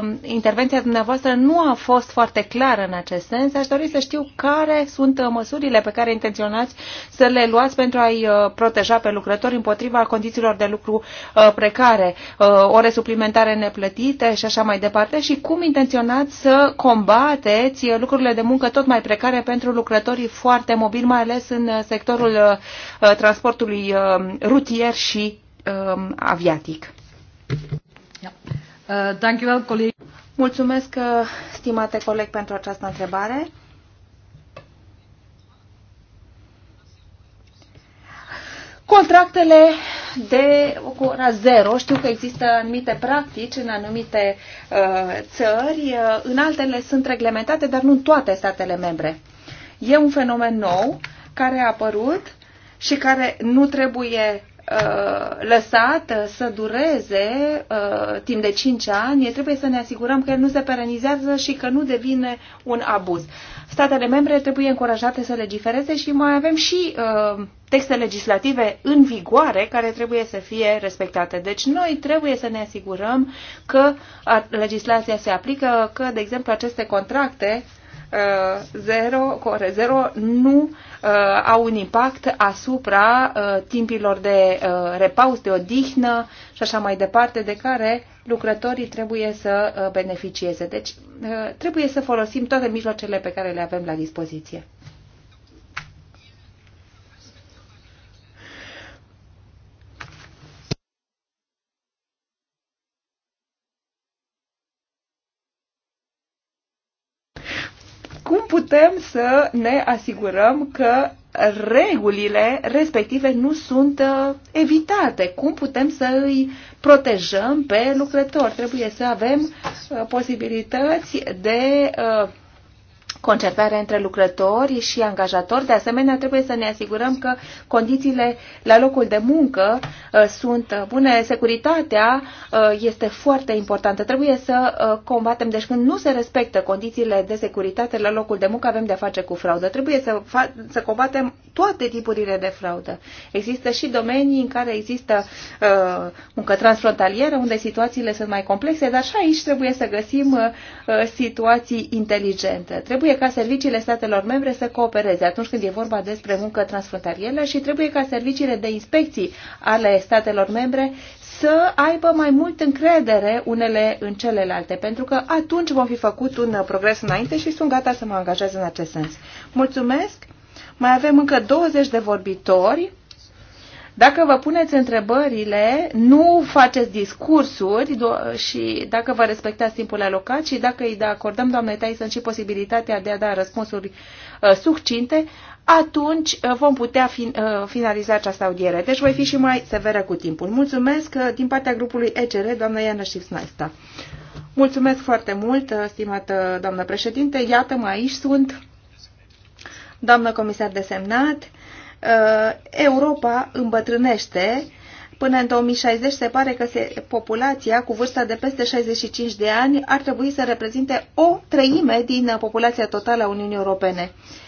uh, intervenția dumneavoastră nu a fost foarte clară în acest sens, aș dori să știu care sunt uh, măsurile pe care intenționați să le luați pentru a-i proteja pe lucrători împotriva condițiilor de lucru precare, ore suplimentare neplătite și așa mai departe și cum intenționați să combateți lucrurile de muncă tot mai precare pentru pentru lucrătorii foarte mobili, mai ales în uh, sectorul uh, uh, transportului rutier și um, aviatic. Mulțumesc, stimate coleg, pentru această întrebare. contractele de ora zero. Știu că există anumite practici în anumite uh, țări, uh, în altele sunt reglementate, dar nu în toate statele membre. E un fenomen nou care a apărut și care nu trebuie uh, lăsat uh, să dureze uh, timp de 5 ani, trebuie să ne asigurăm că el nu se perenizează și că nu devine un abuz. Statele membre trebuie încurajate să legifereze și mai avem și texte legislative în vigoare care trebuie să fie respectate. Deci noi trebuie să ne asigurăm că legislația se aplică, că, de exemplu, aceste contracte uh, 0, core 0 nu uh, au un impact asupra uh, timpilor de uh, repaus, de odihnă și așa mai departe, de care lucrătorii trebuie să beneficieze. Deci trebuie să folosim toate mijloacele pe care le avem la dispoziție. putem să ne asigurăm că regulile respective nu sunt uh, evitate. Cum putem să îi protejăm pe lucrători? Trebuie să avem uh, posibilități de uh, concertare între lucrători și angajatori. De asemenea, trebuie să ne asigurăm că condițiile la locul de muncă uh, sunt bune. Securitatea uh, este foarte importantă. Trebuie să uh, combatem. Deci când nu se respectă condițiile de securitate la locul de muncă, avem de-a face cu fraudă. Trebuie să, să combatem toate tipurile de fraudă. Există și domenii în care există uh, muncă transfrontalieră, unde situațiile sunt mai complexe, dar și aici trebuie să găsim uh, situații inteligente. Trebuie Trebuie ca serviciile statelor membre să coopereze atunci când e vorba despre muncă transfrontalieră și trebuie ca serviciile de inspecții ale statelor membre să aibă mai mult încredere unele în celelalte, pentru că atunci vom fi făcut un progres înainte și sunt gata să mă angajez în acest sens. Mulțumesc! Mai avem încă 20 de vorbitori dacă vă puneți întrebările, nu faceți discursuri și dacă vă respectați timpul alocat și dacă îi da- acordăm doamnei Tyson și posibilitatea de a da răspunsuri uh, succinte, atunci uh, vom putea fin, uh, finaliza această audiere. Deci voi fi și mai severă cu timpul. Mulțumesc uh, din partea grupului ECR, doamna Iana Șipsnaista. Mulțumesc foarte mult, uh, stimată doamnă președinte. Iată-mă, aici sunt, doamnă comisar desemnat. Uh, Europa îmbătrânește. Până în 2060 se pare că se, populația cu vârsta de peste 65 de ani ar trebui să reprezinte o treime din uh, populația totală a Uniunii Europene. Uh,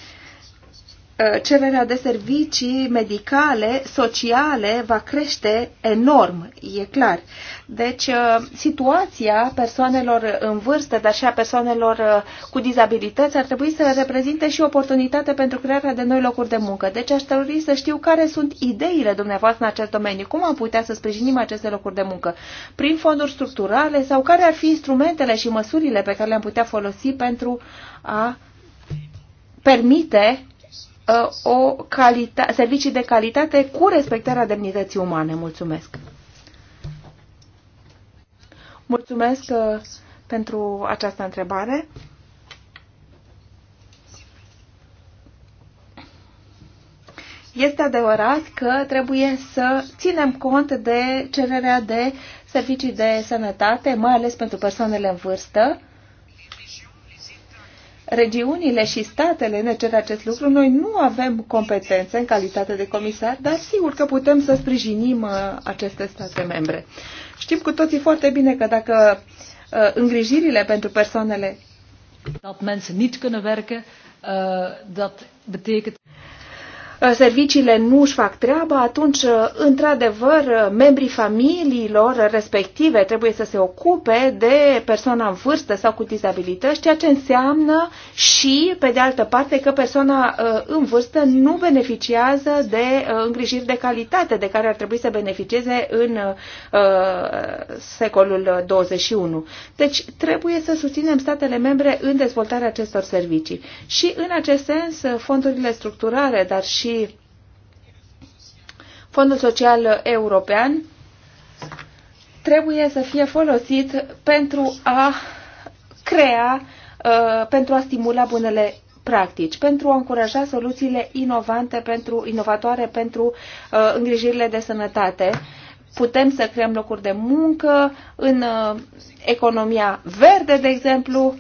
Uh, cererea de servicii medicale, sociale va crește enorm, e clar. Deci, uh, situația persoanelor în vârstă, dar și a persoanelor uh, cu dizabilități ar trebui să reprezinte și oportunitate pentru crearea de noi locuri de muncă. Deci, aș trebui să știu care sunt ideile dumneavoastră în acest domeniu. Cum am putea să sprijinim aceste locuri de muncă? Prin fonduri structurale sau care ar fi instrumentele și măsurile pe care le-am putea folosi pentru a permite Uh, o calita- servicii de calitate cu respectarea demnității umane. Mulțumesc! Mulțumesc uh, pentru această întrebare. Este adevărat că trebuie să ținem cont de cererea de servicii de sănătate, mai ales pentru persoanele în vârstă, regiunile și statele ne cer acest lucru. Noi nu avem competențe în calitate de comisar, dar sigur că putem să sprijinim uh, aceste state membre. Știm cu toții foarte bine că dacă uh, îngrijirile pentru persoanele dat mensen niet kunnen werken, uh, dat betekent Uh, serviciile nu își fac treaba, atunci, uh, într-adevăr, uh, membrii familiilor respective trebuie să se ocupe de persoana în vârstă sau cu dizabilități, ceea ce înseamnă și, pe de altă parte, că persoana în vârstă nu beneficiază de îngrijiri de calitate de care ar trebui să beneficieze în secolul 21. Deci, trebuie să susținem statele membre în dezvoltarea acestor servicii. Și, în acest sens, fondurile structurale, dar și și Fondul Social European trebuie să fie folosit pentru a crea, uh, pentru a stimula bunele practici, pentru a încuraja soluțiile inovante pentru, inovatoare pentru uh, îngrijirile de sănătate. Putem să creăm locuri de muncă în uh, economia verde, de exemplu,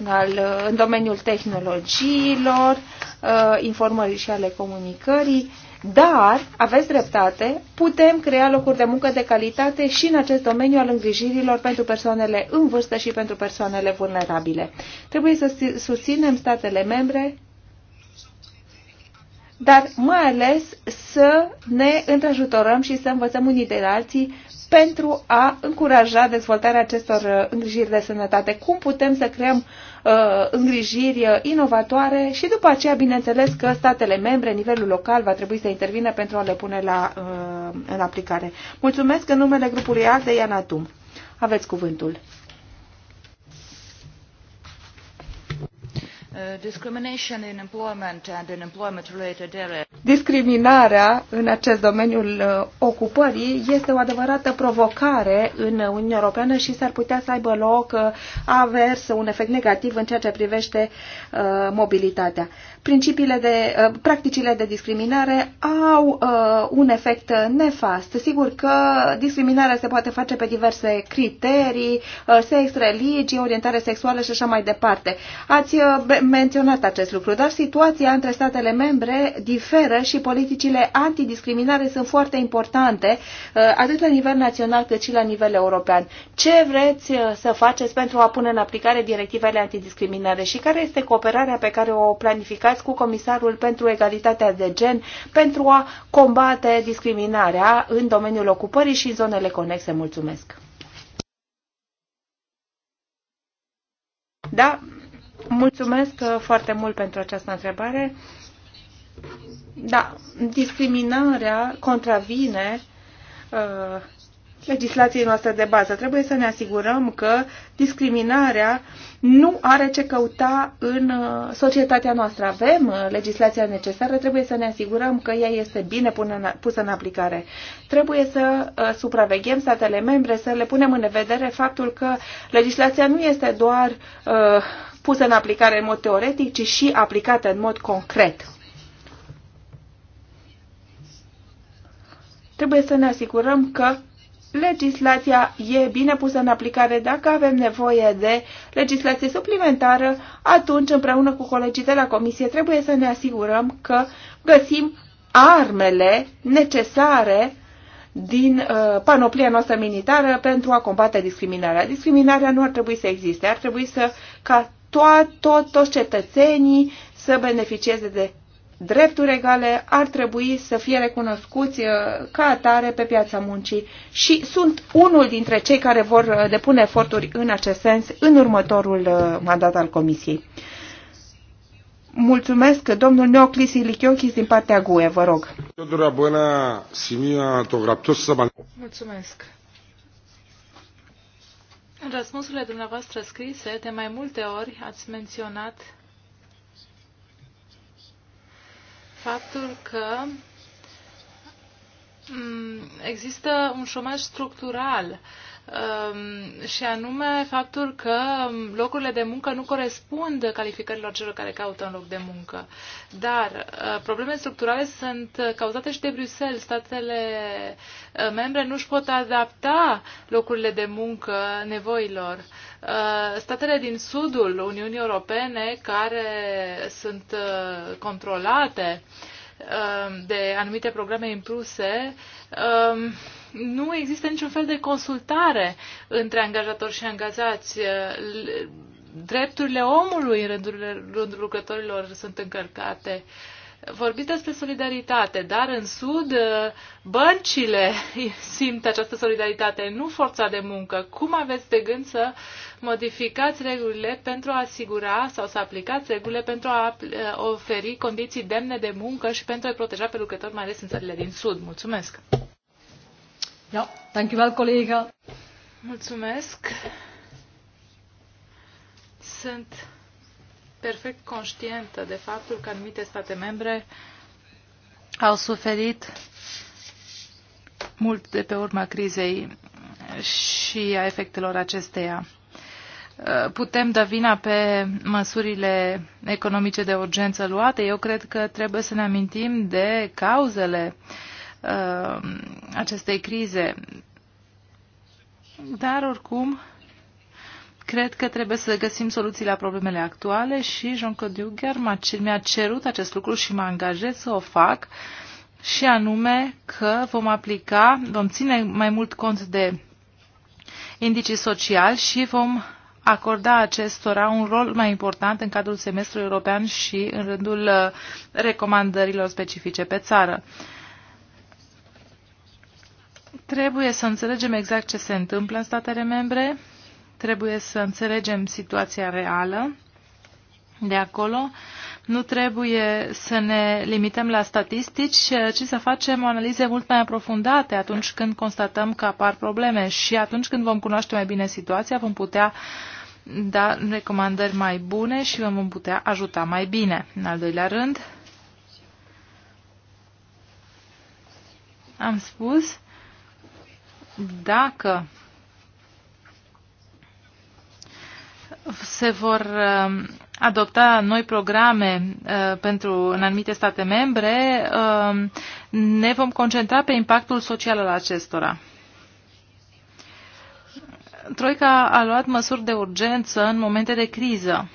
în, al, în domeniul tehnologiilor, Uh, informării și ale comunicării, dar, aveți dreptate, putem crea locuri de muncă de calitate și în acest domeniu al îngrijirilor pentru persoanele în vârstă și pentru persoanele vulnerabile. Trebuie să susținem statele membre dar mai ales să ne întrajutorăm și să învățăm unii de alții pentru a încuraja dezvoltarea acestor uh, îngrijiri de sănătate. Cum putem să creăm Uh, îngrijiri inovatoare și după aceea, bineînțeles, că statele membre, nivelul local, va trebui să intervină pentru a le pune la, uh, în aplicare. Mulțumesc în numele grupului ALDE, Iana Tum. Aveți cuvântul. Uh, Discriminarea în acest domeniul uh, ocupării este o adevărată provocare în Uniunea Europeană și s-ar putea să aibă loc uh, avers un efect negativ în ceea ce privește mobilitatea principiile de, uh, practicile de discriminare au uh, un efect nefast. Sigur că discriminarea se poate face pe diverse criterii, uh, sex, religie, orientare sexuală și așa mai departe. Ați menționat acest lucru, dar situația între statele membre diferă și politicile antidiscriminare sunt foarte importante, atât la nivel național cât și la nivel european. Ce vreți să faceți pentru a pune în aplicare directivele antidiscriminare și care este cooperarea pe care o planificați implicați cu Comisarul pentru Egalitatea de Gen pentru a combate discriminarea în domeniul ocupării și zonele conexe. Mulțumesc! Da, mulțumesc uh, foarte mult pentru această întrebare. Da, discriminarea contravine uh, legislației noastre de bază. Trebuie să ne asigurăm că discriminarea nu are ce căuta în uh, societatea noastră. Avem uh, legislația necesară, trebuie să ne asigurăm că ea este bine pusă în aplicare. Trebuie să uh, supraveghem statele membre, să le punem în vedere faptul că legislația nu este doar pusă în aplicare în mod teoretic, ci și aplicată în mod concret. Trebuie să ne asigurăm că legislația e bine pusă în aplicare, dacă avem nevoie de legislație suplimentară, atunci împreună cu colegii de la Comisie trebuie să ne asigurăm că găsim armele necesare din uh, panoplia noastră militară pentru a combate discriminarea. Discriminarea nu ar trebui să existe, ar trebui să ca to- to- toți cetățenii să beneficieze de drepturi egale ar trebui să fie recunoscuți uh, ca atare pe piața muncii și sunt unul dintre cei care vor uh, depune eforturi în acest sens în următorul uh, mandat al Comisiei. Mulțumesc, domnul Neoclis Ilichiochis din partea GUE, vă rog. Mulțumesc. În răspunsurile dumneavoastră scrise, de mai multe ori ați menționat faptul că mm, există un șomaj structural um, și anume faptul că locurile de muncă nu corespund calificărilor celor care caută un loc de muncă. Dar uh, probleme structurale sunt cauzate și de Bruxelles. Statele uh, membre nu își pot adapta locurile de muncă nevoilor. Uh, statele din sudul Uniunii Europene care sunt uh, controlate uh, de anumite programe impuse, um, nu există niciun fel de consultare între angajatori și angajați. Drepturile omului în rândul lucrătorilor sunt încărcate. Vorbiți despre solidaritate, dar în Sud băncile simt această solidaritate, nu forța de muncă. Cum aveți de gând să modificați regulile pentru a asigura sau să aplicați regulile pentru a eh, oferi condiții demne de muncă și pentru a proteja pe lucrători, mai ales în țările din Sud. Mulțumesc! Ja, Mulțumesc. Sunt perfect conștientă de faptul că anumite state membre au suferit mult de pe urma crizei și a efectelor acesteia. Uh, putem da vina pe măsurile economice de urgență luate. Eu cred că trebuie să ne amintim de cauzele uh, acestei crize. Dar, oricum, cred că trebuie să găsim soluții la problemele actuale și Jean-Claude Juncker mi-a cerut acest lucru și mă angajez să o fac și anume că vom aplica, vom ține mai mult cont de indicii sociali și vom acorda acestora un rol mai important în cadrul semestrului european și în rândul uh, recomandărilor specifice pe țară. Trebuie să înțelegem exact ce se întâmplă în statele membre, trebuie să înțelegem situația reală de acolo. Nu trebuie să ne limităm la statistici, uh, ci să facem analize mult mai aprofundate atunci când constatăm că apar probleme și atunci când vom cunoaște mai bine situația, vom putea uh, da recomandări mai bune și vă vom putea ajuta mai bine. În al doilea rând, am spus, dacă se vor uh, adopta noi programe uh, pentru în anumite state membre, uh, ne vom concentra pe impactul social al acestora. Troica a luat măsuri de urgență în momente de criză.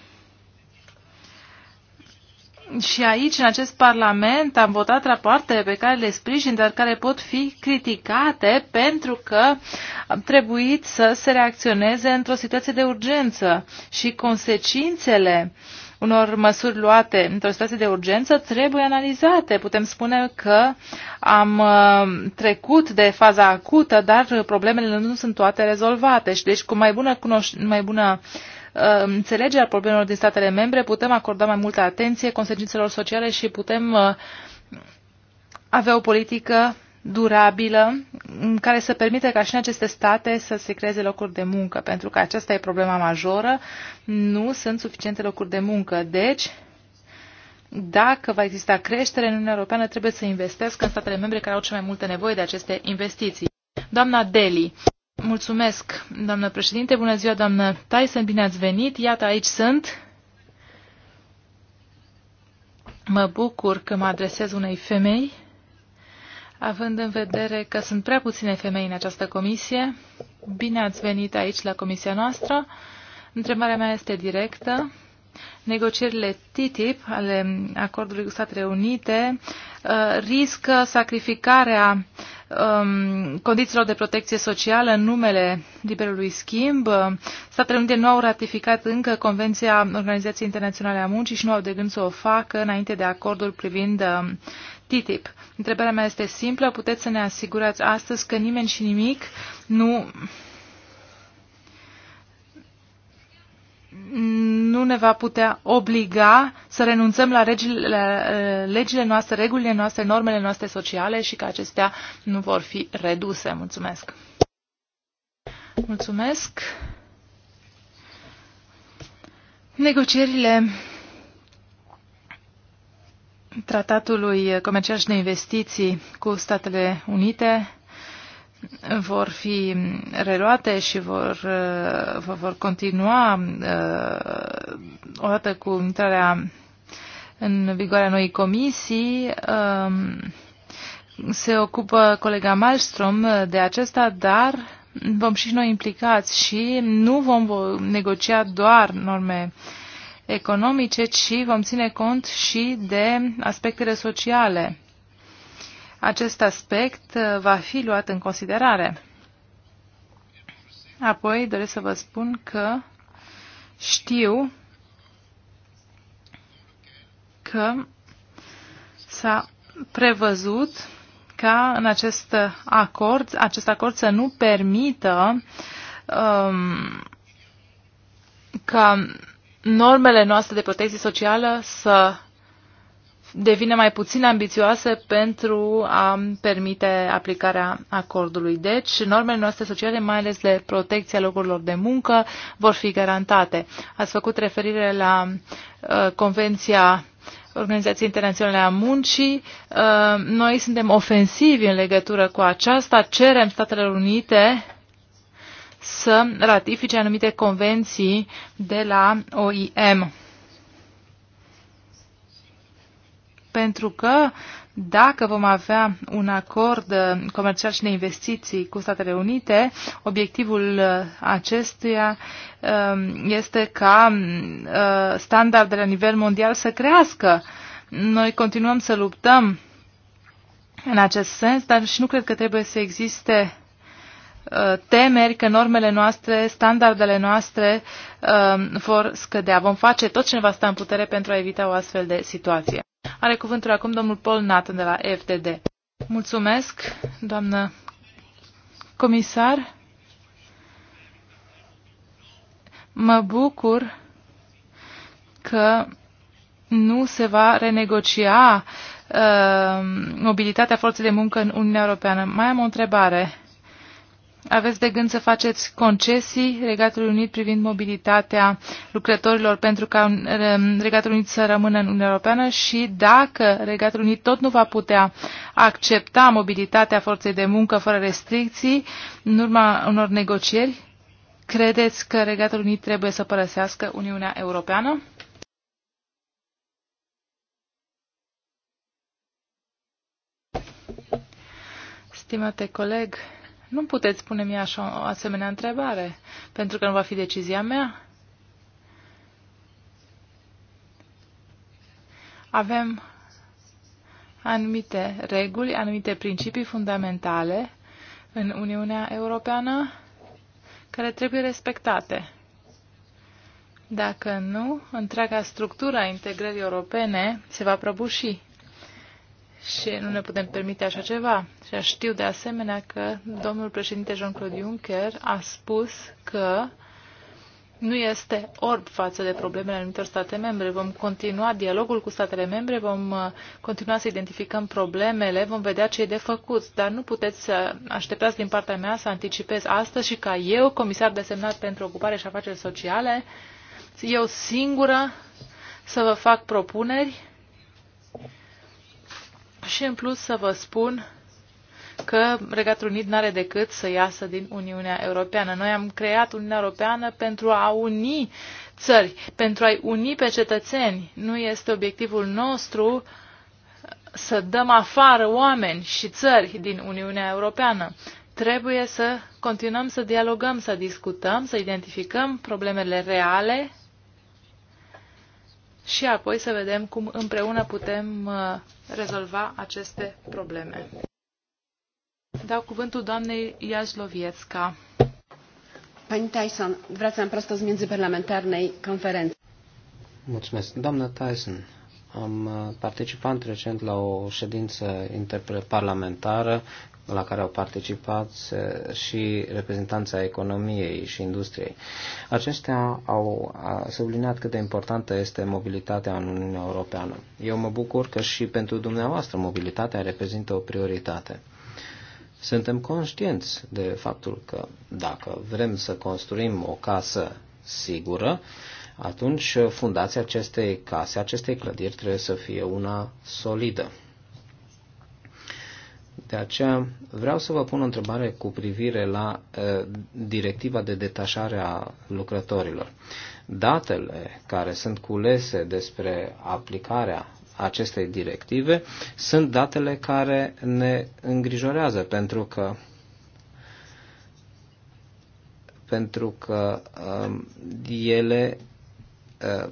Și aici, în acest Parlament, am votat rapoarte pe care le sprijin, dar care pot fi criticate pentru că am trebuit să se reacționeze într-o situație de urgență și consecințele uh, unor măsuri luate într-o situație de urgență trebuie analizate. Putem spune că am uh, trecut de faza acută, dar problemele nu sunt toate rezolvate și deci cu mai bună, cunoș- mai bună uh, înțelegerea problemelor din statele membre putem acorda mai multă atenție consecințelor sociale și putem uh, avea o politică durabilă care să permită ca și în aceste state să se creeze locuri de muncă, pentru că aceasta e problema majoră, nu sunt suficiente locuri de muncă. Deci, dacă va exista creștere în Uniunea Europeană, trebuie să investească în statele membre care au cea mai multe nevoie de aceste investiții. Doamna Deli, mulțumesc, doamnă președinte, bună ziua, doamnă Tyson, bine ați venit, iată aici sunt. Mă bucur că mă adresez unei femei având în vedere că sunt prea puține femei în această comisie. Bine ați venit aici la comisia noastră. Întrebarea mea este directă. Negocierile TTIP ale acordului cu Statele Unite uh, riscă sacrificarea um, condițiilor de protecție socială în numele liberului schimb. Statele Unite nu au ratificat încă Convenția Organizației Internaționale a Muncii și nu au de gând să o facă înainte de acordul privind um, TTIP. Întrebarea mea este simplă. Puteți să ne asigurați astăzi că nimeni și nimic nu nu ne va putea obliga să renunțăm la, regile, la legile noastre, regulile noastre, normele noastre sociale și că acestea nu vor fi reduse. Mulțumesc! Mulțumesc! Negocierile tratatului comercial și de investiții cu Statele Unite vor fi reluate și vor, uh, vor continua uh, odată cu intrarea în vigoarea noii comisii. Um, se ocupă colega Malmström de acesta, dar vom și noi implicați și nu vom negocia doar norme uh, economice, ci vom ține cont și de aspectele sociale. Acest aspect uh, va fi luat în considerare. Apoi doresc să vă spun că știu că s-a prevăzut ca în acest acord, acest acord să nu permită um, ca normele noastre de protecție socială să devină mai puțin ambițioase pentru a permite aplicarea acordului. Deci, normele noastre sociale, mai ales de protecția locurilor de muncă, vor fi garantate. Ați făcut referire la uh, Convenția Organizației Internaționale a Muncii. Uh, noi suntem ofensivi în legătură cu aceasta. Cerem Statele Unite să ratifice anumite convenții de la OIM. Pentru că dacă vom avea un acord comercial și de investiții cu Statele Unite, obiectivul acestuia um, este ca um, standardele la nivel mondial să crească. Noi continuăm să luptăm în acest sens, dar și nu cred că trebuie să existe Uh, temeri că normele noastre, standardele noastre um, vor scădea. Vom face tot ce ne va sta în putere pentru a evita o astfel de situație. Are cuvântul acum domnul Paul Nathan de la FDD. Mulțumesc, doamnă comisar. Mă bucur că nu se va renegocia uh, mobilitatea forței de muncă în Uniunea Europeană. Mai am o întrebare aveți de gând să faceți concesii Regatul Unit privind mobilitatea lucrătorilor pentru ca um, Regatul Unit să rămână în Uniunea Europeană și dacă Regatul Unit tot nu va putea accepta mobilitatea forței de muncă fără restricții în urma unor negocieri, credeți că Regatul Unit trebuie să părăsească Uniunea Europeană? Stimate coleg, nu puteți spune mie așa, o asemenea întrebare, pentru că nu va fi decizia mea. Avem anumite reguli, anumite principii fundamentale în Uniunea Europeană care trebuie respectate. Dacă nu, întreaga structură a integrării europene se va prăbuși și nu ne putem permite așa ceva. Și știu de asemenea că domnul președinte Jean-Claude Juncker a spus că nu este orb față de problemele anumitor state membre. Vom continua dialogul cu statele membre, vom uh, continua să identificăm problemele, vom vedea ce e de făcut, dar nu puteți să așteptați din partea mea să anticipez astăzi și ca eu, comisar desemnat pentru ocupare și afaceri sociale, eu singură să vă fac propuneri și în plus să vă spun că Regatul Unit n-are decât să iasă din Uniunea Europeană. Noi am creat Uniunea Europeană pentru a uni țări, pentru a-i uni pe cetățeni. Nu este obiectivul nostru să dăm afară oameni și țări din Uniunea Europeană. Trebuie să continuăm să dialogăm, să discutăm, să identificăm problemele reale și apoi să vedem cum împreună putem uh, rezolva aceste probleme. Dau cuvântul doamnei Iazloviecka. Pani Tyson, wracam prosto z międzyparlamentarnej konferencji. Mulțumesc. Doamna Tyson, am uh, participat recent la o ședință interparlamentară la care au participat și reprezentanța economiei și industriei. Aceștia au subliniat cât de importantă este mobilitatea în Uniunea Europeană. Eu mă bucur că și pentru dumneavoastră mobilitatea reprezintă o prioritate. Suntem conștienți de faptul că dacă vrem să construim o casă sigură, atunci fundația acestei case, acestei clădiri trebuie să fie una solidă. De aceea vreau să vă pun o întrebare cu privire la uh, directiva de detașare a lucrătorilor. Datele care sunt culese despre aplicarea acestei directive sunt datele care ne îngrijorează pentru că pentru că uh, ele uh,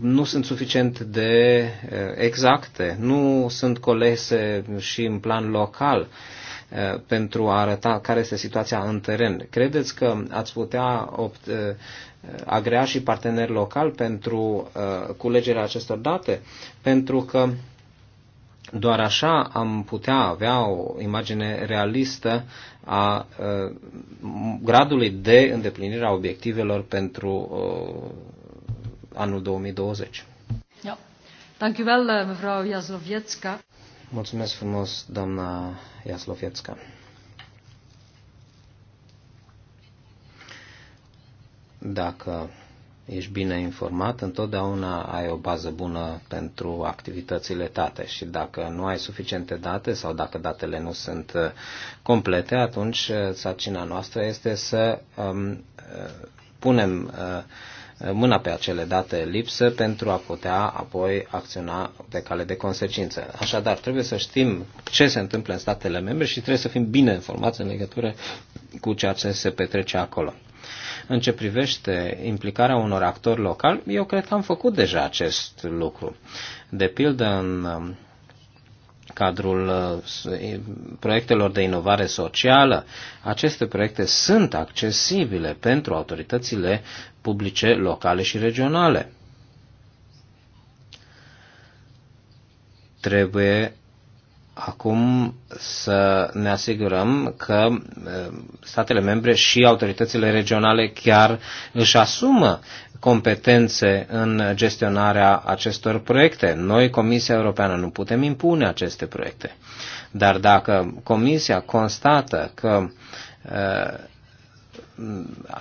nu sunt suficient de eh, exacte, nu sunt colese și în plan local eh, pentru a arăta care este situația în teren. Credeți că ați putea opt, eh, agrea și parteneri local pentru culegerea acestor date? Pentru că doar așa am putea avea o imagine realistă a gradului de îndeplinire a obiectivelor pentru anul 2020. Ja. Eh, mevrouw Jaslovietska. Mulțumesc frumos, doamna Jaslovietska. Dacă ești bine informat, întotdeauna ai o bază bună pentru activitățile tale și dacă nu ai suficiente date sau dacă datele nu sunt eh, complete, atunci eh, sarcina noastră este să um, punem uh, mâna pe acele date lipsă pentru a putea apoi acționa pe cale de consecință. Așadar, trebuie să știm ce se întâmplă în statele membre și trebuie să fim bine informați în legătură cu ceea ce se petrece acolo. În ce privește implicarea unor actori locali, eu cred că am făcut deja acest lucru. De pildă, în cadrul uh, proiectelor de inovare socială. Aceste proiecte sunt accesibile pentru autoritățile publice locale și regionale. Trebuie acum să ne asigurăm că uh, statele membre și autoritățile regionale chiar își asumă competențe în gestionarea acestor proiecte. Noi, Comisia Europeană, nu putem impune aceste proiecte. Dar dacă Comisia constată că uh,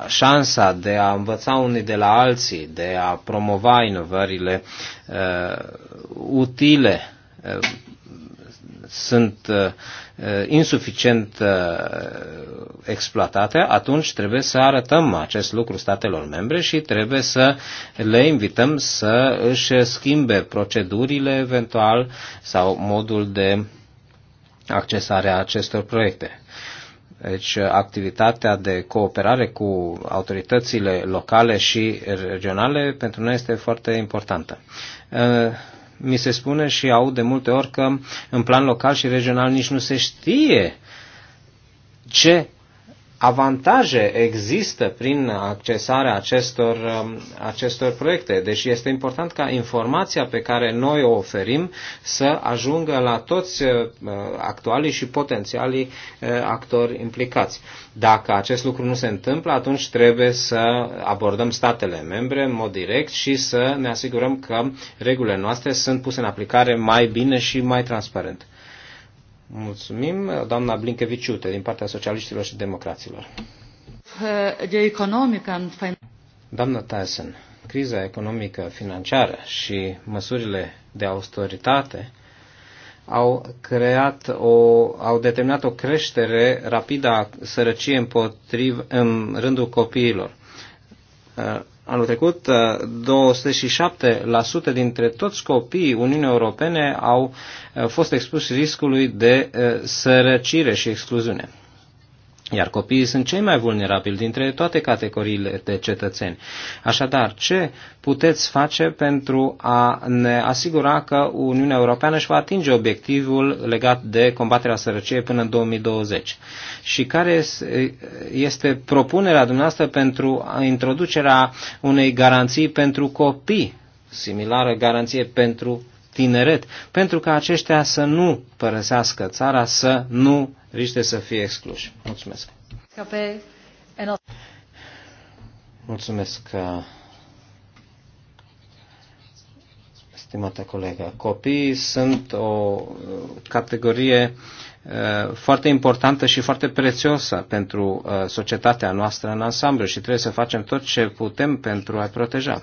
șansa de a învăța unii de la alții, de a promova inovările uh, utile uh, sunt uh, Uh, insuficient uh, exploatate, atunci trebuie să arătăm acest lucru statelor membre și trebuie să le invităm să își schimbe procedurile eventual sau modul de accesare a acestor proiecte. Deci activitatea de cooperare cu autoritățile locale și regionale pentru noi este foarte importantă. Uh, mi se spune și aud de multe ori că în plan local și regional nici nu se știe ce avantaje există prin accesarea acestor, um, acestor proiecte. Deci este important ca informația pe care noi o oferim să ajungă la toți uh, actualii și potențialii uh, actori implicați. Dacă acest lucru nu se întâmplă, atunci trebuie să abordăm statele membre în mod direct și să ne asigurăm că regulile noastre sunt puse în aplicare mai bine și mai transparent. Mulțumim, doamna Blinkeviciute, din partea socialiștilor și democraților. De economică... Doamna Tyson, criza economică financiară și măsurile de austeritate au creat o, au determinat o creștere rapidă a sărăciei împotriv, în rândul copiilor. Anul trecut, 207% uh, dintre toți copiii Uniunii Europene au uh, fost expuși riscului de uh, sărăcire și excluziune. Iar copiii sunt cei mai vulnerabili dintre toate categoriile de cetățeni. Așadar, ce puteți face pentru a ne asigura că Uniunea Europeană își va atinge obiectivul legat de combaterea sărăciei până în 2020? Și care este propunerea dumneavoastră pentru introducerea unei garanții pentru copii, similară garanție pentru tineret, pentru ca aceștia să nu părăsească țara, să nu riște să fie excluși. Mulțumesc. Mulțumesc, uh, stimată colegă. Copiii sunt o uh, categorie uh, foarte importantă și foarte prețioasă pentru societatea noastră în ansamblu și trebuie să facem tot ce putem pentru a-i proteja.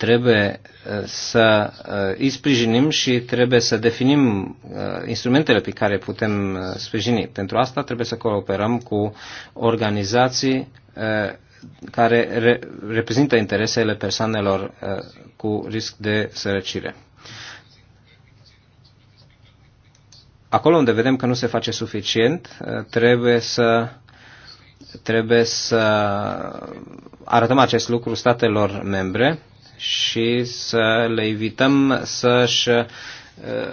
Trebuie uh, să uh, îi sprijinim și trebuie să definim uh, instrumentele pe care putem sprijini. Pentru asta trebuie să cooperăm cu organizații care re- reprezintă interesele persoanelor cu risc de sărăcire. Acolo unde vedem că nu se face suficient, trebuie să trebuie să arătăm acest lucru statelor membre și să le evităm să-și uh,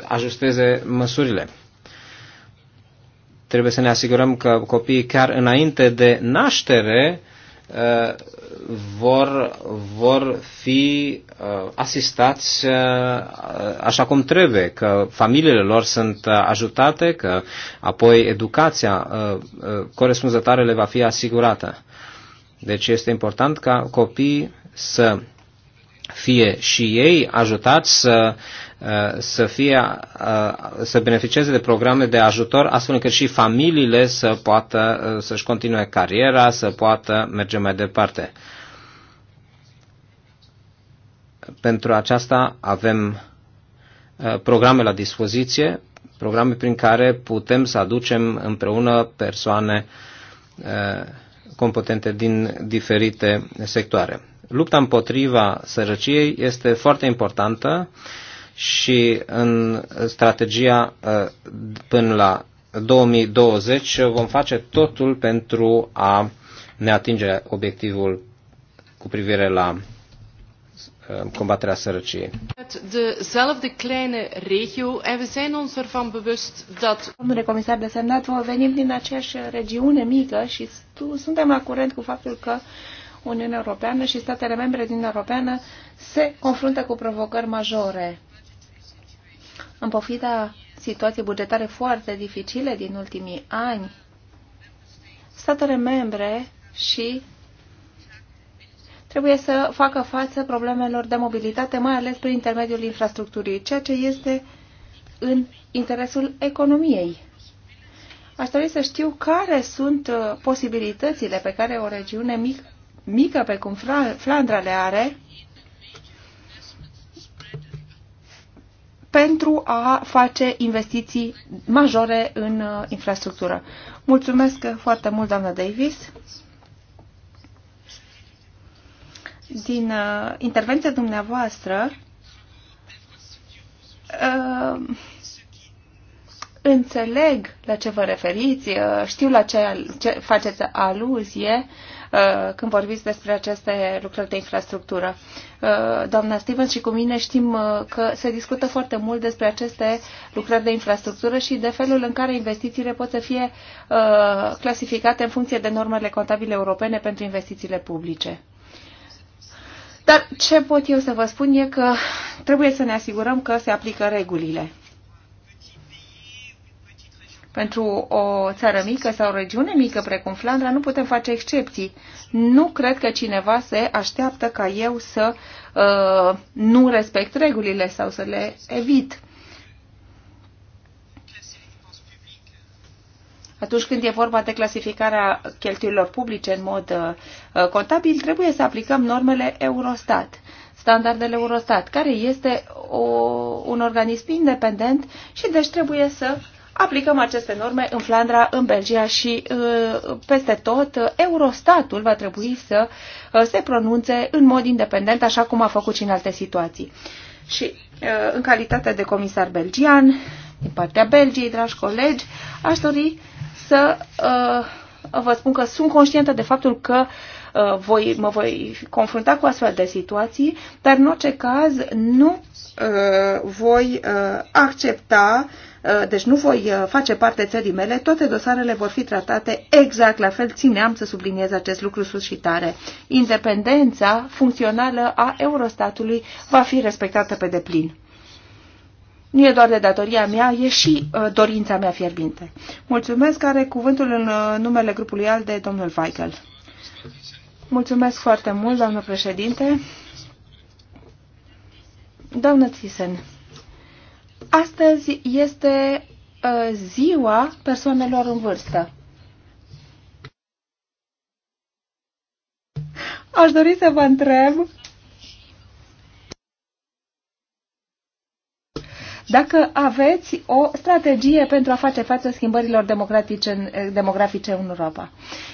ajusteze măsurile. Trebuie să ne asigurăm că copiii chiar înainte de naștere uh, vor, vor fi uh, asistați așa cum trebuie, că familiile lor sunt ajutate, că apoi educația corespunzătoare le va fi asigurată. Deci este important ca copiii să fie și ei ajutați să, uh, să, fie, uh, să beneficieze de programe de ajutor, astfel încât și familiile să poată uh, să-și continue cariera, să poată merge mai departe. Pentru aceasta avem programe la dispoziție, programe prin care putem să aducem împreună persoane competente din diferite sectoare lupta împotriva sărăciei este foarte importantă și în strategia ă, până la 2020 vom face totul pentru a ne atinge obiectivul cu privire la ă, combaterea sărăciei. Dezelfde kleine regio en we zijn ons ervan bewust dat... Domnule comisar desemnat, venim din aceeași regiune mică și suntem la curent cu faptul că Uniunea Europeană și statele membre din Europeană se confruntă cu provocări majore. În pofida situației bugetare foarte dificile din ultimii ani, statele membre și trebuie să facă față problemelor de mobilitate, mai ales prin intermediul infrastructurii, ceea ce este în interesul economiei. Aș dori să știu care sunt uh, posibilitățile pe care o regiune mică mică pe cum Flandra le are, pentru a face investiții majore în uh, infrastructură. Mulțumesc foarte mult, doamna Davis. Din uh, intervenția dumneavoastră, uh, înțeleg la ce vă referiți, uh, știu la ce, ce faceți aluzie, Uh, când vorbiți despre aceste lucrări de infrastructură. Uh, doamna Stevens și cu mine știm uh, că se discută foarte mult despre aceste lucrări de infrastructură și de felul în care investițiile pot să fie clasificate în funcție de normele contabile europene pentru investițiile publice. Dar ce pot eu să vă spun e că trebuie să ne asigurăm că se aplică regulile. Pentru o țară mică sau o regiune mică precum Flandra nu putem face excepții. Nu cred că cineva se așteaptă ca eu să uh, nu respect regulile sau să le evit. Atunci când e vorba de clasificarea cheltuielor publice în mod uh, contabil, trebuie să aplicăm normele Eurostat standardele Eurostat, care este o, un organism independent și deci trebuie să aplicăm aceste norme în Flandra, în Belgia și uh, peste tot. Eurostatul va trebui să uh, se pronunțe în mod independent, așa cum a făcut și în alte situații. Și uh, în calitate de comisar belgian, din partea Belgiei, dragi colegi, aș dori să vă spun că sunt conștientă de faptul că voi, mă voi confrunta cu astfel de situații, dar în orice caz nu voi accepta Uh, deci nu voi uh, face parte țării mele, toate dosarele vor fi tratate exact la fel. Țineam să subliniez acest lucru sus și tare. Independența funcțională a Eurostatului va fi respectată pe deplin. Nu e doar de datoria mea, e și uh, dorința mea fierbinte. Mulțumesc, are cuvântul în uh, numele grupului al de domnul Weigel. Mulțumesc foarte mult, doamnă președinte. Doamnă Thyssen, Astăzi este uh, ziua persoanelor în vârstă. Aș dori să vă întreb dacă aveți o strategie pentru a face față schimbărilor democratice eh, demografice în Europa.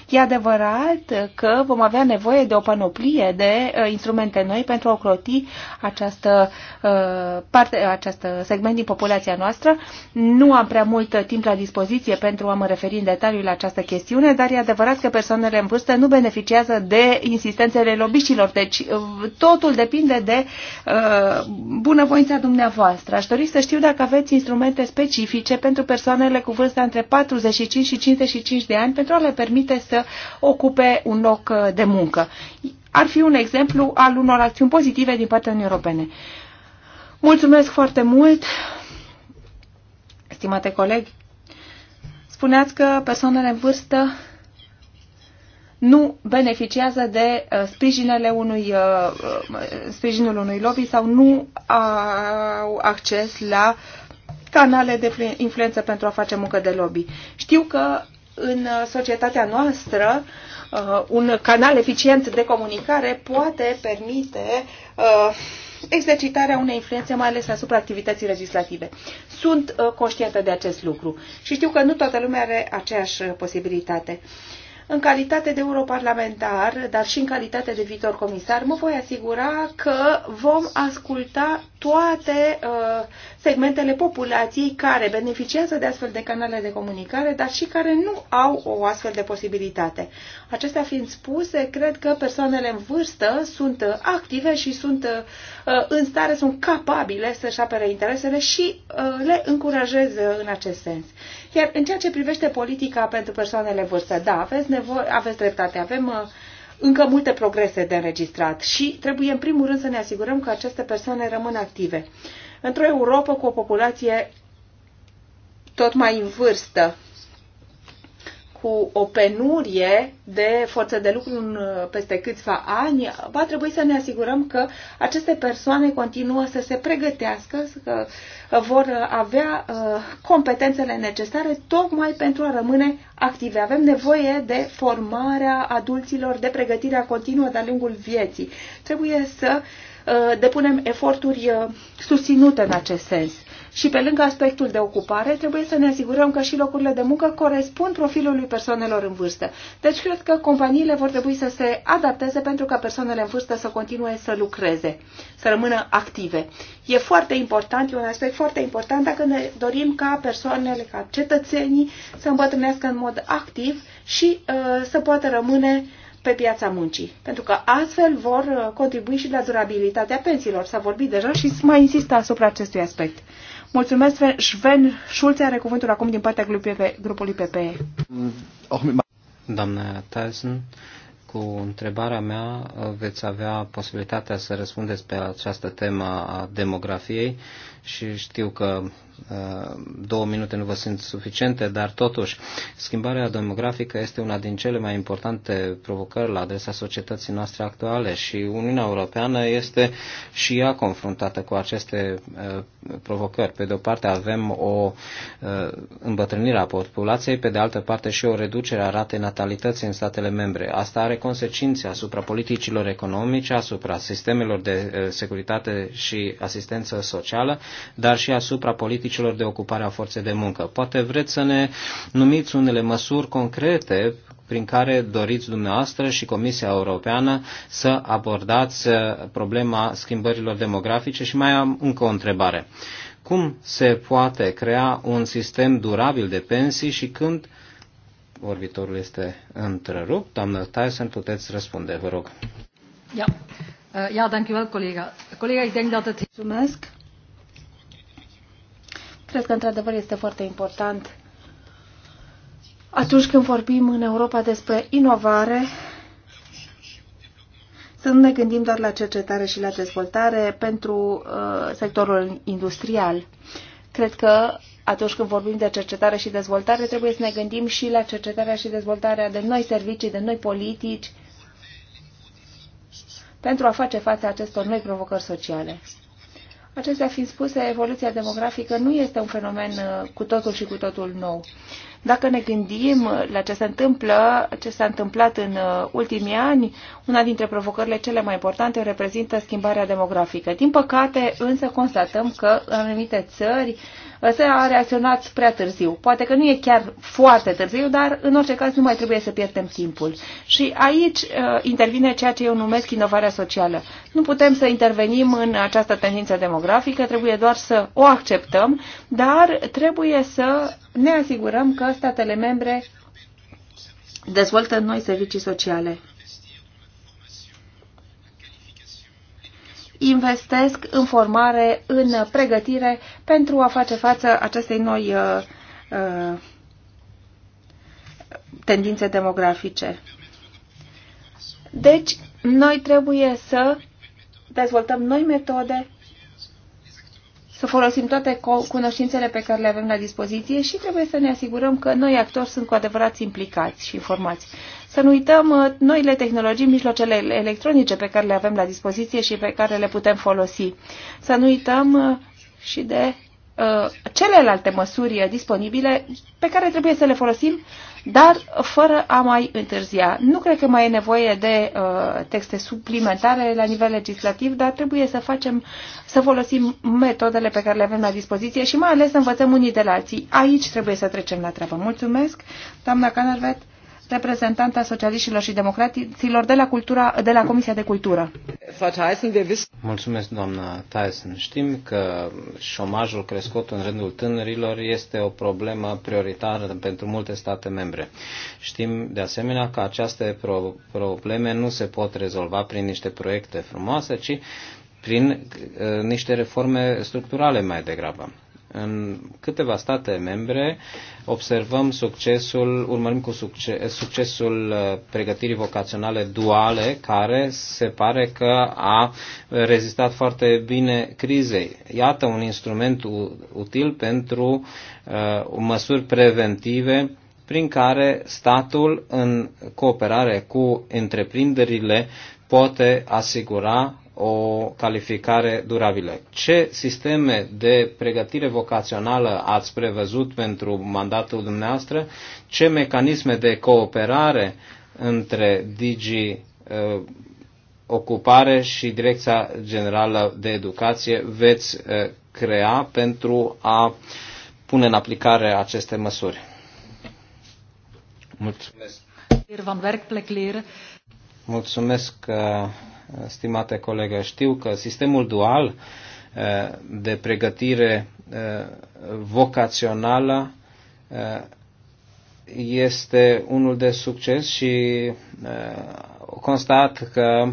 E adevărat că vom avea nevoie de o panoplie de eh, instrumente noi pentru a ocroti această, eh, parte, acest segment din populația noastră. Nu am prea mult timp la dispoziție pentru a mă referi în detaliu la această chestiune, dar e adevărat că persoanele în vârstă nu beneficiază de insistențele lobișilor. deci totul depinde de bunăvoința dumneavoastră. Aș dori să știu dacă aveți instrumente specifice pentru persoanele cu vârsta între 45 și 55 de ani pentru a le permite să ocupe un loc uh, de muncă. Ar fi un exemplu al unor acțiuni pozitive din partea Uniunii Europene. Mulțumesc foarte mult, stimate colegi. Spuneați că persoanele în vârstă nu beneficiază de uh, sprijinele unui, uh, uh, sprijinul unui lobby sau nu au acces la canale de influență pentru a face muncă de lobby. Știu că în societatea noastră un canal eficient de comunicare poate permite exercitarea unei influențe, mai ales asupra activității legislative. Sunt conștientă de acest lucru și știu că nu toată lumea are aceeași posibilitate. Uh, în calitate de europarlamentar, dar și în calitate de viitor comisar, mă voi asigura că vom asculta toate uh, segmentele populației care beneficiază de astfel de canale de comunicare, dar și care nu au o astfel de posibilitate. Acestea fiind spuse, cred că persoanele în vârstă sunt active și sunt uh, în stare, sunt capabile să-și apere interesele și uh, le încurajez în acest sens. Iar în ceea ce privește politica pentru persoanele vârstă, da, aveți, nevoie, aveți dreptate, avem uh, încă multe progrese de înregistrat și trebuie în primul rând să ne asigurăm că aceste persoane rămân active într-o Europa cu o populație tot mai în vârstă, cu o penurie de forță de lucru în, peste câțiva ani, va trebui să ne asigurăm că aceste persoane continuă să se pregătească, că vor avea uh, competențele necesare tocmai pentru a rămâne active. Avem nevoie de formarea adulților, de pregătirea continuă de-a lungul vieții. Trebuie să uh, Uh, depunem eforturi uh, susținute în acest sens. Și pe lângă aspectul de ocupare, trebuie să ne asigurăm că și locurile de muncă corespund profilului persoanelor în vârstă. Deci cred că companiile vor trebui să se adapteze pentru ca persoanele în vârstă să continue să lucreze, să rămână active. E foarte important, e un aspect foarte important dacă ne dorim ca persoanele, ca cetățenii să îmbătrânească în mod activ și uh, să poată rămâne uh, pe piața muncii, pentru că astfel vor uh, contribui și la durabilitatea pensiilor. S-a vorbit deja și mai insistă asupra acestui aspect. Mulțumesc, Sven Schulze are cuvântul acum din partea grupului PPE. Doamna Tyson, cu întrebarea mea uh, veți avea posibilitatea să răspundeți pe această temă a demografiei și știu că uh, două minute nu vă sunt suficiente, dar totuși schimbarea demografică este una din cele mai importante provocări la adresa societății noastre actuale și Uniunea Europeană este și ea confruntată cu aceste uh, provocări. Pe de o parte avem o uh, îmbătrânire a populației, pe de altă parte și o reducere a ratei natalității în statele membre. Asta are consecințe asupra politicilor economice, asupra sistemelor de securitate și asistență socială, dar și asupra politicilor de ocupare a forței de muncă. Poate vreți să ne numiți unele măsuri concrete prin care doriți dumneavoastră și Comisia Europeană să abordați problema schimbărilor demografice și mai am încă o întrebare. Cum se poate crea un sistem durabil de pensii și când vorbitorul este întrerupt? Doamnă Tyson, puteți răspunde, vă rog. Ja, eh, ja dank u wel, collega. Collega, ik denk dat het... Mulțumesc. Cred că, într-adevăr, este foarte important atunci când vorbim în Europa despre inovare, să nu ne gândim doar la cercetare și la dezvoltare pentru uh, sectorul industrial. Cred că atunci când vorbim de cercetare și dezvoltare, trebuie să ne gândim și la cercetarea și dezvoltarea de noi servicii, de noi politici, pentru a face față acestor noi provocări sociale. Acestea fiind spuse, evoluția demografică nu este un fenomen uh, cu totul și cu totul nou. Dacă ne gândim la ce se întâmplă, ce s-a întâmplat în uh, ultimii ani, una dintre provocările cele mai importante reprezintă schimbarea demografică. Din păcate, însă, constatăm că în anumite țări S-a reacționat prea târziu. Poate că nu e chiar foarte târziu, dar în orice caz nu mai trebuie să pierdem timpul. Și aici uh, intervine ceea ce eu numesc inovarea socială. Nu putem să intervenim în această tendință demografică, trebuie doar să o acceptăm, dar trebuie să ne asigurăm că statele membre dezvoltă noi servicii sociale investesc în formare, în pregătire pentru a face față acestei noi uh, uh, tendințe demografice. Deci, noi trebuie să dezvoltăm noi metode, să folosim toate cunoștințele pe care le avem la dispoziție și trebuie să ne asigurăm că noi actori sunt cu adevărat implicați și informați să nu uităm uh, noile tehnologii, mijloacele electronice pe care le avem la dispoziție și pe care le putem folosi. Să nu uităm uh, și de uh, celelalte măsuri disponibile pe care trebuie să le folosim, dar fără a mai întârzia. Nu cred că mai e nevoie de uh, texte suplimentare la nivel legislativ, dar trebuie să facem, să folosim metodele pe care le avem la dispoziție și mai ales să învățăm unii de la alții. Aici trebuie să trecem la treabă. Mulțumesc, doamna Canervet reprezentanta socialiștilor și democraților de la, cultura, de la Comisia de Cultură. Mulțumesc, doamna Tyson. Știm că șomajul crescut în rândul tânărilor este o problemă prioritară pentru multe state membre. Știm, de asemenea, că aceste pro- probleme nu se pot rezolva prin niște proiecte frumoase, ci prin uh, niște reforme structurale mai degrabă. În câteva state membre observăm succesul, urmărim cu succes, succesul uh, pregătirii vocaționale duale, care se pare că a rezistat foarte bine crizei. Iată un instrument util pentru uh, măsuri preventive prin care statul, în cooperare cu întreprinderile, poate asigura o calificare durabilă. Ce sisteme de pregătire vocațională ați prevăzut pentru mandatul dumneavoastră? Ce mecanisme de cooperare între Digi uh, Ocupare și Direcția Generală de Educație veți uh, crea pentru a pune în aplicare aceste măsuri? Mulțumesc. Mulțumesc uh, stimate colegă. Știu că sistemul dual eh, de pregătire eh, vocațională eh, este unul de succes și constat că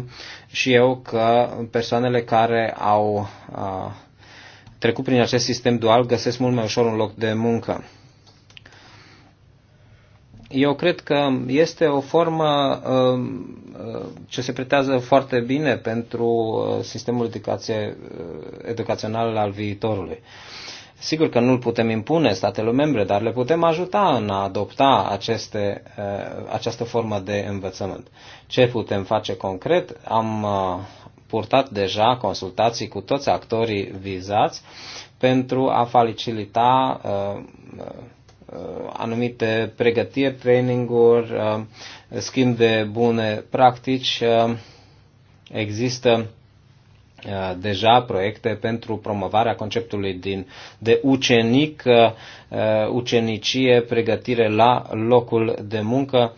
și eu că persoanele care au trecut prin acest sistem dual găsesc mult mai ușor un loc de muncă eu cred că este o formă um, ce se pretează foarte bine pentru uh, sistemul educație, uh, educațional al viitorului. Sigur că nu-l putem impune statelor membre, dar le putem ajuta în a adopta aceste, uh, această formă de învățământ. Ce putem face concret? Am purtat deja consultații cu toți actorii vizați pentru a facilita Uh, anumite pregătiri, traininguri, uh, schimb de bune practici. Uh, există deja proiecte pentru promovarea conceptului din, de ucenic, ucenicie, pregătire la locul de muncă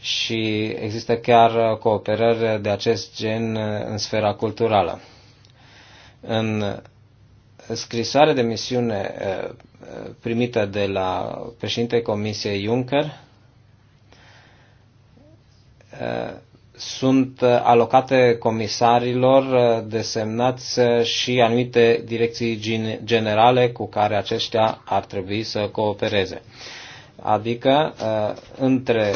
și există chiar cooperări de acest gen în sfera culturală. În scrisoare de misiune primită de la președintele Comisiei Juncker sunt alocate comisarilor uh, desemnați uh, și anumite direcții generale cu care aceștia ar trebui să coopereze. Adică uh, între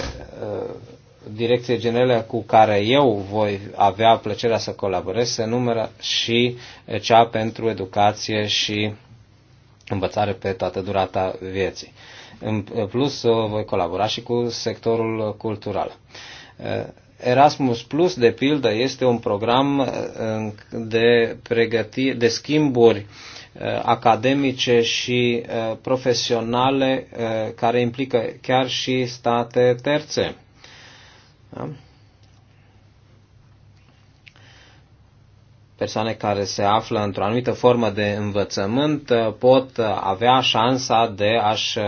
direcție generală cu care eu voi avea plăcerea să colaborez se numără și cea pentru educație și învățare pe toată durata vieții. În plus, voi colabora și cu sectorul cultural. Erasmus Plus, de pildă, este un program uh, de, pregăti- de schimburi uh, academice și uh, profesionale care implică chiar și state terțe. Da? persoane care se află într-o anumită formă de învățământ uh, pot uh, avea șansa de a-și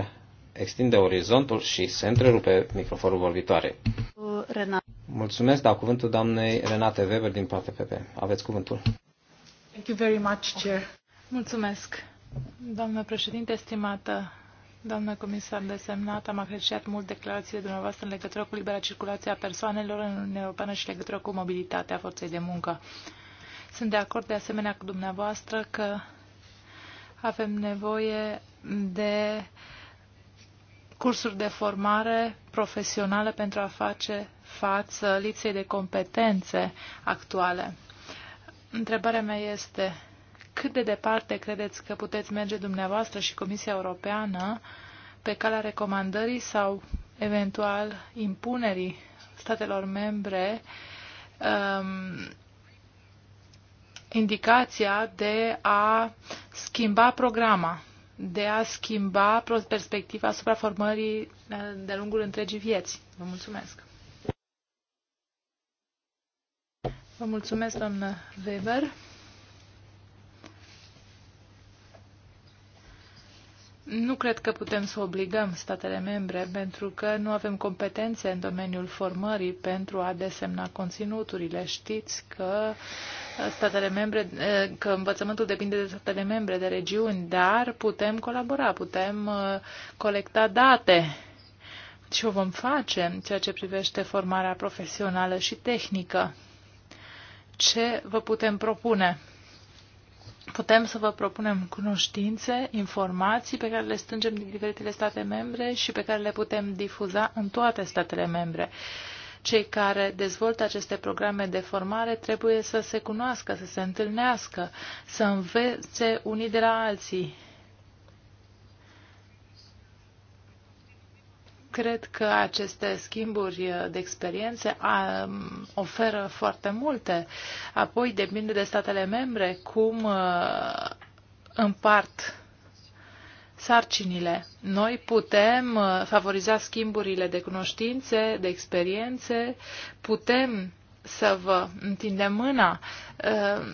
extinde orizontul și se întrerupe microfonul vorbitoare. Renat. Mulțumesc, dau cuvântul doamnei Renate Weber din partea PP. Aveți cuvântul. Thank you very much, Chair. Mulțumesc, doamnă președinte, estimată Doamnă comisar desemnat, am apreciat mult declarațiile dumneavoastră în legătură cu libera circulație a persoanelor în Uniunea Europeană și legătură cu mobilitatea forței de muncă. Sunt de acord de asemenea cu dumneavoastră că avem nevoie de cursuri de formare profesională pentru a face față lipsei de competențe actuale. Întrebarea mea este, cât de departe credeți că puteți merge dumneavoastră și Comisia Europeană pe calea recomandării sau eventual impunerii statelor membre um, indicația de a schimba programa, de a schimba perspectiva asupra formării eh, de lungul întregii vieți. Vă mulțumesc! Vă mulțumesc, doamnă Weber. Nu cred că putem să obligăm statele membre, pentru că nu avem competențe în domeniul formării pentru a desemna conținuturile. Știți că uh, statele membre, uh, că învățământul depinde de statele membre, de regiuni, dar putem colabora, putem uh, colecta date și o vom face în ceea ce privește formarea profesională și tehnică. Ce vă putem propune? Putem să vă propunem cunoștințe, informații pe care le strângem din diferitele state membre și pe care le putem difuza în toate statele membre. Cei care dezvoltă aceste programe de formare trebuie să se cunoască, să se întâlnească, să învețe unii de la alții cred că aceste schimburi de experiențe um, oferă foarte multe. Apoi depinde de statele membre cum uh, împart sarcinile. Noi putem uh, favoriza schimburile de cunoștințe, de experiențe, putem să vă întindem mâna uh,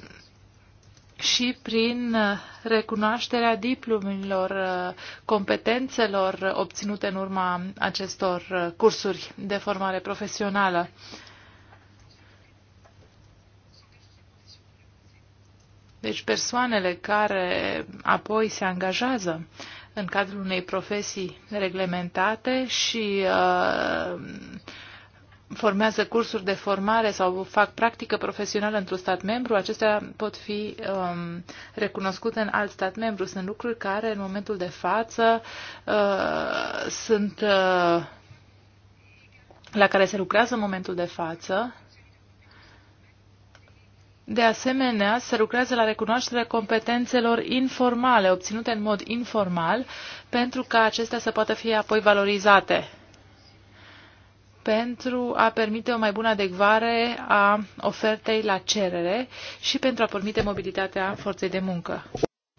și prin uh, recunoașterea diplomelor, uh, competențelor obținute în urma acestor uh, cursuri de formare profesională. Deci persoanele care apoi se angajează în cadrul unei profesii reglementate și uh, formează cursuri de formare sau fac practică profesională într-un stat membru, acestea pot fi um, recunoscute în alt stat membru. Sunt lucruri care, în momentul de față, uh, sunt uh, la care se lucrează în momentul de față. De asemenea, se lucrează la recunoașterea competențelor informale, obținute în mod informal, pentru ca acestea să poată fi apoi valorizate pentru a permite o mai bună adecvare a ofertei la cerere și pentru a permite mobilitatea forței de muncă.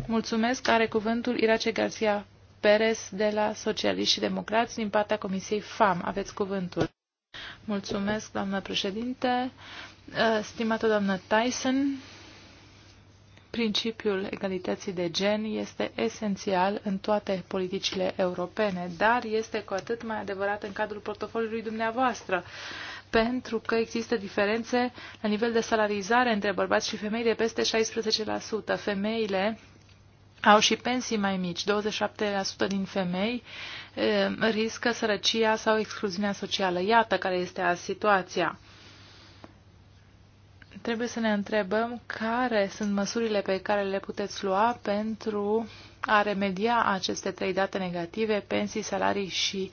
Mulțumesc. Are cuvântul Irace Garcia Perez de la Socialiști și Democrați din partea Comisiei FAM. Aveți cuvântul. Mulțumesc, doamnă președinte. Stimată doamnă Tyson, Principiul egalității de gen este esențial în toate politicile europene, dar este cu atât mai adevărat în cadrul portofoliului dumneavoastră, pentru că există diferențe la nivel de salarizare între bărbați și femei de peste 16%. Femeile au și pensii mai mici, 27% din femei eh, riscă sărăcia sau excluziunea socială. Iată care este a situația trebuie să ne întrebăm care sunt măsurile pe care le puteți lua pentru a remedia aceste trei date negative, pensii, salarii și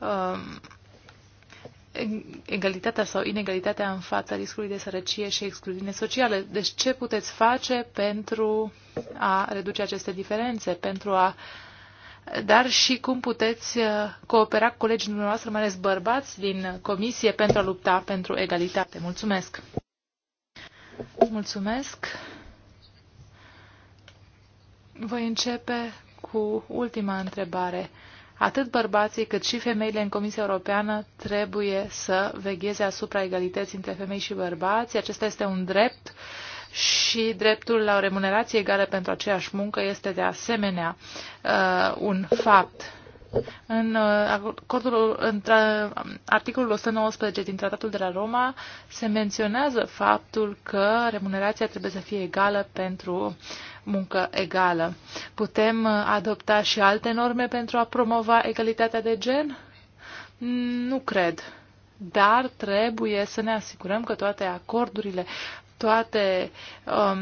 um, egalitatea sau inegalitatea în fața riscului de sărăcie și excluziune socială. Deci ce puteți face pentru a reduce aceste diferențe, pentru a dar și cum puteți uh, coopera cu colegii dumneavoastră, mai ales bărbați din comisie, pentru a lupta pentru egalitate. Mulțumesc! Mulțumesc. Voi începe cu ultima întrebare. Atât bărbații cât și femeile în Comisia Europeană trebuie să vegheze asupra egalității între femei și bărbați. Acesta este un drept și dreptul la o remunerație egală pentru aceeași muncă este de asemenea uh, un fapt în uh, acordul, între um, articolul 119 din Tratatul de la Roma se menționează faptul că remunerația trebuie să fie egală pentru muncă egală. Putem uh, adopta și alte norme pentru a promova egalitatea de gen? Nu cred. Dar trebuie să ne asigurăm că toate acordurile toate um,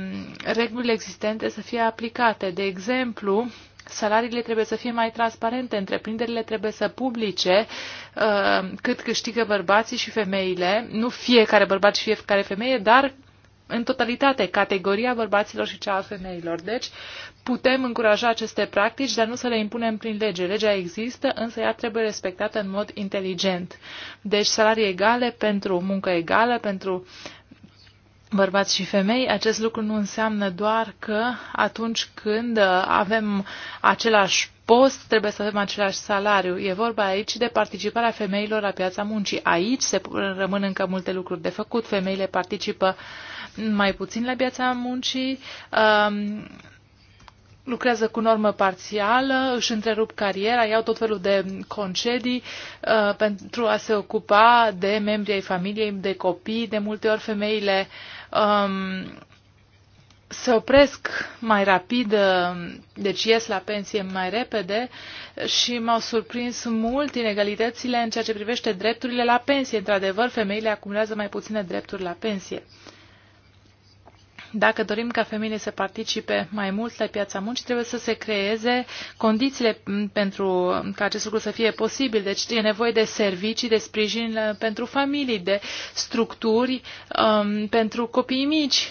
regulile existente să fie aplicate. De exemplu, salariile trebuie să fie mai transparente, întreprinderile trebuie să publice uh, cât câștigă bărbații și femeile, nu fiecare bărbat și fiecare femeie, dar în totalitate, categoria bărbaților și cea a femeilor. Deci, putem încuraja aceste practici, dar nu să le impunem prin lege. Legea există, însă ea trebuie respectată în mod inteligent. Deci, salarii egale pentru muncă egală, pentru bărbați și femei, acest lucru nu înseamnă doar că atunci când uh, avem același post, trebuie să avem același salariu. E vorba aici de participarea femeilor la piața muncii. Aici se rămân încă multe lucruri de făcut. Femeile participă mai puțin la piața muncii, um, lucrează cu normă parțială, își întrerup cariera, iau tot felul de concedii uh, pentru a se ocupa de membrii ai familiei, de copii. De multe ori femeile uh, um, se opresc mai rapid, um, deci ies la pensie mai repede și m-au surprins mult inegalitățile în ceea ce privește drepturile la pensie. Într-adevăr, femeile acumulează mai puține drepturi la pensie. Uh, dacă dorim ca femeile să participe mai mult la piața muncii, trebuie să se creeze condițiile pentru ca acest lucru să fie posibil. Deci e nevoie de servicii, de sprijin uh, pentru familii, de structuri um, pentru copiii mici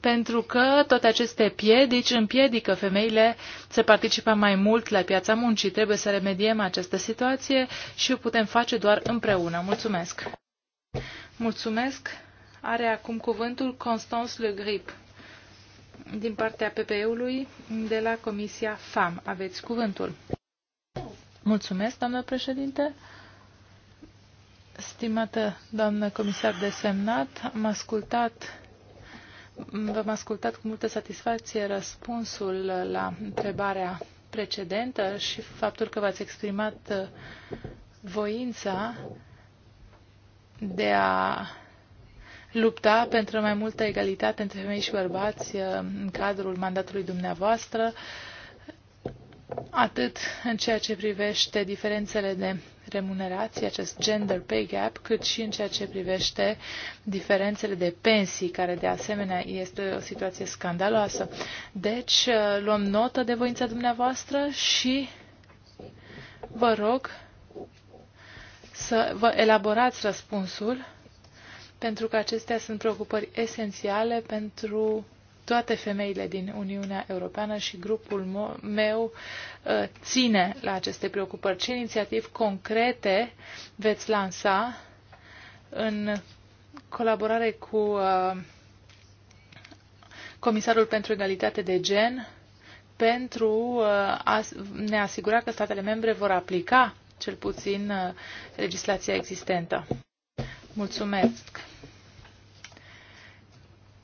pentru că toate aceste piedici împiedică femeile să participe mai mult la piața muncii. Trebuie să remediem această situație și o putem face doar împreună. Mulțumesc! Mulțumesc! Are acum cuvântul Constance Le Grip din partea PPE-ului de la Comisia FAM. Aveți cuvântul. Mulțumesc, doamnă președinte. Stimată doamnă comisar de semnat, am ascultat V-am ascultat cu multă satisfacție răspunsul la întrebarea precedentă și faptul că v-ați exprimat voința de a lupta pentru mai multă egalitate între femei și bărbați uh, în cadrul mandatului dumneavoastră, atât în ceea ce privește diferențele de remunerație, acest gender pay gap, cât și în ceea ce privește diferențele de pensii, care de asemenea este o situație scandaloasă. Deci, uh, luăm notă de voința dumneavoastră și vă rog să vă elaborați răspunsul pentru că acestea sunt preocupări esențiale pentru toate femeile din Uniunea Europeană și grupul meu uh, ține la aceste preocupări. Ce inițiativi concrete veți lansa în colaborare cu uh, Comisarul pentru Egalitate de Gen pentru uh, a ne asigura că statele membre vor aplica cel puțin legislația existentă? Mulțumesc!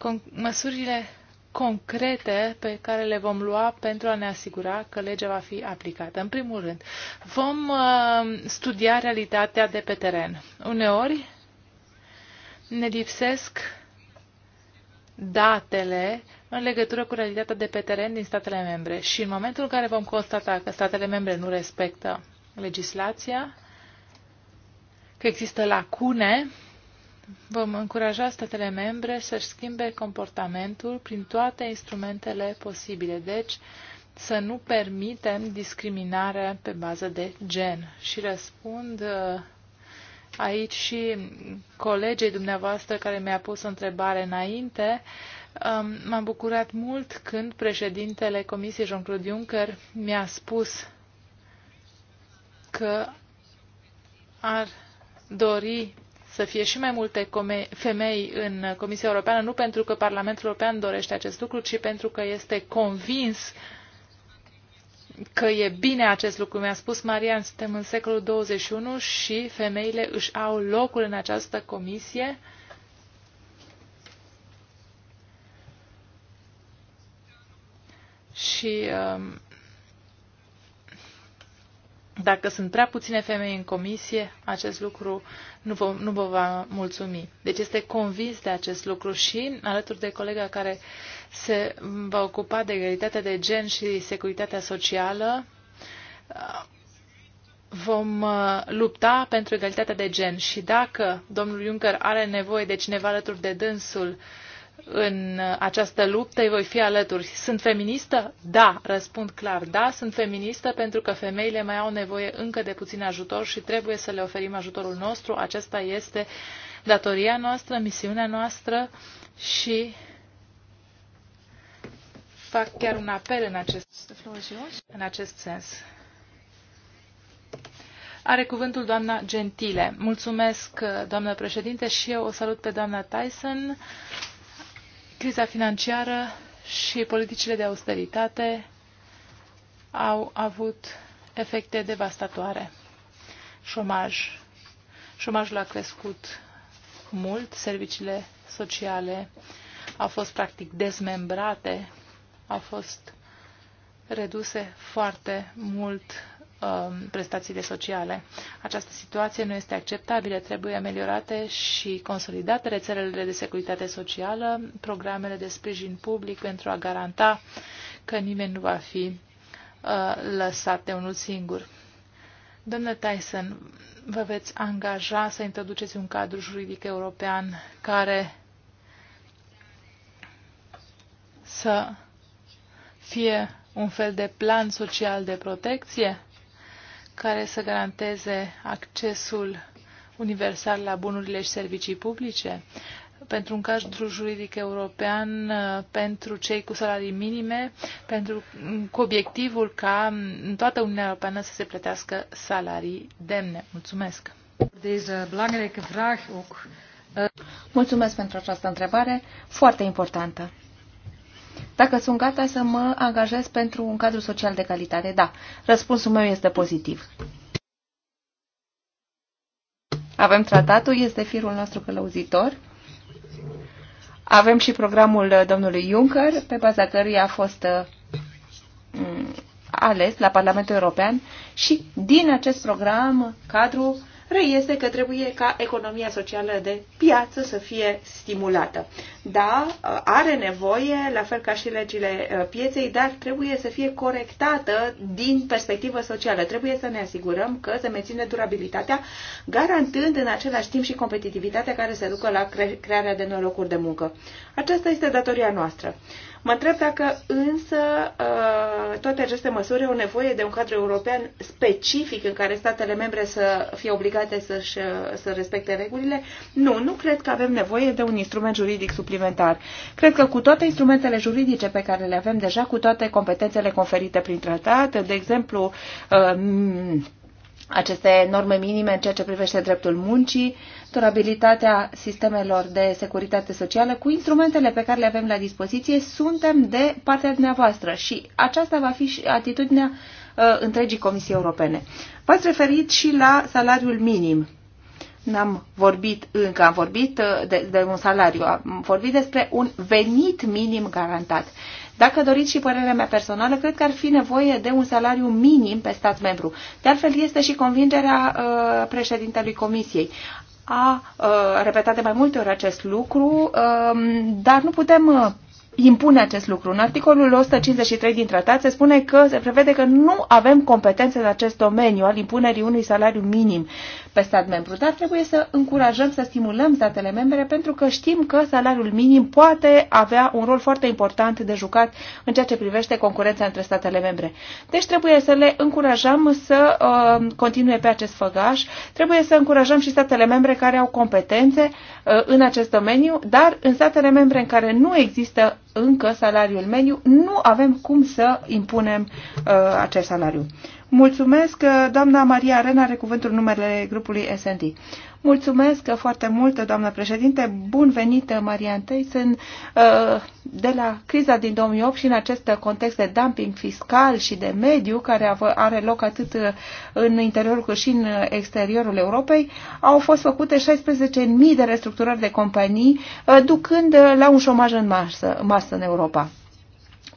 con- măsurile concrete pe care le vom lua pentru a ne asigura că legea va fi aplicată. În primul rând, vom uh, studia realitatea de pe teren. Uneori ne lipsesc datele în legătură cu realitatea de pe teren din statele membre și în momentul în care vom constata că statele membre nu respectă legislația, că există lacune Vom încuraja statele membre să-și schimbe comportamentul prin toate instrumentele posibile. Deci, să nu permitem discriminarea pe bază de gen. Și răspund uh, aici și colegei dumneavoastră care mi-a pus o întrebare înainte. Um, m-am bucurat mult când președintele Comisiei Jean-Claude Juncker mi-a spus că ar dori să fie și mai multe femei în Comisia Europeană, nu pentru că Parlamentul European dorește acest lucru, ci pentru că este convins că e bine acest lucru. Mi-a spus Marian, suntem în secolul 21 și femeile își au locul în această comisie. Și um, dacă sunt prea puține femei în comisie, acest lucru nu vă, nu vă va mulțumi. Deci este convins de acest lucru și, alături de colega care se va ocupa de egalitatea de gen și securitatea socială, vom uh, lupta pentru egalitatea de gen. Și dacă domnul Juncker are nevoie de cineva alături de dânsul, uh, în această luptă, îi voi fi alături. Sunt feministă? Da, răspund clar, da, sunt feministă pentru că femeile mai au nevoie încă de puțin ajutor și trebuie să le oferim ajutorul nostru. Aceasta este datoria noastră, misiunea noastră și fac chiar un apel în acest, în acest sens. Are cuvântul doamna Gentile. Mulțumesc, doamnă președinte, și eu o salut pe doamna Tyson. Criza financiară și politicile de austeritate au avut efecte devastatoare. Șomaj. Șomajul a crescut mult, serviciile sociale au fost practic dezmembrate, au fost reduse foarte mult Um, prestațiile sociale. Această situație nu este acceptabilă, trebuie ameliorate și consolidate rețelele de securitate socială, programele de sprijin public pentru a garanta că nimeni nu va fi uh, lăsat de unul singur. Domnule Tyson, vă veți angaja să introduceți un cadru juridic european care să fie un fel de plan social de protecție? care să garanteze accesul universal la bunurile și servicii publice, pentru un cadru juridic european uh, pentru cei cu salarii minime, pentru, mm, cu obiectivul ca mm, în toată Uniunea Europeană să se plătească salarii demne. Mulțumesc! Eh, Mulțumesc pentru această întrebare foarte importantă dacă sunt gata să mă angajez pentru un cadru social de calitate. Da, răspunsul meu este pozitiv. Avem tratatul, este firul nostru călăuzitor. Avem și programul domnului Juncker, pe baza căruia a fost mm, ales la Parlamentul European și din acest program, cadru, reiese că trebuie ca economia socială de piață să fie stimulată. Da, are nevoie, la fel ca și legile uh, pieței, dar trebuie să fie corectată din perspectivă socială. Trebuie să ne asigurăm că se menține durabilitatea, garantând în același timp și competitivitatea care se ducă la crearea de noi locuri de muncă. Aceasta este datoria noastră. Mă întreb dacă însă ă, toate aceste măsuri au nevoie de un cadru european specific în care statele membre să fie obligate să, să respecte regulile. Nu, nu cred că avem nevoie de un instrument juridic suplimentar. Cred că cu toate instrumentele juridice pe care le avem deja, cu toate competențele conferite prin tratat, de exemplu, ă, aceste norme minime în ceea ce privește dreptul muncii, durabilitatea sistemelor de securitate socială cu instrumentele pe care le avem la dispoziție, suntem de partea dumneavoastră și aceasta va fi și atitudinea uh, întregii Comisii Europene. V-ați referit și la salariul minim. N-am vorbit încă, am vorbit uh, de, de un salariu, am vorbit despre un venit minim garantat. Dacă doriți și părerea mea personală, cred că ar fi nevoie de un salariu minim pe stat membru. De altfel, este și convingerea uh, președintelui Comisiei a uh, repetat de mai multe ori acest lucru, um, dar nu putem uh, impune acest lucru. În articolul 153 din tratat se spune că se prevede că nu avem competențe în acest domeniu al impunerii unui salariu minim pe stat membru, dar trebuie să încurajăm, să stimulăm statele membre pentru că știm că salariul minim poate avea un rol foarte important de jucat în ceea ce privește concurența între statele membre. Deci trebuie să le încurajăm să uh, continue pe acest făgaș, trebuie să încurajăm și statele membre care au competențe uh, în acest domeniu, dar în statele membre în care nu există încă salariul mediu, nu avem cum să impunem uh, acest salariu. Mulțumesc, doamna Maria Arena are cuvântul numele grupului SND. Mulțumesc foarte mult, doamnă președinte. Bun venit, Maria Antei. Sunt uh, de la criza din 2008 și în acest context de dumping fiscal și de mediu, care are loc atât uh, în interiorul cât și în uh, exteriorul Europei, au fost făcute 16.000 de restructurări de companii, ducând la un șomaj în masă, masă în Europa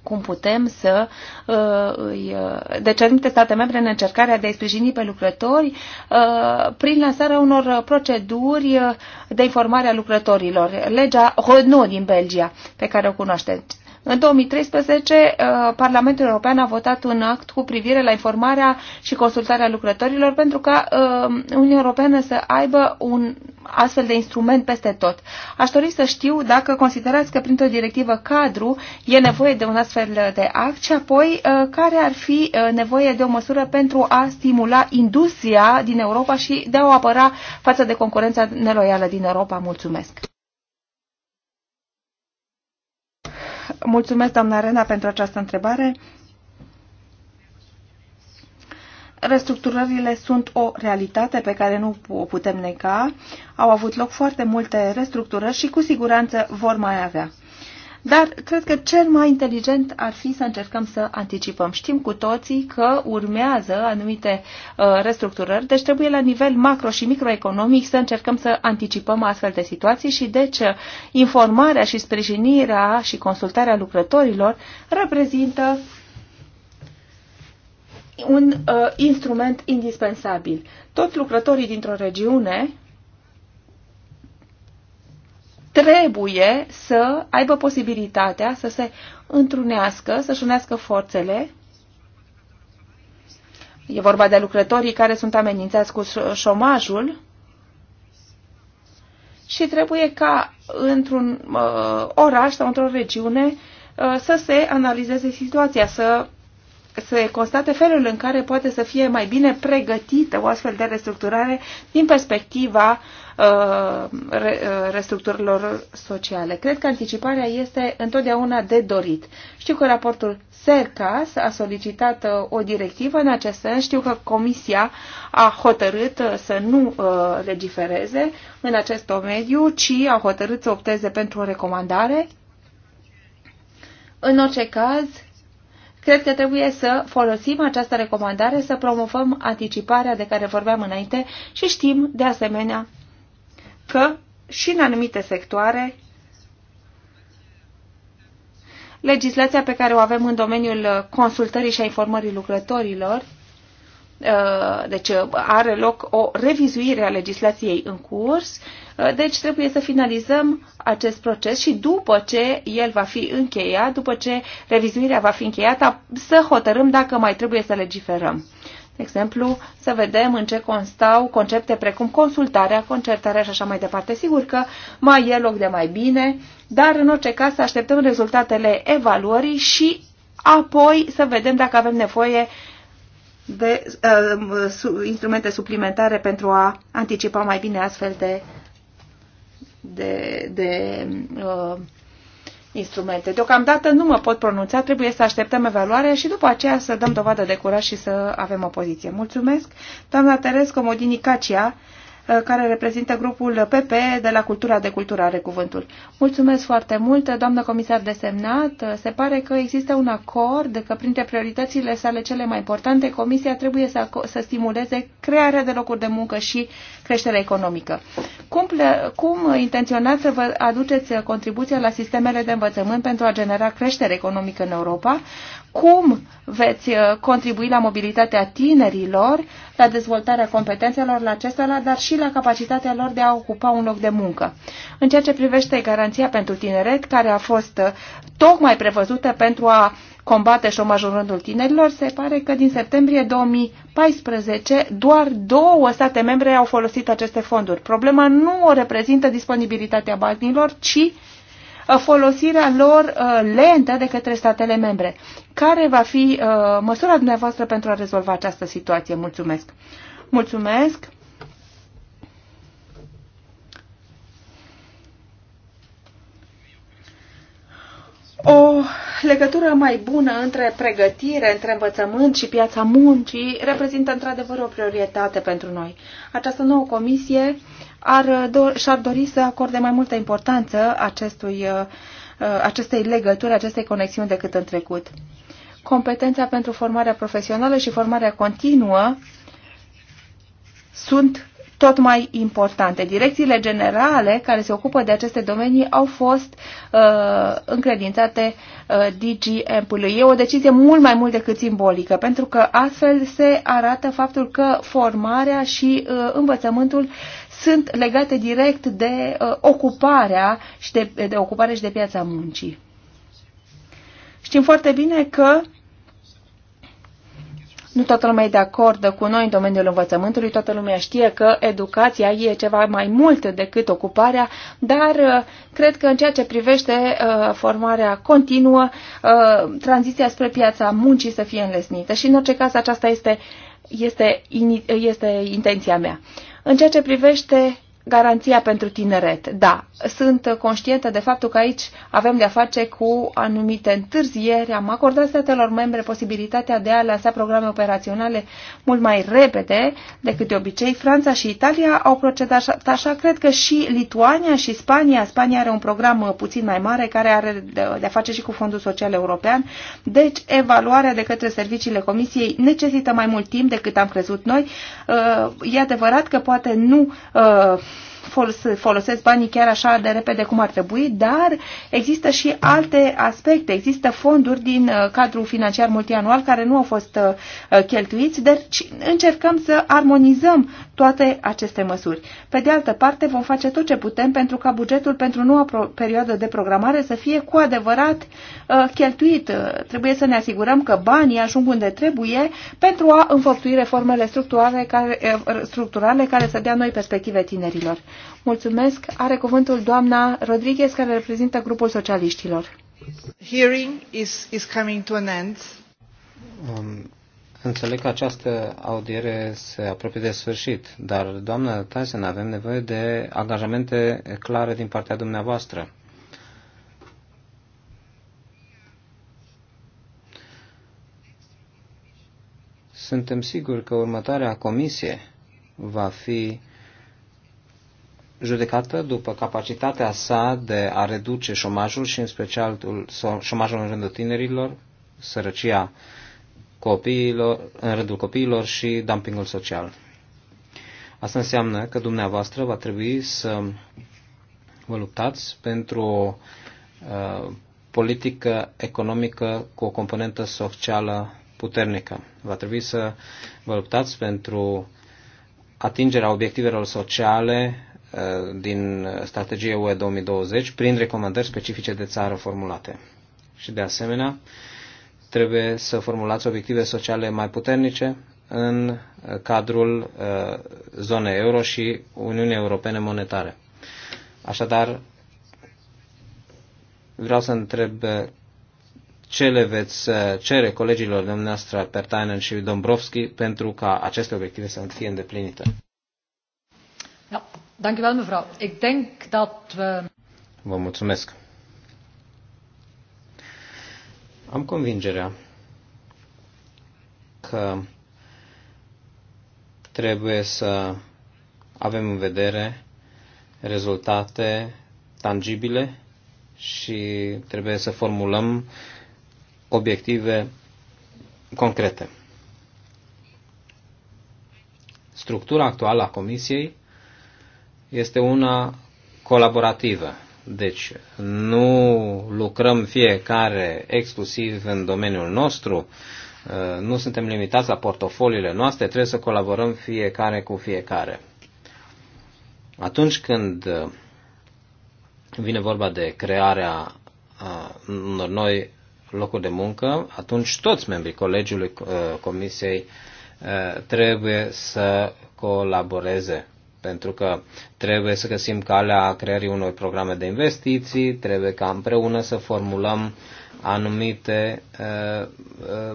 cum putem să uh, îi uh, decernim state membre în încercarea de a-i sprijini pe lucrători uh, prin lansarea unor proceduri uh, de informare a lucrătorilor. Legea Renault din Belgia, pe care o cunoașteți în 2013, uh, Parlamentul European a votat un act cu privire la informarea și consultarea lucrătorilor pentru ca uh, Uniunea Europeană să aibă un astfel de instrument peste tot. Aș dori să știu dacă considerați că printr-o directivă cadru e nevoie de un astfel de act și apoi uh, care ar fi nevoie de o măsură pentru a stimula industria din Europa și de a o apăra față de concurența neloială din Europa. Mulțumesc! Mulțumesc, doamna pentru această întrebare. Restructurările sunt o realitate pe care nu o putem nega. Au avut loc foarte multe restructurări și cu siguranță vor mai avea. Dar cred că cel mai inteligent ar fi să încercăm să anticipăm. Știm cu toții că urmează anumite uh, restructurări, deci trebuie la nivel macro și microeconomic să încercăm să anticipăm astfel de situații și deci informarea și sprijinirea și consultarea lucrătorilor reprezintă un uh, instrument indispensabil. Toți lucrătorii dintr-o regiune trebuie să aibă posibilitatea să se întrunească, să-și unească forțele. E vorba de lucrătorii care sunt amenințați cu șomajul și trebuie ca într-un uh, oraș sau într-o regiune uh, să se analizeze situația, să se constate felul în care poate să fie mai bine pregătită o astfel de restructurare din perspectiva uh, uh, restructurilor sociale. Cred că anticiparea este întotdeauna de dorit. Știu că raportul SERCAS a solicitat uh, o directivă în acest sens. Știu că Comisia a hotărât să nu legifereze în acest domeniu, ci a hotărât să opteze pentru o recomandare. În orice caz, Cred că trebuie să folosim această recomandare, să promovăm anticiparea de care vorbeam înainte și știm, de asemenea, că și în anumite sectoare legislația pe care o avem în domeniul consultării și a informării lucrătorilor Uh, deci uh, are loc o revizuire a legislației în curs, uh, deci trebuie să finalizăm acest proces și după ce el va fi încheiat, după ce revizuirea va fi încheiată, să hotărâm dacă mai trebuie să legiferăm. De exemplu, să vedem în ce constau concepte precum consultarea, concertarea și așa mai departe. Sigur că mai e loc de mai bine, dar în orice caz să așteptăm rezultatele evaluării și apoi să vedem dacă avem nevoie de uh, instrumente suplimentare pentru a anticipa mai bine astfel de, de, de uh, instrumente. Deocamdată nu mă pot pronunța, trebuie să așteptăm evaluarea și după aceea să dăm dovadă de curaj și să avem o poziție. Mulțumesc, doamna Teres Comodini Cacia, Uh, care reprezintă grupul PP de la Cultura de Cultură are cuvântul. Mulțumesc foarte mult, doamnă comisar desemnat. Uh, se pare că există un acord că printre prioritățile sale cele mai importante, Comisia trebuie să, să stimuleze crearea de locuri de muncă și creșterea economică. Cum, cum intenționați să vă aduceți contribuția la sistemele de învățământ pentru a genera creștere economică în Europa? cum veți uh, contribui la mobilitatea tinerilor, la dezvoltarea competențelor la acestea, dar și la capacitatea lor de a ocupa un loc de muncă. În ceea ce privește garanția pentru tineret, care a fost uh, tocmai prevăzută pentru a combate șomajul rândul tinerilor, se pare că din septembrie 2014 doar două state membre au folosit aceste fonduri. Problema nu o reprezintă disponibilitatea banilor, ci Uh, folosirea lor uh, lentă de către statele membre. Care va fi uh, măsura dumneavoastră pentru a rezolva această situație? Mulțumesc! Mulțumesc! O legătură mai bună între pregătire, între învățământ și piața muncii reprezintă într-adevăr o prioritate pentru noi. Această nouă comisie ar do și-ar dori să acorde mai multă importanță acestui, uh, uh, acestei legături, acestei conexiuni decât în trecut. Competența pentru formarea profesională și formarea continuă sunt tot mai importante. Direcțiile generale care se ocupă de aceste domenii au fost uh, încredințate uh, dgm ului E o decizie mult mai mult decât simbolică, pentru că astfel se arată faptul că formarea și uh, învățământul sunt legate direct de uh, ocuparea și de, de ocupare și de piața muncii. Știm foarte bine că nu toată lumea e de acord cu noi în domeniul învățământului, toată lumea știe că educația e ceva mai mult decât ocuparea, dar uh, cred că în ceea ce privește uh, formarea continuă, uh, tranziția spre piața muncii să fie înlesnită și în orice caz aceasta este, este, este intenția mea. În ceea ce privește garanția pentru tineret. Da, sunt conștientă de faptul că aici avem de-a face cu anumite întârzieri. Am acordat statelor membre posibilitatea de a lansa programe operaționale mult mai repede decât de obicei. Franța și Italia au procedat așa, așa cred că și Lituania și Spania. Spania are un program puțin mai mare care are de-a face și cu Fondul Social European. Deci, evaluarea de către serviciile Comisiei necesită mai mult timp decât am crezut noi. Uh, e adevărat că poate nu uh, folosesc banii chiar așa de repede cum ar trebui, dar există și alte aspecte. Există fonduri din uh, cadrul financiar multianual care nu au fost uh, cheltuiți, deci încercăm să armonizăm toate aceste măsuri. Pe de altă parte, vom face tot ce putem pentru ca bugetul pentru noua perioadă de programare să fie cu adevărat uh, cheltuit. Trebuie să ne asigurăm că banii ajung unde trebuie pentru a înfăptui reformele structurale care, structurale care să dea noi perspective tinerilor. Mulțumesc. Are cuvântul doamna Rodriguez, care reprezintă grupul socialiștilor. Hearing is, is coming to an end. Um, înțeleg că această audiere se apropie de sfârșit, dar, doamnă Tyson, avem nevoie de angajamente clare din partea dumneavoastră. Suntem siguri că următoarea comisie va fi judecată după capacitatea sa de a reduce șomajul și în special șomajul în rândul tinerilor, sărăcia copiilor, în rândul copiilor și dumpingul social. Asta înseamnă că dumneavoastră va trebui să vă luptați pentru o ă, politică economică cu o componentă socială puternică. Va trebui să vă luptați pentru atingerea obiectivelor sociale Uh, din strategia UE 2020 prin recomandări specifice de țară formulate. Și de asemenea, trebuie să formulați obiective sociale mai puternice în cadrul uh, zonei euro și Uniunii Europene Monetare. Așadar, vreau să întreb uh, ce le veți cere colegilor dumneavoastră Pertainen și Dombrovski pentru ca aceste obiective să fie îndeplinite. Da. Dank u wel, mevrouw. Ik denk dat we... Vă mulțumesc. Am convingerea că trebuie să avem în vedere rezultate tangibile și trebuie să formulăm obiective concrete. Structura actuală a Comisiei este una colaborativă. Deci nu lucrăm fiecare exclusiv în domeniul nostru, uh, nu suntem limitați la portofoliile noastre, trebuie să colaborăm fiecare cu fiecare. Atunci când uh, vine vorba de crearea uh, unor noi locuri de muncă, atunci toți membrii colegiului comisiei trebuie să colaboreze pentru că trebuie să găsim calea creării unor programe de investiții, trebuie ca împreună să formulăm anumite uh, uh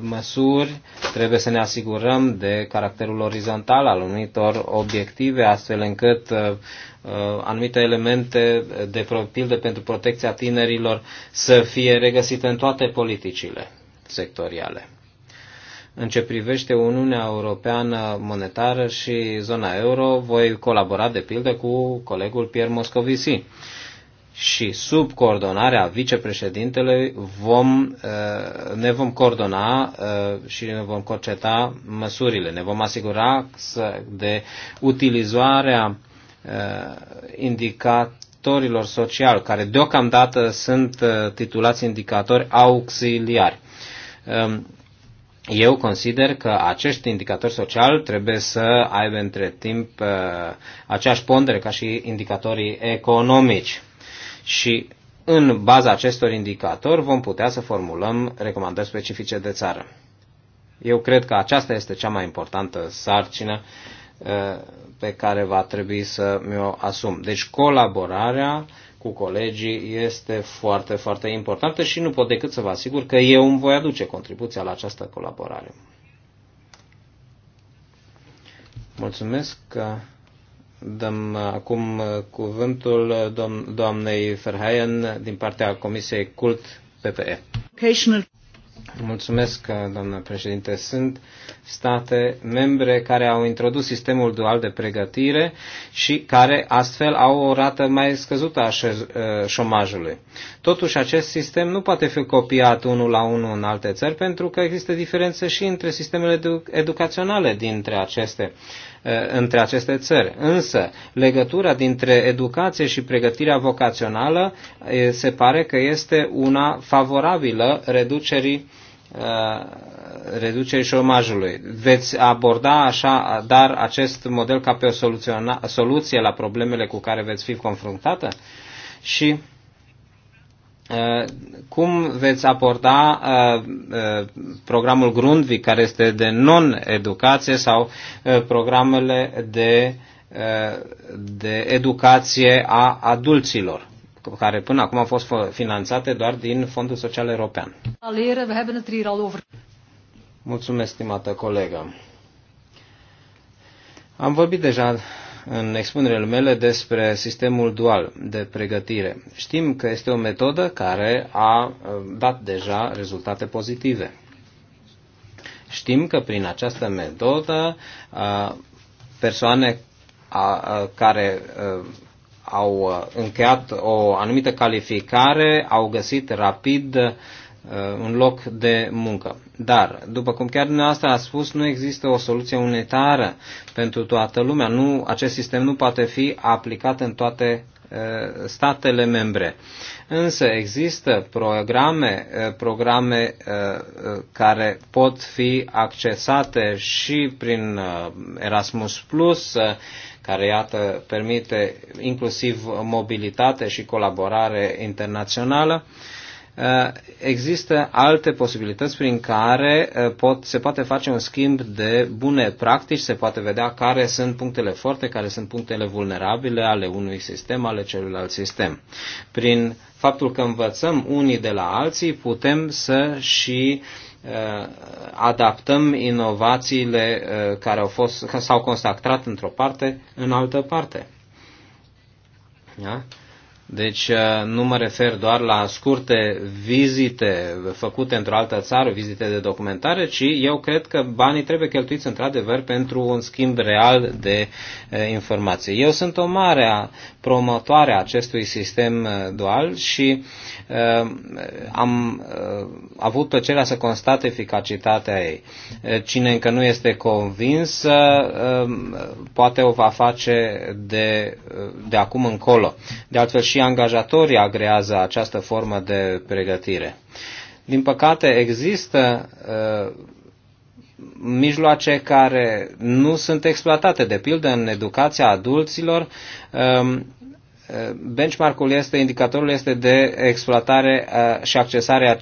măsuri, trebuie să ne asigurăm de caracterul orizontal al anumitor obiective, astfel încât uh, uh anumite elemente de pildă pentru protecția tinerilor să fie regăsite în toate politicile sectoriale în ce privește Uniunea Europeană Monetară și zona euro, voi colabora de pildă cu colegul Pierre Moscovici. Și sub coordonarea vicepreședintelui vom, uh, ne vom coordona uh, și ne vom coceta măsurile. Ne vom asigura de utilizarea uh, indicatorilor sociali, care deocamdată sunt titulați indicatori auxiliari. Um, eu consider că acești indicatori sociali trebuie să aibă între timp uh, aceeași pondere ca și indicatorii economici. Și în baza acestor indicatori vom putea să formulăm recomandări specifice de țară. Eu cred că aceasta este cea mai importantă sarcină uh, pe care va trebui să mi-o asum. Deci colaborarea cu colegii este foarte, foarte importantă și nu pot decât să vă asigur că eu îmi voi aduce contribuția la această colaborare. Mulțumesc că dăm acum cuvântul doamnei Ferhaien din partea Comisiei Cult PPE. Mulțumesc, doamnă președinte. Sunt state membre care au introdus sistemul dual de pregătire și care astfel au o rată mai scăzută a uh, șomajului. Totuși, acest sistem nu poate fi copiat unul la unul în alte țări pentru că există diferențe și între sistemele educaționale dintre aceste Eh, între aceste țări. Însă, legătura dintre educație și pregătirea vocațională eh, se pare că este una favorabilă reducerii eh, reducerii șomajului. Veți aborda așa, dar acest model ca pe o soluție la problemele cu care veți fi confruntată? Și Uh, cum veți aborda uh, uh, programul Grundvig, care este de non-educație, sau programele de, de educație a adulților? care până acum au fost finanțate doar din Fondul Social European. Mulțumesc, stimată colegă. Am vorbit deja în expunerele mele despre sistemul dual de pregătire. Știm că este o metodă care a uh, dat deja rezultate pozitive. Știm că prin această metodă uh, persoane uh, care au încheiat o anumită calificare au găsit rapid Uh, un loc de muncă. Dar, după cum chiar dumneavoastră a spus, nu există o soluție unitară pentru toată lumea. Nu, acest sistem nu poate fi aplicat în toate uh, statele membre. Însă există programe, uh, programe care pot fi accesate și prin Erasmus Plus, care iată permite inclusiv mobilitate și colaborare internațională. Uh, Eh, există alte posibilități prin care eh, pot, se poate face un schimb de bune practici, se poate vedea care sunt punctele forte, care sunt punctele vulnerabile ale unui sistem, ale celuilalt sistem. Prin faptul că învățăm unii de la alții, putem să și eh, adaptăm inovațiile care au fost, s-au consacrat într-o parte în altă parte. Da? Deci uh, nu mă refer doar la scurte vizite făcute într-o altă țară, vizite de documentare, ci eu cred că banii trebuie cheltuiți într-adevăr pentru un schimb real de uh, informații. Eu sunt o mare promotoare a acestui sistem uh, dual și uh, am uh, avut plăcerea să constat eficacitatea ei. Cine încă nu este convins, um, poate o va face de, de acum încolo. De altfel și angajatorii agrează această formă de pregătire. Din păcate există mijloace care nu sunt exploatate. De pildă, în educația adulților, um, uh, benchmark-ul este, indicatorul este de exploatare uh, și accesare a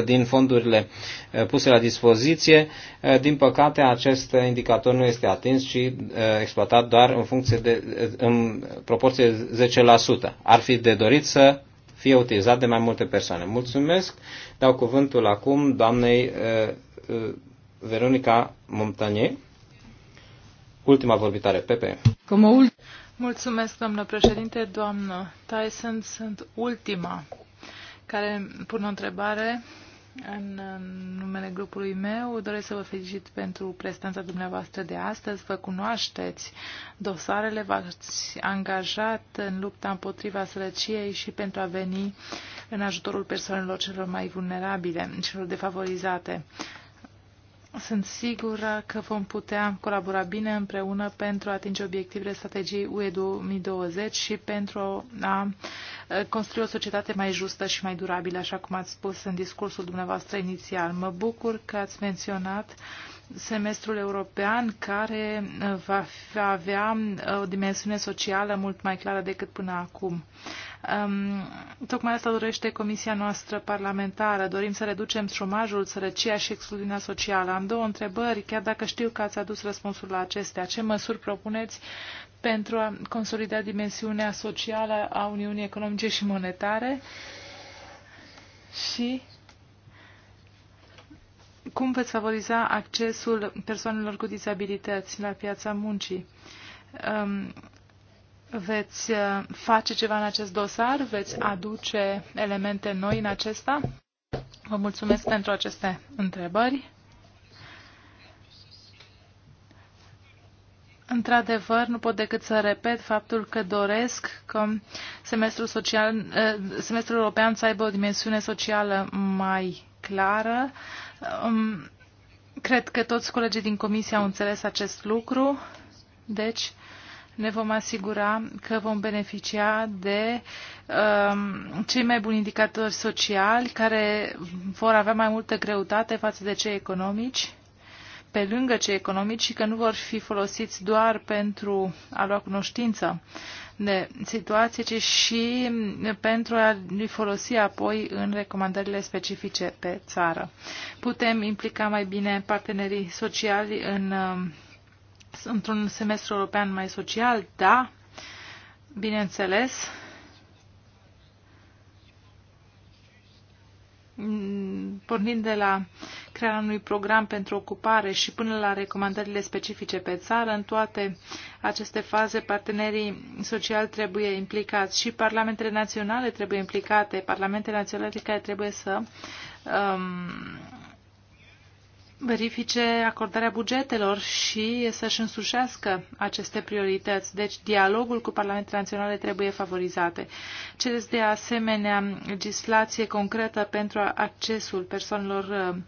15% din fondurile uh, puse la dispoziție. Din păcate, acest indicator nu este atins, ci exploatat doar în, funcție de, în proporție de 10%. Ar fi de dorit să fie utilizat de mai multe persoane. Mulțumesc. Dau cuvântul acum doamnei Veronica Montagne, ultima vorbitare, Pepe. Mulțumesc, doamnă președinte, doamnă Tyson, sunt ultima care pun o întrebare în numele grupului meu. Doresc să vă felicit pentru prestanța dumneavoastră de astăzi. Vă cunoașteți dosarele, v-ați angajat în lupta împotriva sărăciei și pentru a veni în ajutorul persoanelor celor mai vulnerabile, celor defavorizate. Sunt sigură că vom putea colabora bine împreună pentru a atinge obiectivele strategiei UE 2020 și pentru a construi o societate mai justă și mai durabilă, așa cum ați spus în discursul dumneavoastră inițial. Mă bucur că ați menționat uh, semestrul european care uh, va avea uh, o dimensiune socială mult mai clară decât până acum. Um, tocmai asta dorește Comisia noastră parlamentară. Dorim să reducem șomajul, sărăcia și excluziunea socială. Am două întrebări, chiar dacă știu că ați adus răspunsul la acestea. Ce măsuri propuneți pentru a consolida dimensiunea socială a Uniunii Economice și Monetare? Și cum veți favoriza accesul persoanelor cu dizabilități la piața muncii? Um, veți uh, face ceva în acest dosar? Veți aduce elemente noi în acesta? Vă mulțumesc pentru aceste întrebări. Într-adevăr, nu pot decât să repet faptul că doresc că semestrul, social, uh, semestrul european să aibă o dimensiune socială mai clară. Um, cred că toți colegii din comisie au înțeles acest lucru, deci ne vom asigura că vom beneficia de um, cei mai buni indicatori sociali care vor avea mai multă greutate față de cei economici pe lângă cei economici și că nu vor fi folosiți doar pentru a lua cunoștință de situație, ci și pentru a li folosi apoi în recomandările specifice pe țară. Putem implica mai bine partenerii sociali în, um, într-un semestru european mai social? Da, bineînțeles. Mm, pornind de la crearea unui program pentru ocupare și până la recomandările specifice pe țară. În toate aceste faze, partenerii sociali trebuie implicați și parlamentele naționale trebuie implicate, parlamentele naționale care trebuie să um, verifice acordarea bugetelor și să-și însușească aceste priorități. Deci dialogul cu parlamentele naționale trebuie favorizate. Cereți de asemenea legislație concretă pentru accesul persoanelor uh,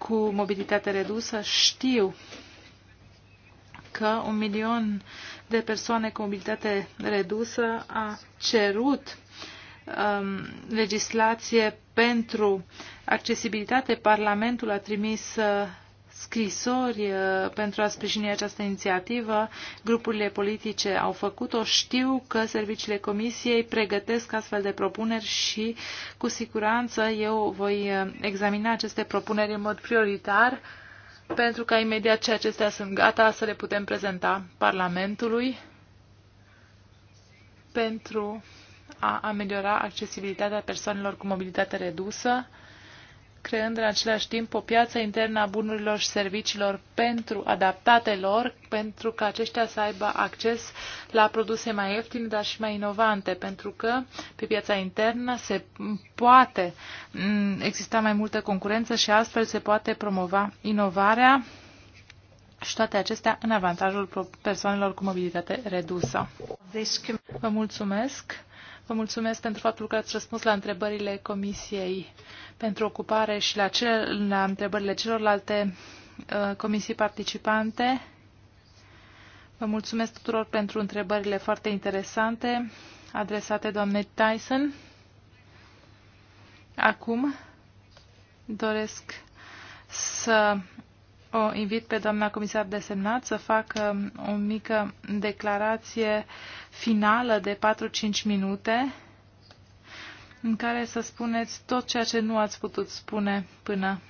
cu mobilitate redusă știu că un milion de persoane cu mobilitate redusă a cerut um, legislație pentru accesibilitate. Parlamentul a trimis uh, scrisori uh, pentru a sprijini această inițiativă. Grupurile politice au făcut-o. Știu că serviciile comisiei pregătesc astfel de propuneri și cu siguranță eu voi uh, examina aceste propuneri în mod prioritar pentru ca imediat ce acestea sunt gata să le putem prezenta Parlamentului pentru a ameliora accesibilitatea persoanelor cu mobilitate redusă creând în același timp o piață internă a bunurilor și serviciilor pentru adaptate lor, pentru ca aceștia să aibă acces la produse mai ieftine, dar și mai inovante, pentru că pe piața internă se poate mm, exista mai multă concurență și astfel se poate promova inovarea și toate acestea în avantajul persoanelor cu mobilitate redusă. Vă mulțumesc! Vă mulțumesc pentru faptul că ați răspuns la întrebările Comisiei pentru Ocupare și la, cele, la întrebările celorlalte uh, comisii participante. Vă mulțumesc tuturor pentru întrebările foarte interesante adresate doamnei Tyson. Acum doresc să o invit pe doamna comisar desemnat să facă o mică declarație uh, finală de 4-5 minute în care să spuneți tot ceea ce nu ați putut spune până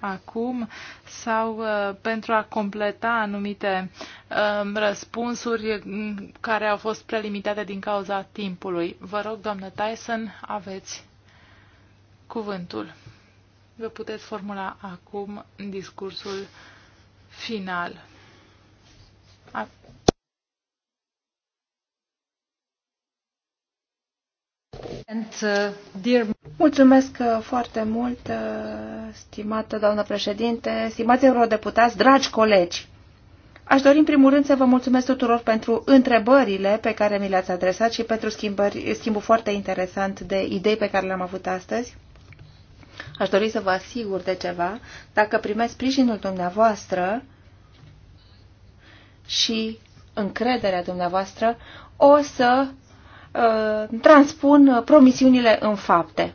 acum sau uh, pentru a completa anumite uh, răspunsuri mm, care au fost prelimitate din cauza timpului. Vă rog, doamnă Tyson, aveți cuvântul. Vă puteți formula acum discursul final. Uh, mulțumesc uh, foarte mult, uh, stimată doamnă președinte, stimați eurodeputați, dragi colegi. Aș dori în primul rând să vă mulțumesc tuturor pentru întrebările pe care mi le-ați adresat și pentru schimbul foarte interesant de idei pe care le-am avut astăzi. Aș dori să vă asigur de ceva. Dacă primesc sprijinul dumneavoastră și încrederea dumneavoastră, o să Uh, transpun promisiunile în fapte.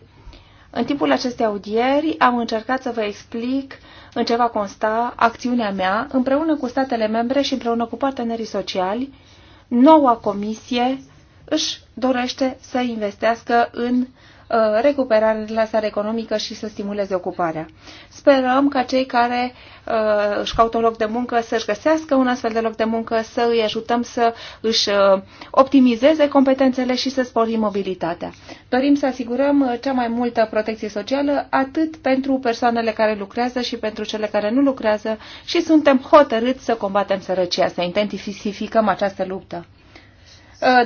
În timpul acestei audieri am încercat să vă explic în ce va consta acțiunea mea împreună cu statele membre și împreună cu partenerii sociali. Noua comisie își dorește să investească în Uh, recuperare, relansare economică și să stimuleze ocuparea. Sperăm ca cei care uh, își caută un loc de muncă să-și găsească un astfel de loc de muncă, să îi ajutăm să își uh, optimizeze competențele și să sporim mobilitatea. Dorim să asigurăm uh, cea mai multă protecție socială atât pentru persoanele care lucrează și pentru cele care nu lucrează și suntem hotărâți să combatem sărăcia, să intensificăm această luptă.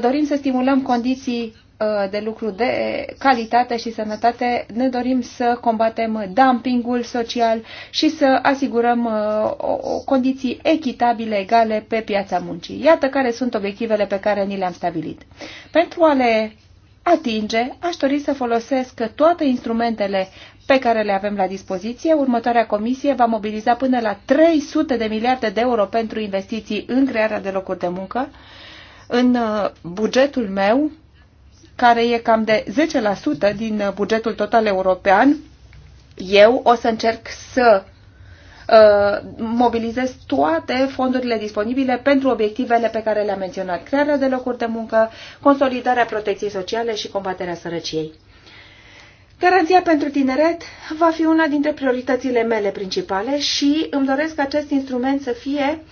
Dorim să stimulăm condiții Uh, de lucru de calitate și sănătate, ne dorim să combatem dumpingul social și să asigurăm uh, condiții echitabile, egale pe piața muncii. Iată care sunt obiectivele pe care ni le-am stabilit. Pentru a le atinge, aș dori să folosesc toate instrumentele pe care le avem la dispoziție. Următoarea comisie va mobiliza până la 300 de miliarde de euro pentru investiții în crearea de locuri de muncă. În uh, bugetul meu care e cam de 10% din uh, bugetul total european, eu o să încerc să uh, mobilizez toate fondurile disponibile pentru obiectivele pe care le-am menționat. Crearea de locuri de muncă, consolidarea protecției sociale și combaterea sărăciei. Garanția pentru tineret va fi una dintre prioritățile mele principale și îmi doresc acest instrument să fie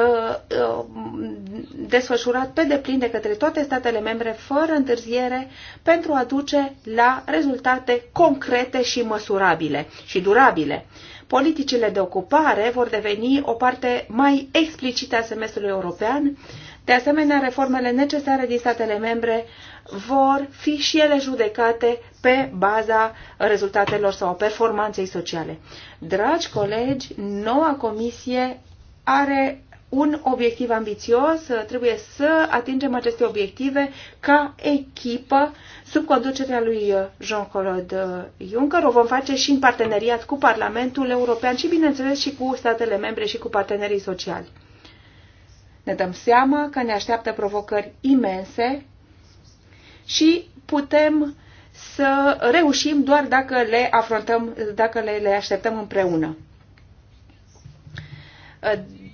Uh, uh, desfășurat pe deplin de către toate statele membre, fără întârziere, pentru a duce la rezultate concrete și măsurabile și durabile. Politicile de ocupare vor deveni o parte mai explicită a semestrului european. De asemenea, reformele necesare din statele membre vor fi și ele judecate pe baza rezultatelor sau performanței sociale. Dragi colegi, noua comisie are un obiectiv ambițios, trebuie să atingem aceste obiective ca echipă sub conducerea lui Jean-Claude uh, Juncker. O vom face și în parteneriat cu Parlamentul European și, bineînțeles, și cu statele membre și cu partenerii sociali. Ne dăm seama că ne așteaptă provocări imense și putem să reușim doar dacă le afrontăm, dacă le, le așteptăm împreună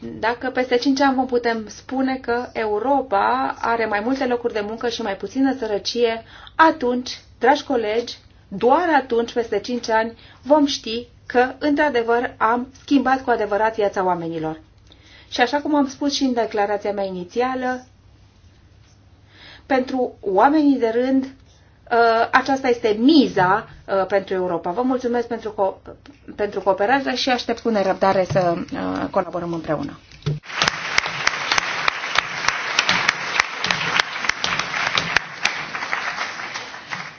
dacă peste 5 ani vom putem spune că Europa are mai multe locuri de muncă și mai puțină sărăcie, atunci, dragi colegi, doar atunci, peste 5 ani, vom ști că, într-adevăr, am schimbat cu adevărat viața oamenilor. Și așa cum am spus și în declarația mea inițială, pentru oamenii de rând, Uh, aceasta este miza uh, pentru Europa. Vă mulțumesc pentru, co- pentru cooperare și aștept cu nerăbdare să uh, colaborăm împreună.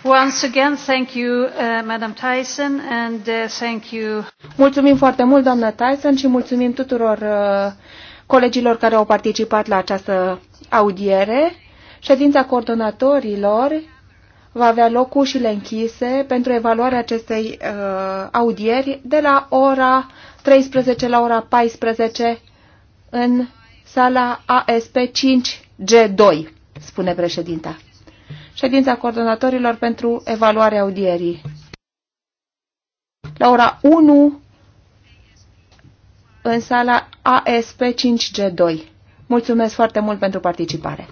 Once again, thank you, uh, Madam Tyson, and uh, thank you. Mulțumim foarte mult, doamnă Tyson, și mulțumim tuturor uh, colegilor care au participat la această audiere. Ședința coordonatorilor va avea loc ușile închise pentru evaluarea acestei uh, audieri de la ora 13 la ora 14 în sala ASP 5G2, spune președinta. Ședința coordonatorilor pentru evaluarea audierii. La ora 1 în sala ASP 5G2. Mulțumesc foarte mult pentru participare!